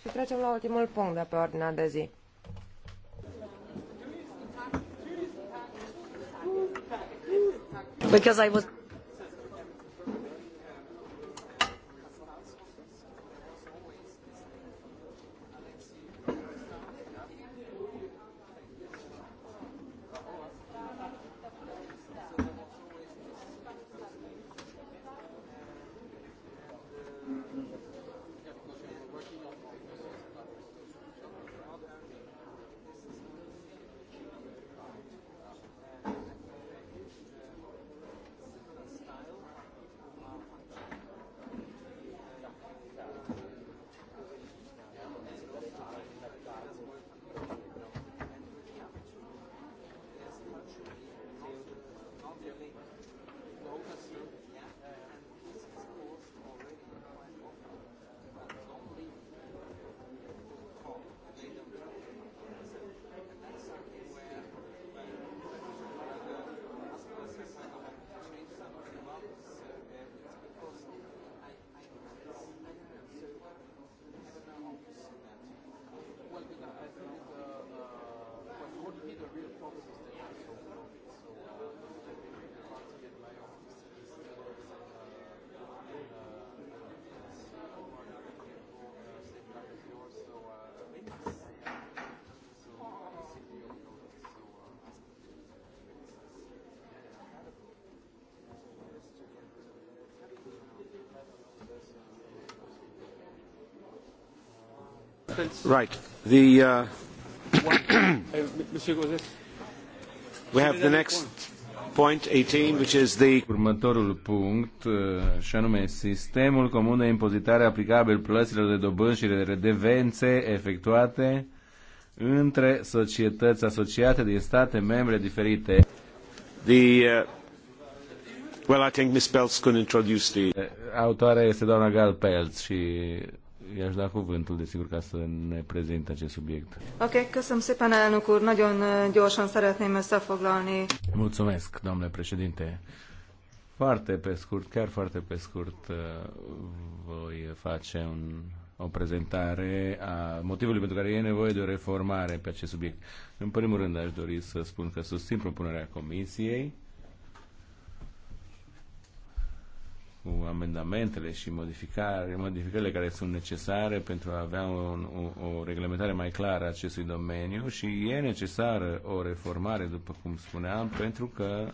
și trecem la ultimul punct de pe ordinea de zi. because I was Right. The, uh, uh we have the next point 18, which is the... Următorul punct, uh, și anume sistemul comun de impozitare aplicabil plăților de dobânzi și de redevențe efectuate între societăți asociate din state membre diferite. The, uh, well, I think Ms. Peltz could introduce the... Autoarea este doamna Gal Peltz și i-aș da cuvântul, desigur, ca să ne prezinte acest subiect. Ok, köszönöm szépen, elnök úr. Nagyon eh, gyorsan szeretném összefoglalni. Mulțumesc, domnule președinte. Foarte pe scurt, chiar foarte pe scurt, eh, voi face un, o prezentare a motivului pentru care e nevoie de o reformare pe acest subiect. În primul rând, aș dori să spun că susțin propunerea Comisiei cu amendamentele și modificare, modificările care sunt necesare pentru a avea un, o, o reglementare mai clară a acestui domeniu și e necesară o reformare, după cum spuneam, pentru că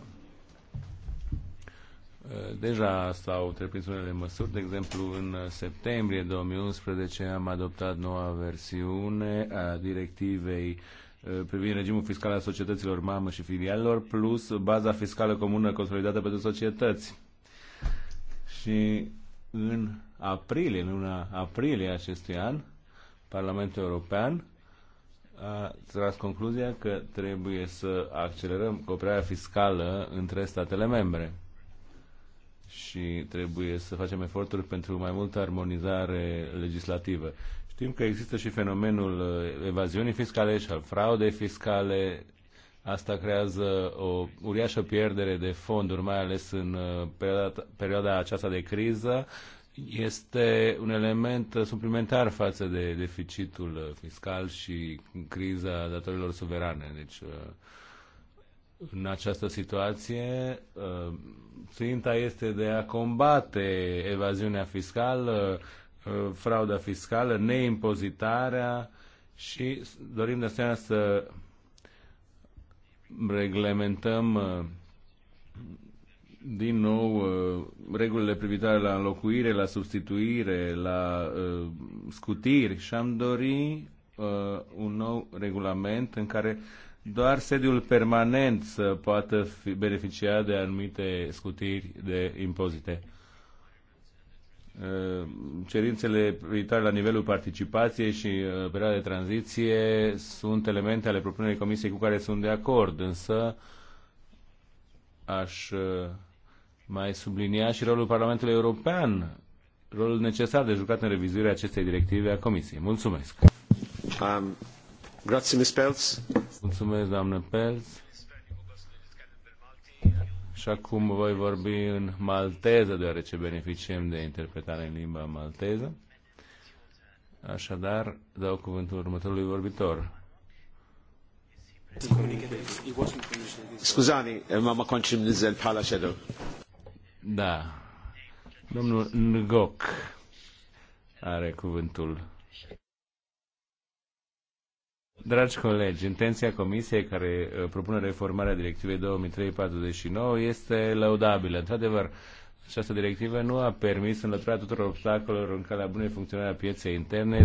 uh, Deja s-au întreprins unele măsuri, de exemplu în septembrie 2011 am adoptat noua versiune a directivei uh, privind regimul fiscal al societăților mamă și filialelor plus baza fiscală comună consolidată pentru societăți și în aprilie, în luna aprilie acestui an, Parlamentul European a tras concluzia că trebuie să accelerăm cooperarea fiscală între statele membre și trebuie să facem eforturi pentru mai multă armonizare legislativă. Știm că există și fenomenul uh, evaziunii fiscale și al fraudei fiscale Asta creează o uriașă pierdere de fonduri, mai ales în uh, perioada, perioada aceasta de criză. Este un element uh, suplimentar față de deficitul uh, fiscal și criza datorilor suverane. Deci, în această situație, ținta este de a combate evaziunea fiscală, frauda fiscală, neimpozitarea și dorim de asemenea să reglementăm uh, din nou uh, regulile privitoare la înlocuire, la substituire, la uh, scutiri și am dori un nou regulament în care doar sediul permanent să poată fi beneficia de anumite scutiri de impozite cerințele viitoare la nivelul participației și uh, perioada de tranziție sunt elemente ale propunerii Comisiei cu care sunt de acord, însă aș uh, mai sublinia și rolul Parlamentului European, rolul necesar de jucat în revizuirea acestei directive a Comisiei. Mulțumesc! Um, grazie, Ms. Mulțumesc, doamnă Pelz și acum voi vorbi în malteză, deoarece beneficiem de interpretare în limba malteză. Așadar, dau cuvântul următorului vorbitor. Scuzani, m-am concentratul pala shadow. Da. Domnul Ngoc are cuvântul. Dragi colegi, intenția Comisiei care uh, propune reformarea Directivei 2349 este laudabilă. Într-adevăr, această directivă nu a permis înlăturarea tuturor obstacolelor în calea bunei funcționare a pieței interne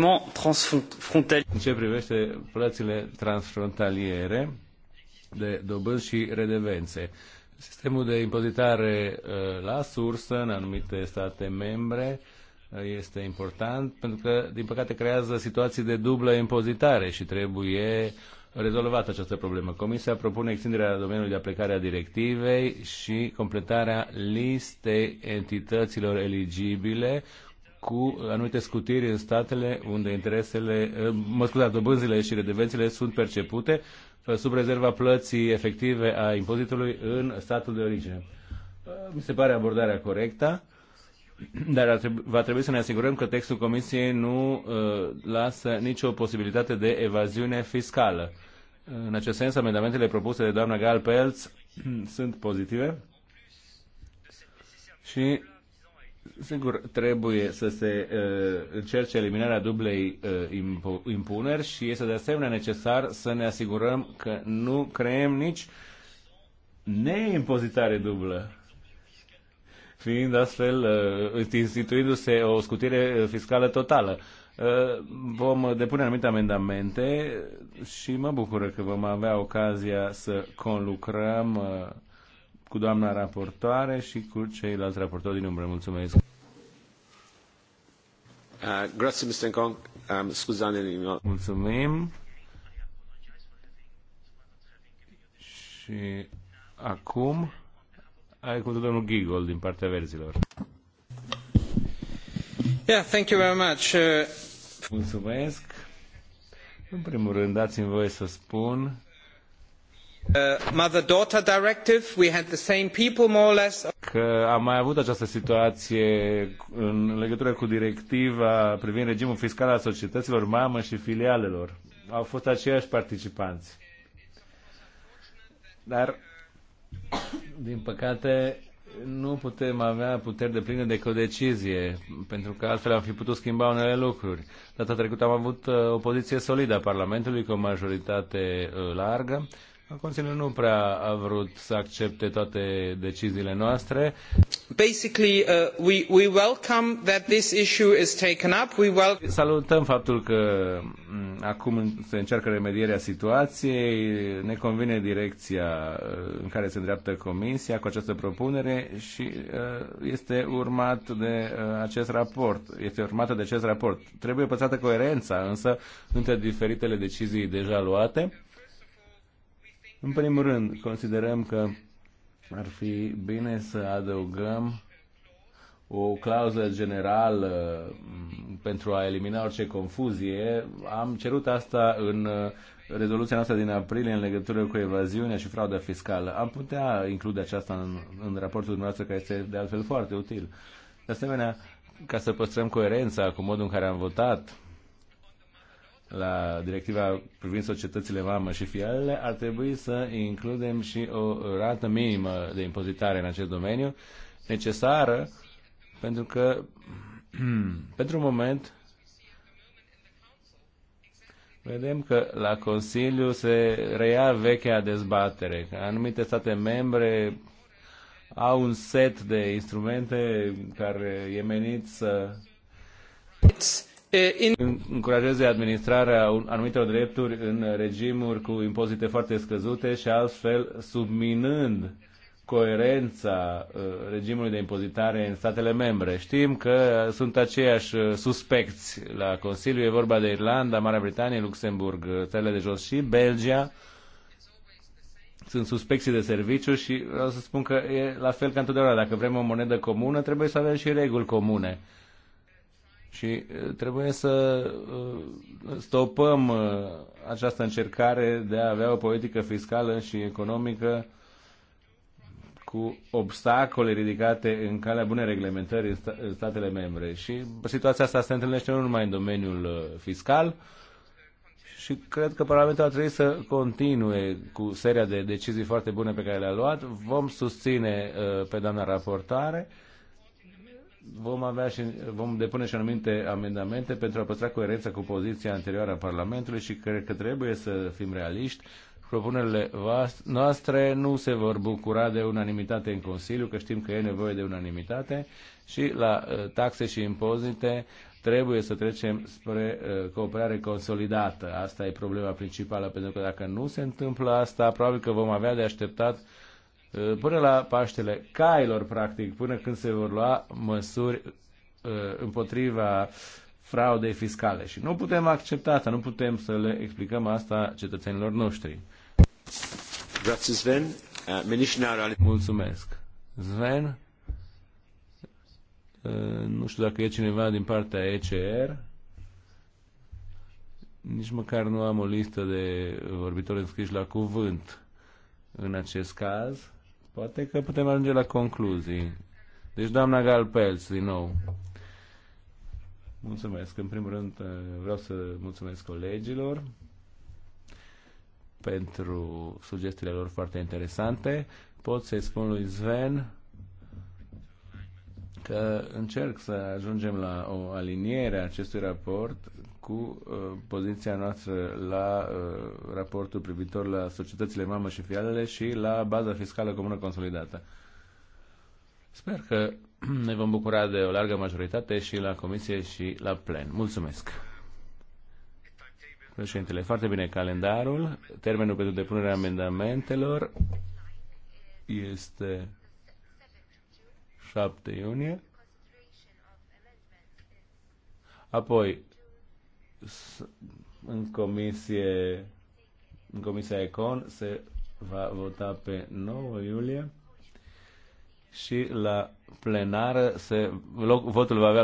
în ce privește plățile transfrontaliere de dobânzi și redevențe. Sistemul de impozitare uh, la sursă în anumite state membre este important pentru că, din păcate, creează situații de dublă impozitare și trebuie rezolvată această problemă. Comisia propune extinderea domeniului de aplicare a directivei și completarea listei entităților eligibile cu anumite scutiri în statele unde interesele, mă scuzați, dobânzile și redevențele sunt percepute uh, sub rezerva plății efective a impozitului în statul de origine. Uh, mi se pare abordarea corectă dar va trebui să ne asigurăm că textul Comisiei nu uh, lasă nicio posibilitate de evaziune fiscală. În acest sens, amendamentele propuse de doamna Pelz sunt pozitive și Sigur, trebuie să se uh, încerce eliminarea dublei uh, impuneri și este de asemenea necesar să ne asigurăm că nu creăm nici neimpozitare dublă fiind astfel uh, instituindu-se o scutire fiscală totală. Uh, vom depune anumite amendamente și mă bucură că vom avea ocazia să conlucrăm uh, cu doamna raportoare și cu ceilalți raportori din umbră. Mulțumesc! Um, Mulțumim! Și acum... Ai cuvântul domnul Gigol din partea verzilor. Yeah, thank you very much. Uh, Mulțumesc. În primul rând, dați-mi voie să spun uh, mother-daughter directive, we had the same people more or less. Că am mai avut această situație în legătură cu directiva privind regimul fiscal al societăților mamă și filialelor. Au fost aceiași participanți. Dar din păcate, nu putem avea puteri de plină o decizie, pentru că altfel am fi putut schimba unele lucruri. Data trecută am avut uh, o poziție solidă a Parlamentului cu o majoritate uh, largă Consiliul nu prea a vrut să accepte toate deciziile noastre. Basically, uh, we, we welcome that this issue is taken up. We welcome... Salutăm faptul că mm, acum se încearcă remedierea situației. Ne convine direcția uh, în care se îndreaptă Comisia cu această propunere și uh, este urmat de uh, acest raport. Este urmată de acest raport. Trebuie păstrată coerența, însă, între diferitele decizii deja luate în primul rând, considerăm că ar fi bine să adăugăm o clauză generală mm, pentru a elimina orice confuzie. Am cerut asta în uh, rezoluția noastră din aprilie în legătură cu evaziunea și frauda fiscală. Am putea include aceasta în, în raportul dumneavoastră, care este de altfel foarte util. De asemenea, ca să păstrăm coerența cu modul în care am votat la directiva privind societățile mamă și fiele, ar trebui să includem și o rată minimă de impozitare în acest domeniu necesară pentru că pentru un moment vedem că la Consiliu se reia vechea dezbatere, că anumite state membre au un set de instrumente care e menit să It's încurajeze administrarea anumitor drepturi în regimuri cu impozite foarte scăzute și astfel subminând coerența uh, regimului de impozitare în statele membre. Știm că sunt aceiași uh, suspecți la Consiliu, e vorba de Irlanda, Marea Britanie, Luxemburg, uh, țările de jos și Belgia. Sunt suspecții de serviciu și vreau să spun că e la fel ca întotdeauna. Dacă vrem o monedă comună, trebuie să avem și reguli comune și uh, trebuie să uh, stopăm uh, această încercare de a avea o politică fiscală și economică cu obstacole ridicate în calea bunei reglementări în statele membre. Și situația asta se întâlnește nu numai în domeniul fiscal, și cred că Parlamentul a trebui să continue cu seria de decizii foarte bune pe care le-a luat. Vom susține uh, pe doamna raportare vom, avea și, vom depune și anumite amendamente pentru a păstra coerența cu poziția anterioară a Parlamentului și cred că trebuie să fim realiști. Propunerile noastre nu se vor bucura de unanimitate în Consiliu, că știm că e nevoie de unanimitate și la ă, taxe și impozite trebuie să trecem spre ă, cooperare consolidată. Asta e problema principală, pentru că dacă nu se întâmplă asta, probabil că vom avea de așteptat Uh, până la Paștele cailor, practic, până când se vor lua măsuri uh, împotriva fraudei fiscale. Și nu putem accepta asta, nu putem să le explicăm asta cetățenilor noștri. Uh, Mulțumesc. Sven? Nu știu dacă e cineva din partea ECR. Nici măcar nu am o listă de vorbitori înscriși la cuvânt în acest caz. Poate că putem ajunge la concluzii. Deci, doamna Galpelț, din nou. Mulțumesc. În primul rând, eh, vreau să mulțumesc colegilor pentru sugestiile lor foarte interesante. Pot să-i spun lui Sven că încerc să ajungem la o aliniere a acestui raport cu uh, poziția noastră la uh, raportul privitor la societățile mamă și fialele și la baza fiscală comună consolidată. Sper că ne vom bucura de o largă majoritate și la comisie și la plen. Mulțumesc! Președintele, foarte bine calendarul. Termenul pentru depunerea amendamentelor este 7 iunie. Apoi, în comisie, în comisia Econ se va vota pe 9 iulie și la plenară se, loc, votul va avea loc